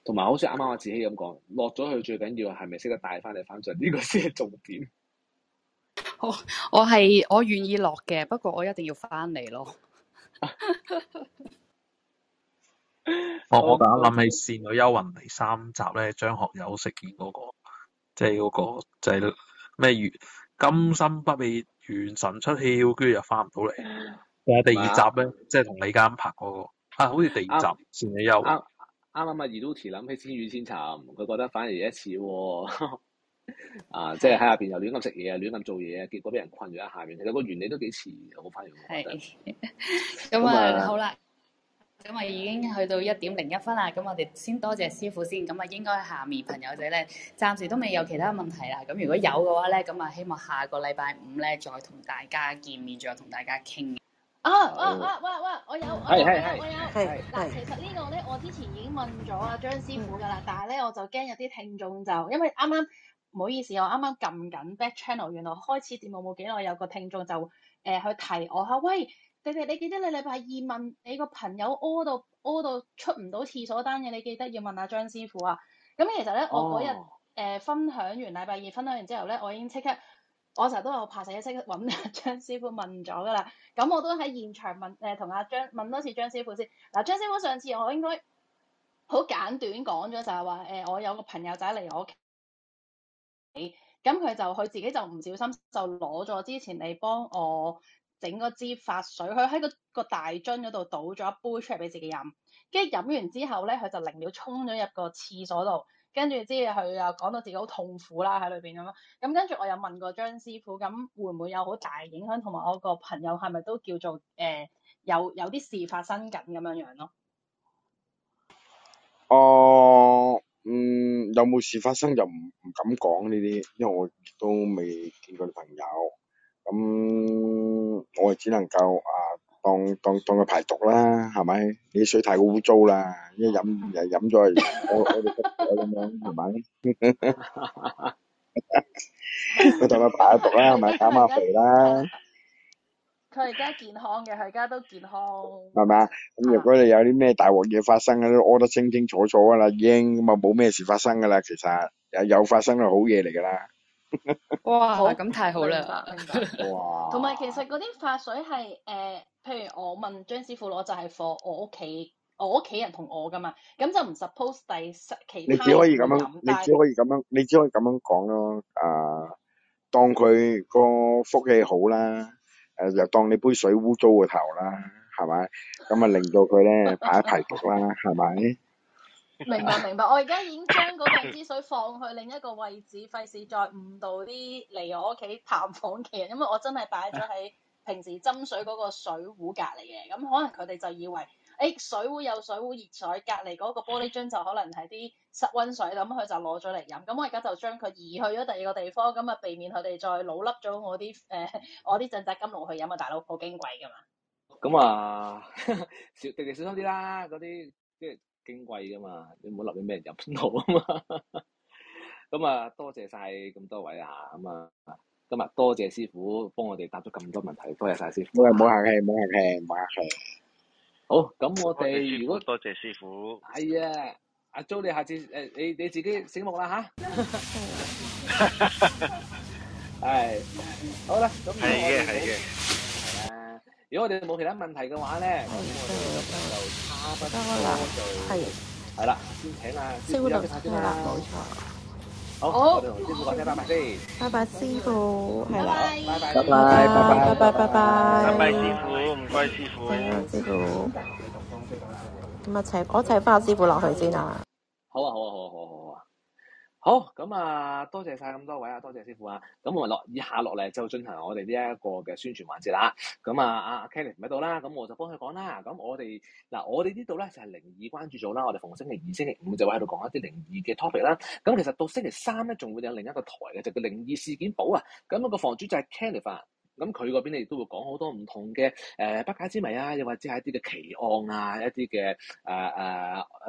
同埋好似啱啱我自己咁講，落咗去最緊要係咪識得帶翻嚟翻上？呢、呢個先係重點。我我係我願意落嘅，不過我一定要翻嚟咯。我我突然間諗起《倩女幽魂》第三集咧，張學友飾演嗰個，即係嗰個就係咩元金身不滅、元神出竅，居然又翻唔到嚟。第二集咧，即係同你家拍嗰個啊，好似第二集《倩、啊啊、女幽魂》啊。啱啱阿廸廸諗起千與千尋，佢覺得反而一次喎，啊，即係喺下邊又亂咁食嘢啊，亂咁做嘢啊，結果俾人困咗喺下面。其實個原理都幾似，好翻嘅。係，咁啊好啦，咁、嗯、啊、嗯、已經去到一點零一分啦，咁我哋先多謝，謝師傅先，咁啊應該下面朋友仔咧暫時都未有其他問題啦，咁如果有嘅話咧，咁啊希望下個禮拜五咧再同大家見面，再同大家傾。啊, 啊,啊！哇哇哇我有我有我有，嗱、 啊，其實個呢個咧，我之前已經問咗啊張師傅噶啦，但係咧我就驚有啲聽眾就，因為啱啱唔好意思我啱啱撳緊 back channel，原來開始節目冇幾耐，有個聽眾就誒、呃、去提我嚇，喂，你哋，你記得你禮拜二問你個朋友屙到屙到出唔到廁所單嘅，你記得要問下張師傅啊。咁其實咧，我嗰日誒分享完禮拜二分享完之後咧，我已經即刻。我成日都有拍曬一聲揾阿張師傅問咗噶啦，咁我都喺現場問誒同阿張問多次張師傅先。嗱、啊，張師傅上次我應該好簡短講咗就係話誒，我有個朋友仔嚟我屋企，咁佢就佢自己就唔小心就攞咗之前你幫我整嗰支髮水，佢喺個大樽嗰度倒咗一杯出嚟俾自己飲，跟住飲完之後咧，佢就寧料沖咗入個廁所度。跟住之後，佢又講到自己好痛苦啦，喺裏邊咁樣。咁跟住我又問過張師傅，咁會唔會有好大影響？同埋我個朋友係咪都叫做誒、呃、有有啲事發生緊咁樣樣咯？哦、呃，嗯，有冇事發生就唔唔敢講呢啲，因為我都未見過你朋友。咁、嗯、我係只能夠啊。當當當佢排毒啦，係咪？你水太過污糟啦，一飲又飲咗去，我我哋咁樣，係咪？去當佢排毒啦，係咪減下肥啦？佢而家健康嘅，佢而家都健康。係咪？咁如果你有啲咩大鑊嘢發生，都屙得清清楚楚噶啦，已經咁啊冇咩事發生噶啦。其實有有發生嘅好嘢嚟噶啦。 哇，好，咁太好啦！ 來哇，同埋其實嗰啲化水係誒、呃，譬如我問張師傅攞就係放我屋企，我屋企人同我噶嘛，咁就唔 suppose 第其他。你只可以咁樣，你只可以咁樣，你只可以咁樣講咯、啊。誒、呃，當佢個福氣好啦、啊，誒、呃，又當你杯水污糟個頭啦、啊，係咪？咁啊令到佢咧排一排毒啦、啊，係咪？ 明白明白，我而家已經將嗰隻支水放去另一個位置，費事再誤導啲嚟我屋企探訪嘅人。因為我真係擺咗喺平時斟水嗰個水壺隔籬嘅，咁、嗯、可能佢哋就以為，誒、欸、水壺有水壺熱水，隔籬嗰個玻璃樽就可能係啲室溫水，咁、嗯、佢就攞咗嚟飲。咁、嗯、我而家就將佢移去咗第二個地方，咁、嗯、啊避免佢哋再老笠咗我啲誒、呃、我啲鎮宅金爐去飲、嗯、啊！大佬好矜貴噶嘛。咁啊，廸廸小心啲啦，嗰啲即係。矜貴噶嘛，你唔好立啲咩人入邊度啊嘛。咁啊，多謝晒咁多位啊，咁啊，今日多謝師傅幫我哋答咗咁多問題，多謝晒師傅。冇嘢 canvas，冇客氣，冇 客氣，冇客氣。好，咁我哋如果多謝師傅，係果、哎、啊，阿周你下次誒，你、哎、你自己醒目啦吓。係、 哎，好啦，咁。係嘅，係嘅。如果我哋冇其他問題嘅話咧，咁我哋就差唔多就係係啦，先請啦，師傅落去先啦，冇錯。好，我哋同師傅，拜拜，師傅，係啦，拜拜，拜拜，拜拜，拜拜，師傅唔該，師傅，師傅，咁啊，齊我齊返阿師傅落去先啦。好啊，好啊，好啊，好啊。好，咁、嗯、啊，多謝晒咁多位啊，多謝師父啊，咁我落以下落嚟就進行我哋呢一個嘅宣傳環節啦。咁、嗯、啊，阿 Kelly 喺度啦，咁、嗯、我就幫佢講啦。咁我哋嗱，我哋呢度咧就係靈異關注組啦。我哋逢星期二、星期五就會喺度講一啲靈異嘅 topic 啦、嗯。咁其實到星期三咧，仲會有另一個台嘅，就叫靈異事件簿啊。咁、嗯、個房主就係 Kelly。咁佢嗰邊咧亦都會講好多唔同嘅誒不解之謎啊，又或者係一啲嘅奇案啊，一啲嘅誒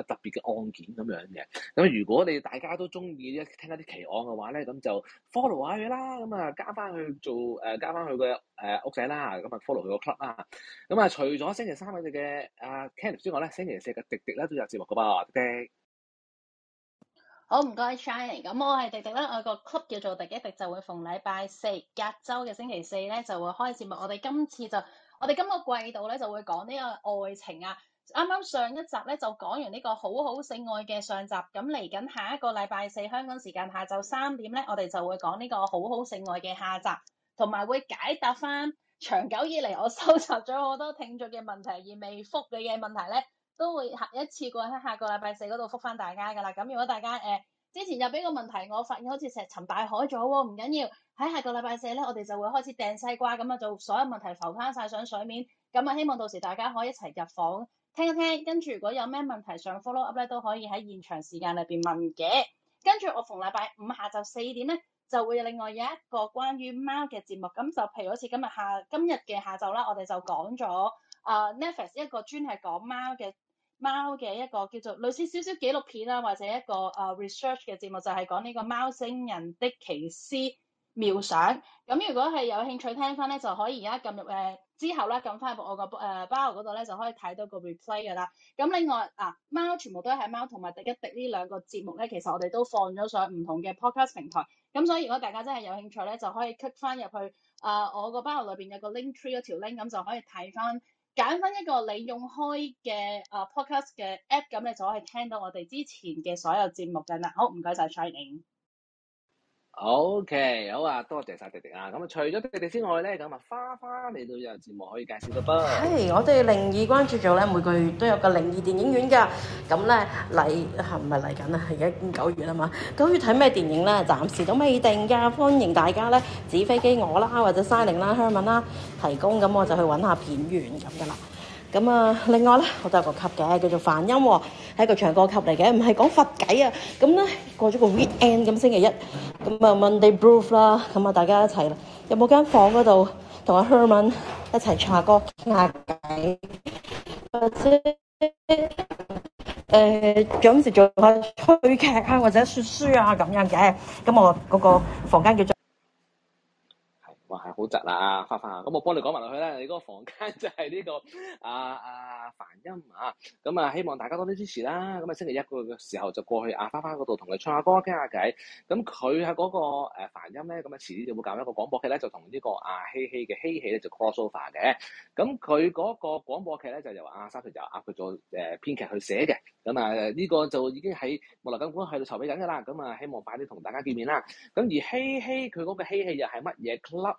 誒特別嘅案件咁樣嘅。咁如果你大家都中意聽一啲奇案嘅話咧，咁就 follow 下佢啦，咁啊加翻佢做誒、呃、加翻佢嘅誒屋仔啦，咁啊 follow 佢個 club 啦。咁、嗯、啊除咗星期三我哋嘅阿 Candice 之外咧，星期四嘅迪迪咧都有節目噶噃，迪。迪迪。好唔該 Shinning，咁我係迪迪啦。我個 club 叫做迪一迪，就會逢禮拜四，隔周嘅星期四咧就會開節目。我哋今次就，我哋今個季度咧就會講呢個愛情啊。啱啱上一集咧就講完呢個好好性愛嘅上集，咁嚟緊下一個禮拜四香港時間下晝三點咧，我哋就會講呢個好好性愛嘅下集，同埋會解答翻長久以嚟我收集咗好多聽眾嘅問題而未覆你嘅問題咧，都會下一次過喺下個禮拜四嗰度覆翻大家噶啦。咁如果大家誒、呃、之前有俾個問題，我發現好似石沉大海咗喎，唔、哦、緊要喺、哎、下個禮拜四咧，我哋就會開始掟西瓜，咁啊就所有問題浮翻晒上水面。咁啊希望到時大家可以一齊入房聽一聽，跟住如果有咩問題上 follow up 咧，都可以喺現場時間裏邊問嘅。跟住我逢禮拜五下晝四點咧，就會另外有一個關於貓嘅節目。咁就譬如好似今日下今日嘅下晝啦，我哋就講咗啊、呃、Netflix 一個專係講貓嘅。貓嘅一個叫做類似少少紀錄片啦、啊，或者一個啊、uh, research 嘅節目，就係、是、講呢個貓星人的奇思妙想。咁如果係有興趣聽翻咧，就可以而家撳入誒、呃、之後咧，撳翻入我個誒包嗰度咧，就可以睇到個 replay 㗎喇。咁另外啊，貓全部都係貓，同埋迪一迪呢兩個節目咧，其實我哋都放咗上唔同嘅 podcast 平台。咁所以如果大家真係有興趣咧，就可以 cut 翻入去啊，uh, 我個包裏邊有個 link tree 嗰條 link，咁就可以睇翻。揀返一個你用開嘅啊、uh, Podcast 嘅 App，咁你就可以聽到我哋之前嘅所有節目嘅啦。好，唔該晒，Shining。Sh 好 k、okay，好啊，多謝晒迪迪啊！咁啊，除咗迪迪之外咧，咁啊，花花嚟到有節目可以介紹到噃？係，hey，我哋靈異關注組咧，每個月都有個靈異電影院噶。咁咧嚟吓唔係嚟緊啊，而家已經九月啊嘛，九月睇咩電影咧？暫時都未定噶，歡迎大家咧，紙飛機我啦，或者 Shinning 啦，香吻啦，提供，咁我就去揾下片源咁噶啦。咁啊，另外咧，我都有個級嘅，叫做梵音喎、哦，係一個唱歌級嚟嘅，唔係講佛偈啊。咁咧過咗個 weekend 咁，星期一咁啊 Monday blues 啦，咁啊大家一齊啦，有冇間房度同阿 Herman 一齊唱下歌傾下偈？或者誒，有、呃、冇時做下推劇啊，或者說書啊咁樣嘅？咁我嗰個房間叫做。哇，係好窒啊，花花，咁我幫你講埋落去啦。你嗰個房間就係呢、這個阿阿凡音啊，咁啊，啊，希望大家多啲支持啦。咁啊，星期一嘅時候就過去阿、啊、花花嗰度同佢唱下歌，傾下偈。咁佢喺嗰個凡、啊、音咧，咁啊遲啲就會搞一個廣播劇咧，就同呢個阿、啊、希希嘅希戲咧就 crossover 嘅。咁佢嗰個廣播劇咧就由阿、啊、沙石由阿佢做誒編劇去寫嘅。咁啊呢個就已經喺無立燈光喺度籌備緊㗎啦。咁啊希望快啲同大家見面啦。咁而希希佢嗰個希戲又係乜嘢 club？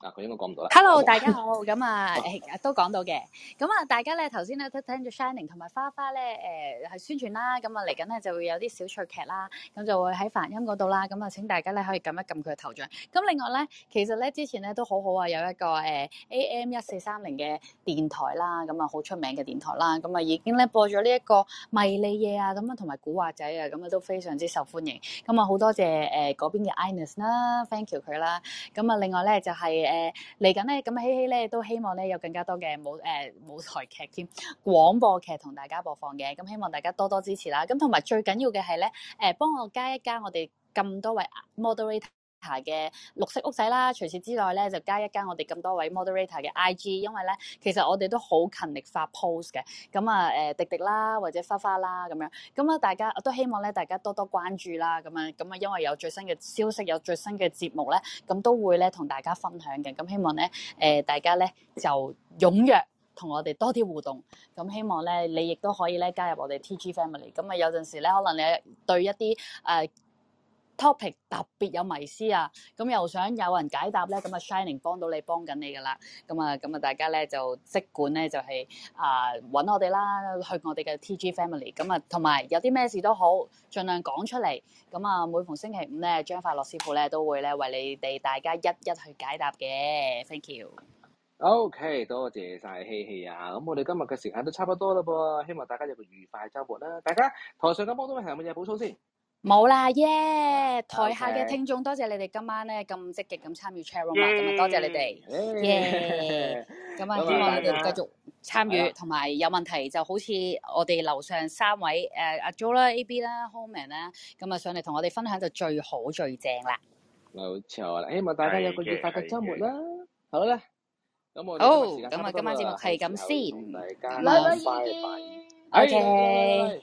嗱，佢應該講唔到啦。Hello，大家好，咁啊、 嗯，都講到嘅。咁啊，大家咧頭先咧都聽咗 Shinning 同埋花花咧，誒，係、呃、宣傳啦。咁啊，嚟緊咧就會有啲小趣劇啦。咁就會喺梵音嗰度啦。咁啊，請大家咧可以撳一撳佢嘅頭像。咁另外咧，其實咧之前咧都好好啊，有一個誒、呃、AM 一四三零嘅電台啦，咁啊好出名嘅電台啦。咁啊已經咧播咗呢一個迷你嘢啊，咁啊，同埋古惑仔啊，咁啊都非常之受歡迎。咁啊好多謝誒嗰、呃、邊嘅 Ines 啦，thank you 佢啦。咁啊，另外咧就係、是。誒嚟緊咧，咁、呃、希希咧都希望咧有更加多嘅舞、誒、呃、舞台劇添廣播劇同大家播放嘅，咁希望大家多多支持啦。咁同埋最緊要嘅係咧，誒、呃、幫我加一加我哋咁多位 moderator。下嘅綠色屋仔啦，除此之外咧，就加一間我哋咁多位 moderator 嘅 IG，因為咧，其實我哋都好勤力發 post 嘅。咁啊，誒、呃，廸廸啦，或者花花啦，咁樣。咁啊，大家都希望咧，大家多多關注啦。咁啊，咁啊，因為有最新嘅消息，有最新嘅節目咧，咁都會咧同大家分享嘅。咁希望咧，誒、呃，大家咧就踊躍同我哋多啲互動。咁希望咧，你亦都可以咧加入我哋 TG Family。咁啊，有陣時咧，可能你對一啲誒。呃 Topic 特別有迷思啊，咁又想有人解答咧，咁啊 Shinning 幫到你，幫緊你噶啦，咁啊，咁啊大家咧就即管咧就係啊揾我哋啦，去我哋嘅 TG Family，咁啊同埋有啲咩事都好，儘量講出嚟，咁啊每逢星期五咧，張法樂師傅咧都會咧為你哋大家一一去解答嘅，Thank you。OK，多謝晒希希啊，咁我哋今日嘅時間都差唔多啦噃，希望大家有個愉快嘅週末啦。大家台上嘅幫手有冇嘢補充先？冇啦，耶！台下嘅聽眾，多謝你哋今晚咧咁積極咁參與 chatroom 啦，咁啊多謝你哋，耶！咁啊希望你哋繼續參與，同埋有問題就好似我哋樓上三位誒阿 Jo 啦、A B 啦、Ho Ming 啦，咁啊上嚟同我哋分享就最好最正啦。冇錯啦，希望大家有個愉快嘅週末啦。好啦，咁我哦，咁啊今晚節目係咁先，拜拜，OK。